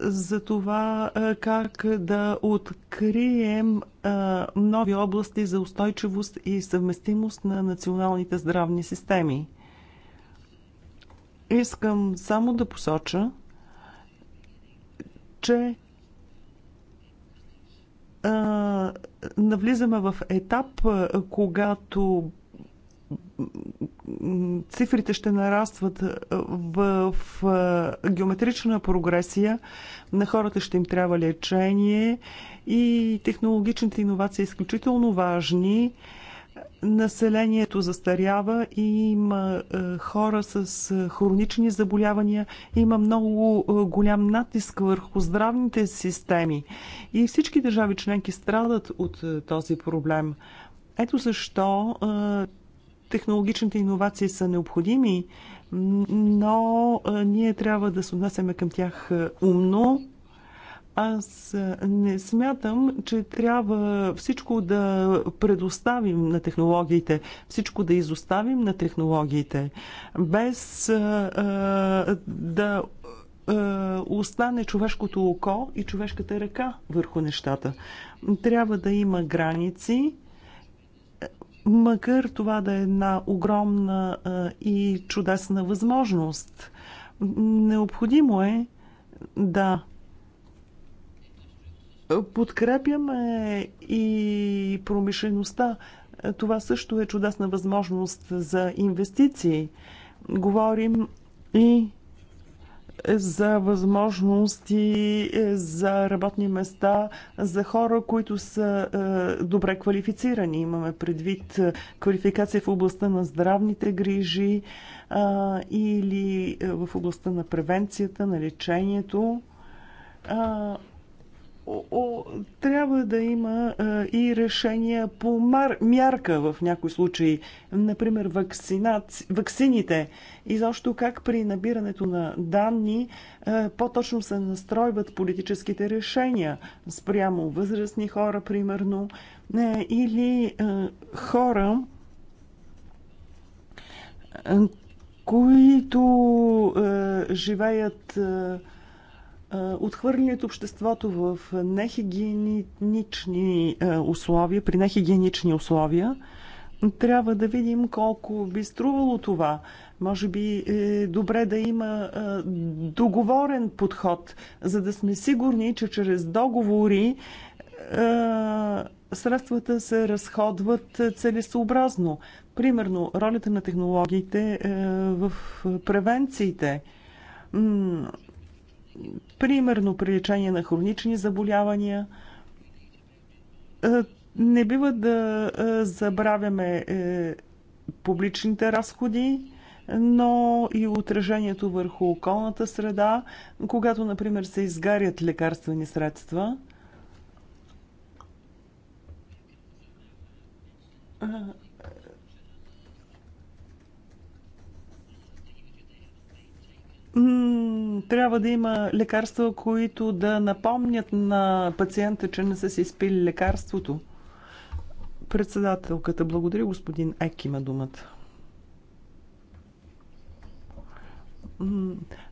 за това как да открием нови области за устойчивост и съвместимост на националните здравни системи. Искам само да посоча, че навлизаме в етап, когато цифрите ще нарастват в, в геометрична прогресия, на хората ще им трябва лечение и технологичните иновации са изключително важни. Населението застарява и има хора с хронични заболявания, има много голям натиск върху здравните системи. И всички държави членки страдат от този проблем. Ето защо Технологичните иновации са необходими, но ние трябва да се отнасяме към тях умно. Аз не смятам, че трябва всичко да предоставим на технологиите, всичко да изоставим на технологиите, без да остане човешкото око и човешката ръка върху нещата. Трябва да има граници, макар това да е една огромна и чудесна възможност. Необходимо е да подкрепяме и промишлеността. Това също е чудесна възможност за инвестиции. Говорим и за възможности е, за работни места за хора, които са е, добре квалифицирани. Имаме предвид е, квалификация в областта на здравните грижи или в областта на превенцията, на лечението трябва да има и решения по мярка в някои случаи. Например, вакцинаци... вакцините. И защо как при набирането на данни по-точно се настройват политическите решения спрямо възрастни хора, примерно, или хора, които живеят Отхвърлени от обществото в нехигиенични условия, при нехигиенични условия, трябва да видим колко би струвало това. Може би е добре да има договорен подход, за да сме сигурни, че чрез договори средствата се разходват целесообразно. Примерно, ролята на технологиите е, в превенциите примерно при лечение на хронични заболявания. Е, не бива да е, забравяме е, публичните разходи, но и отражението върху околната среда, когато, например, се изгарят лекарствени средства трябва да има лекарства, които да напомнят на пациента, че не са си изпили лекарството. Председателката, благодаря, господин Ек има думата.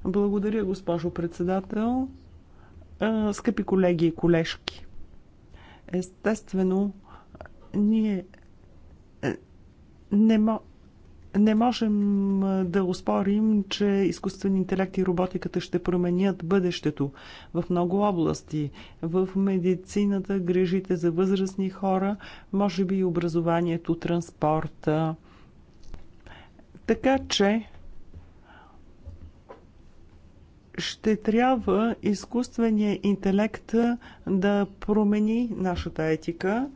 Благодаря, госпожо председател. Скъпи колеги и колежки, естествено, ние е, не можем не можем да успорим, че изкуствен интелект и роботиката ще променят бъдещето в много области. В медицината, грижите за възрастни хора, може би и образованието, транспорта. Така че ще трябва изкуственият интелект да промени нашата етика,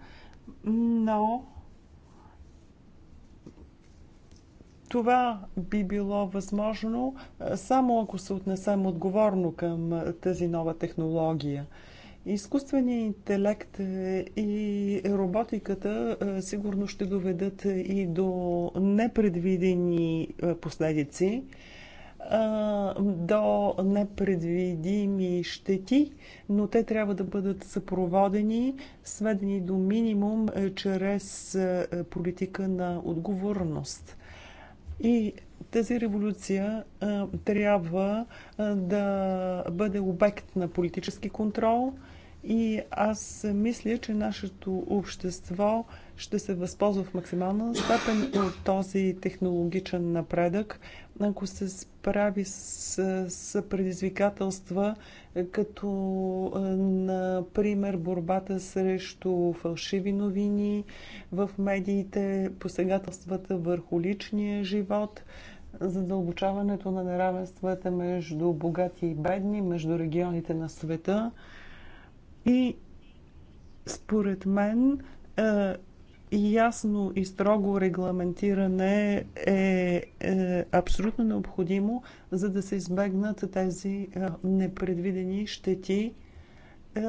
но Това би било възможно само ако се отнесем отговорно към тази нова технология. Изкуственият интелект е, и роботиката сигурно ще доведат и до непредвидени последици, до непредвидими щети, но те трябва да бъдат съпроводени, сведени до минимум чрез политика на отговорност. И тази революция а, трябва а, да бъде обект на политически контрол и аз мисля, че нашето общество ще се възползва в максимална степен от този технологичен напредък, ако се справи с, с предизвикателства, като например борбата срещу фалшиви новини в медиите, посегателствата върху личния живот, задълбочаването на неравенствата между богати и бедни, между регионите на света. И според мен ясно и строго регламентиране е, е абсолютно необходимо, за да се избегнат тези е, непредвидени щети. Е,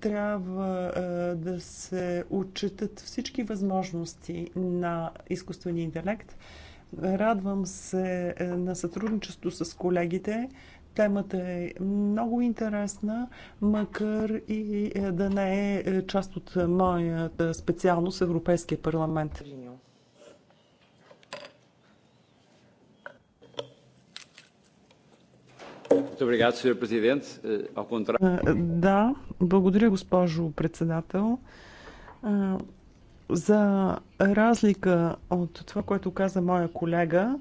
трябва е, да се отчитат всички възможности на изкуствения интелект. Радвам се е, на сътрудничество с колегите. Е, Темата е много интересна, макар и е, да не е, е част от моята специалност Европейския парламент. Eh, е, да, благодаря, госпожо председател. За разлика от това, което каза моя колега,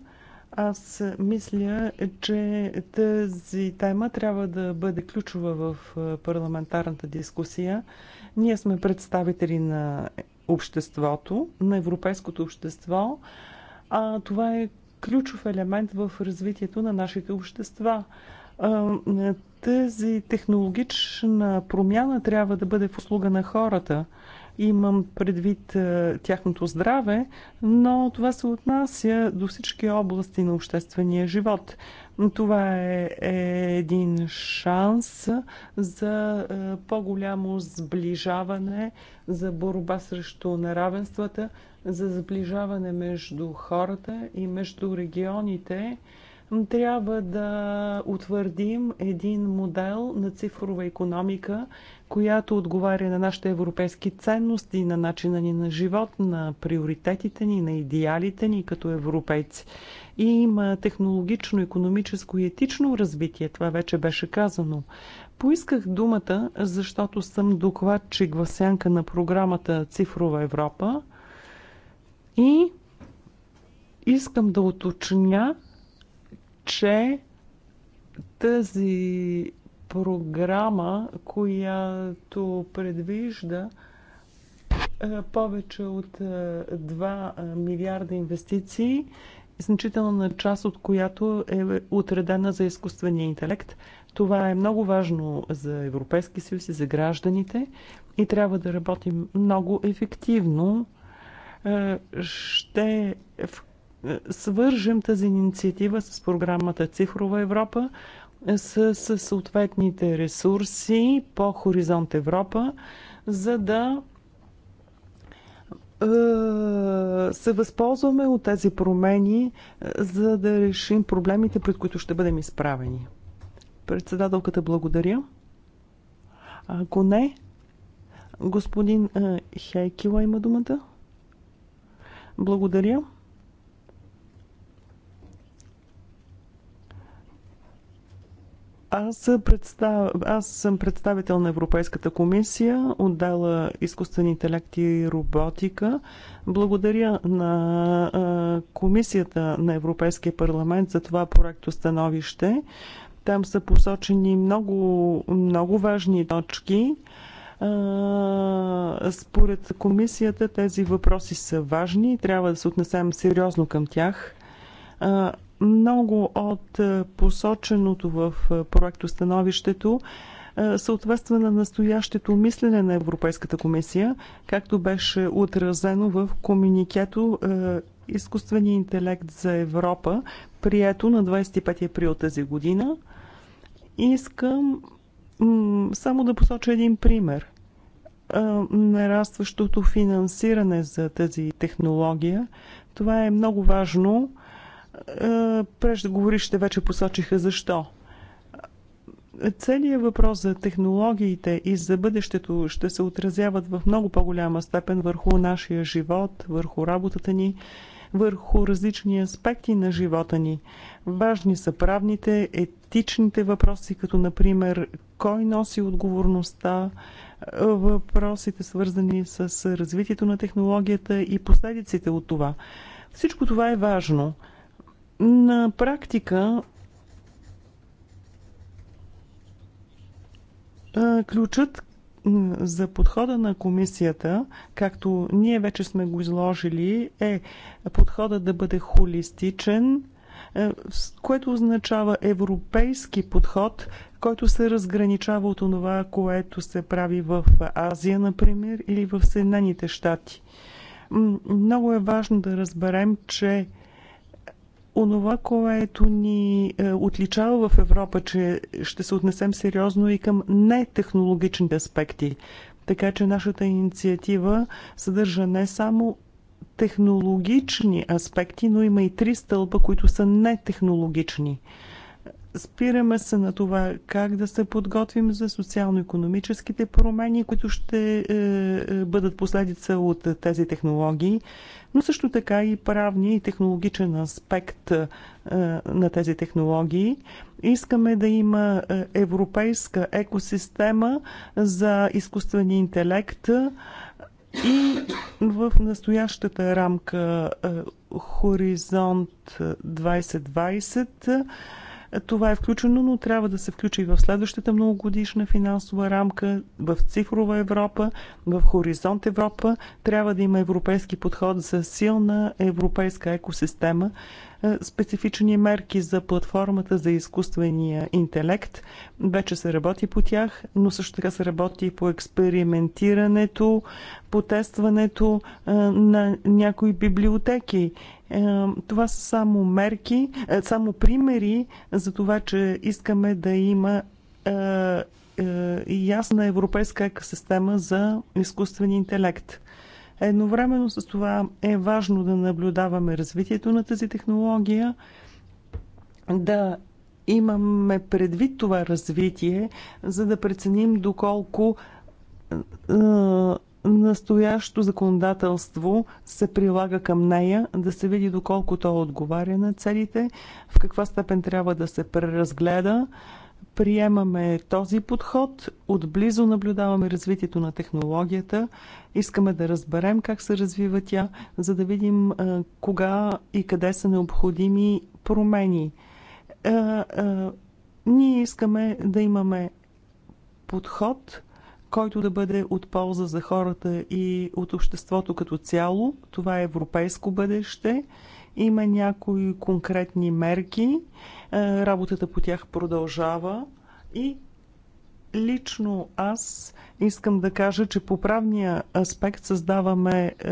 аз мисля, че тази тема трябва да бъде ключова в парламентарната дискусия. Ние сме представители на обществото, на европейското общество, а това е ключов елемент в развитието на нашите общества. Тази технологична промяна трябва да бъде в услуга на хората Имам предвид е, тяхното здраве, но това се отнася до всички области на обществения живот. Това е, е един шанс за е, по-голямо сближаване, за борба срещу неравенствата, за сближаване между хората и между регионите. Трябва да утвърдим един модел на цифрова економика, която отговаря на нашите европейски ценности, на начина ни на живот, на приоритетите ни, на идеалите ни като европейци. И има технологично, економическо и етично развитие. Това вече беше казано. Поисках думата, защото съм докладчик в сянка на програмата Цифрова Европа и искам да уточня, че тази програма, която предвижда е, повече от 2 е, е, милиарда инвестиции, значителна част от която е отредена за изкуствения интелект. Това е много важно за Европейски съюз и за гражданите и трябва да работим много ефективно. Ще в свържем тази инициатива с програмата Цифрова Европа, с, с съответните ресурси по Хоризонт Европа, за да е, се възползваме от тези промени, за да решим проблемите, пред които ще бъдем изправени. Председателката благодаря. Ако не, господин е, Хейкила има думата. Благодаря. Аз, представ... Аз съм представител на Европейската комисия, отдела изкуствен интелект и роботика. Благодаря на комисията на Европейския парламент за това проекто становище. Там са посочени много, много важни точки. Според комисията тези въпроси са важни и трябва да се отнесем сериозно към тях много от е, посоченото в е, проекто становището е, съответства на настоящето мислене на Европейската комисия, както беше отразено в комуникето Изкуствения интелект за Европа, прието на 25 април тази година. Искам само да посоча един пример. Нарастващото финансиране за тази технология. Това е много важно е, Преждеговорище вече посочиха защо. Целият въпрос за технологиите и за бъдещето ще се отразяват в много по-голяма степен върху нашия живот, върху работата ни, върху различни аспекти на живота ни. Важни са правните, етичните въпроси, като например кой носи отговорността, въпросите свързани с развитието на технологията и последиците от това. Всичко това е важно – на практика ключът за подхода на комисията, както ние вече сме го изложили, е подхода да бъде холистичен, което означава европейски подход, който се разграничава от това, което се прави в Азия, например, или в Съединените щати. Много е важно да разберем, че Онова, което ни е, отличава в Европа, че ще се отнесем сериозно и към нетехнологичните аспекти. Така че нашата инициатива съдържа не само технологични аспекти, но има и три стълба, които са нетехнологични. технологични Спираме се на това как да се подготвим за социално-економическите промени, които ще е, е, бъдат последица от тези технологии, но също така и правния и технологичен аспект е, на тези технологии. Искаме да има европейска екосистема за изкуствения интелект и в настоящата рамка Хоризонт 2020 това е включено, но трябва да се включи и в следващата многогодишна финансова рамка, в цифрова Европа, в хоризонт Европа. Трябва да има европейски подход за силна европейска екосистема, е, специфични мерки за платформата за изкуствения интелект. Вече се работи по тях, но също така се работи по експериментирането, по тестването е, на някои библиотеки. Е, това са само мерки, само примери за това, че искаме да има ясна европейска екосистема за изкуствен интелект. Едновременно с това е важно да наблюдаваме развитието на тази технология, да имаме предвид това развитие, за да преценим доколко настоящо законодателство се прилага към нея, да се види доколко то отговаря на целите, в каква степен трябва да се преразгледа. Приемаме този подход, отблизо наблюдаваме развитието на технологията, искаме да разберем как се развива тя, за да видим кога и къде са необходими промени. Ние искаме да имаме подход, който да бъде от полза за хората и от обществото като цяло. Това е европейско бъдеще има някои конкретни мерки, е, работата по тях продължава и лично аз искам да кажа, че по правния аспект създаваме е,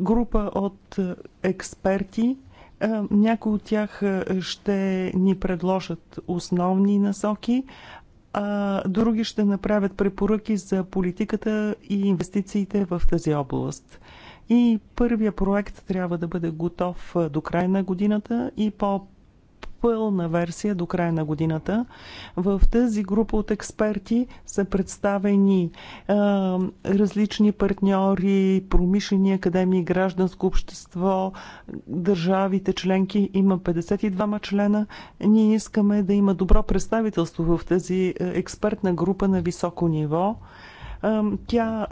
група от експерти, е, някои от тях ще ни предложат основни насоки, а други ще направят препоръки за политиката и инвестициите в тази област. И първия проект трябва да бъде готов до края на годината и по пълна версия до края на годината. В тази група от експерти са представени е, различни партньори, промишлени академии, гражданско общество, държавите членки. Има 52 члена. Ние искаме да има добро представителство в тази експертна група на високо ниво. Е, тя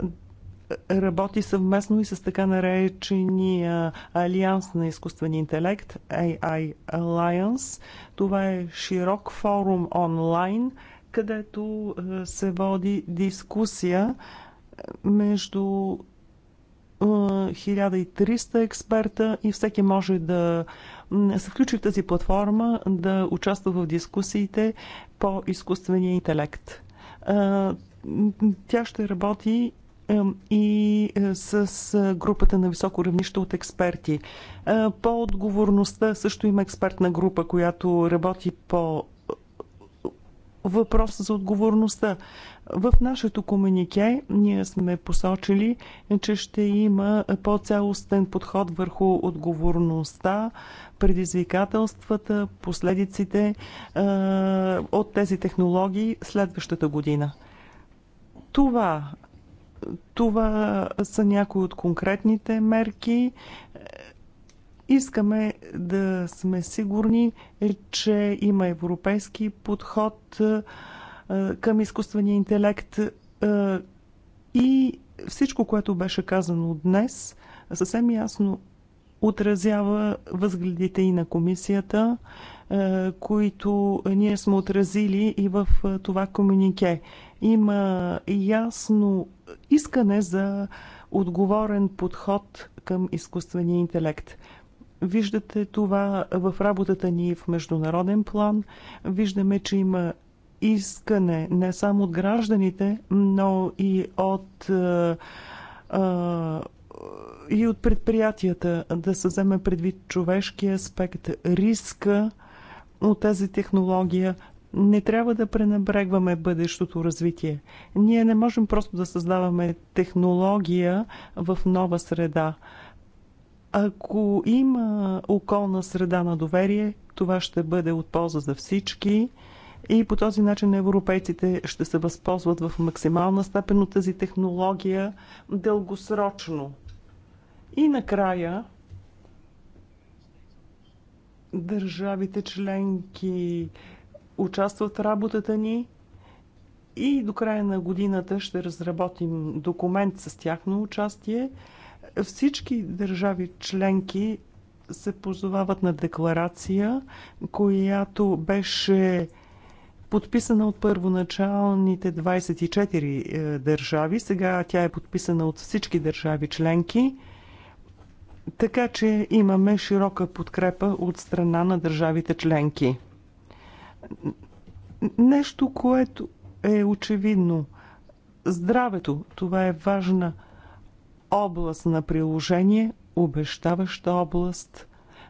работи съвместно и с така наречения Алианс на изкуствен интелект, AI Alliance. Това е широк форум онлайн, където е, се води дискусия е, между 1300 е, експерта и всеки може да се включи в тази платформа, да участва в дискусиите по изкуствения интелект тя ще работи и е, с е, групата на високо равнище от експерти. Е, по отговорността също има експертна група, която работи по въпроса за отговорността. В нашето комунике ние сме посочили, че ще има по-цялостен подход върху отговорността, предизвикателствата, последиците е, от тези технологии следващата година. Това това са някои от конкретните мерки. Искаме да сме сигурни, че има европейски подход към изкуствения интелект и всичко, което беше казано днес, съвсем ясно отразява възгледите и на комисията. Е, които ние сме отразили и в е, това комунике. Има ясно искане за отговорен подход към изкуствения интелект. Виждате това в работата ни в международен план. Виждаме, че има искане не само от гражданите, но и от, а, е, а, и от предприятията да се вземе предвид човешкия аспект, риска, от тази технология. Не трябва да пренебрегваме бъдещото развитие. Ние не можем просто да създаваме технология в нова среда. Ако има околна среда на доверие, това ще бъде от полза за всички и по този начин европейците ще се възползват в максимална степен от тази технология дългосрочно. И накрая държавите членки участват в работата ни и до края на годината ще разработим документ с тяхно участие. Всички държави членки се позовават на декларация, която беше подписана от първоначалните 24 е, държави. Сега тя е подписана от всички държави членки. Така че имаме широка подкрепа от страна на държавите членки. Нещо, което е очевидно. Здравето, това е важна област на приложение, обещаваща област,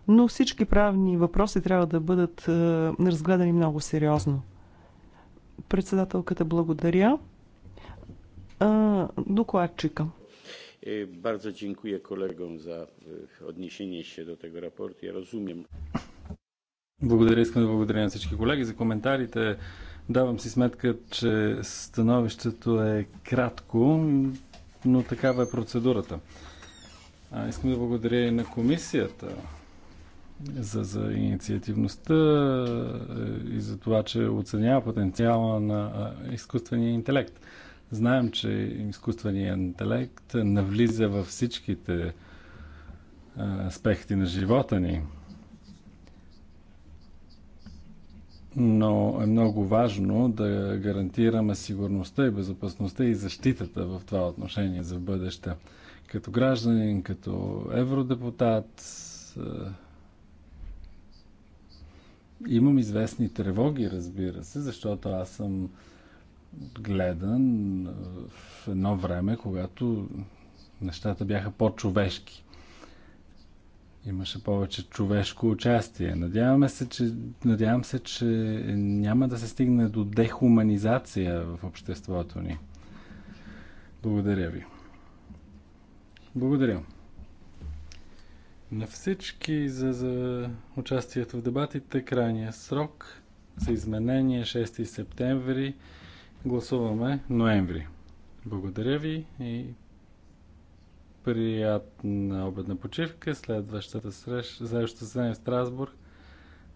но всички правни въпроси трябва да бъдат е, разгледани много сериозно. Председателката благодаря. Е, докладчика. E, bardzo dziękuję kolegom за e, odniesienie się do tego raportu. Ja rozumiem. Благодаря, искам да благодаря на всички колеги за коментарите. Давам си сметка, че становището е кратко, но такава е процедурата. А, искам да благодаря и на комисията за, за инициативността е, и за това, че оценява потенциала на е, изкуствения интелект. Знаем, че изкуственият интелект навлиза във всичките аспекти на живота ни. Но е много важно да гарантираме сигурността и безопасността и защитата в това отношение за бъдеще. Като гражданин, като евродепутат, имам известни тревоги, разбира се, защото аз съм гледан в едно време, когато нещата бяха по-човешки. Имаше повече човешко участие. Надяваме се, че, надявам се, че няма да се стигне до дехуманизация в обществото ни. Благодаря ви. Благодаря. На всички за, за участието в дебатите крайния срок за изменение 6 е септември Гласуваме ноември. Благодаря ви и приятна обедна почивка. Следващата среща, следващата в Страсбург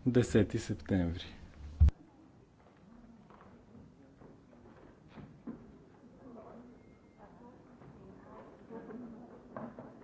10 септември.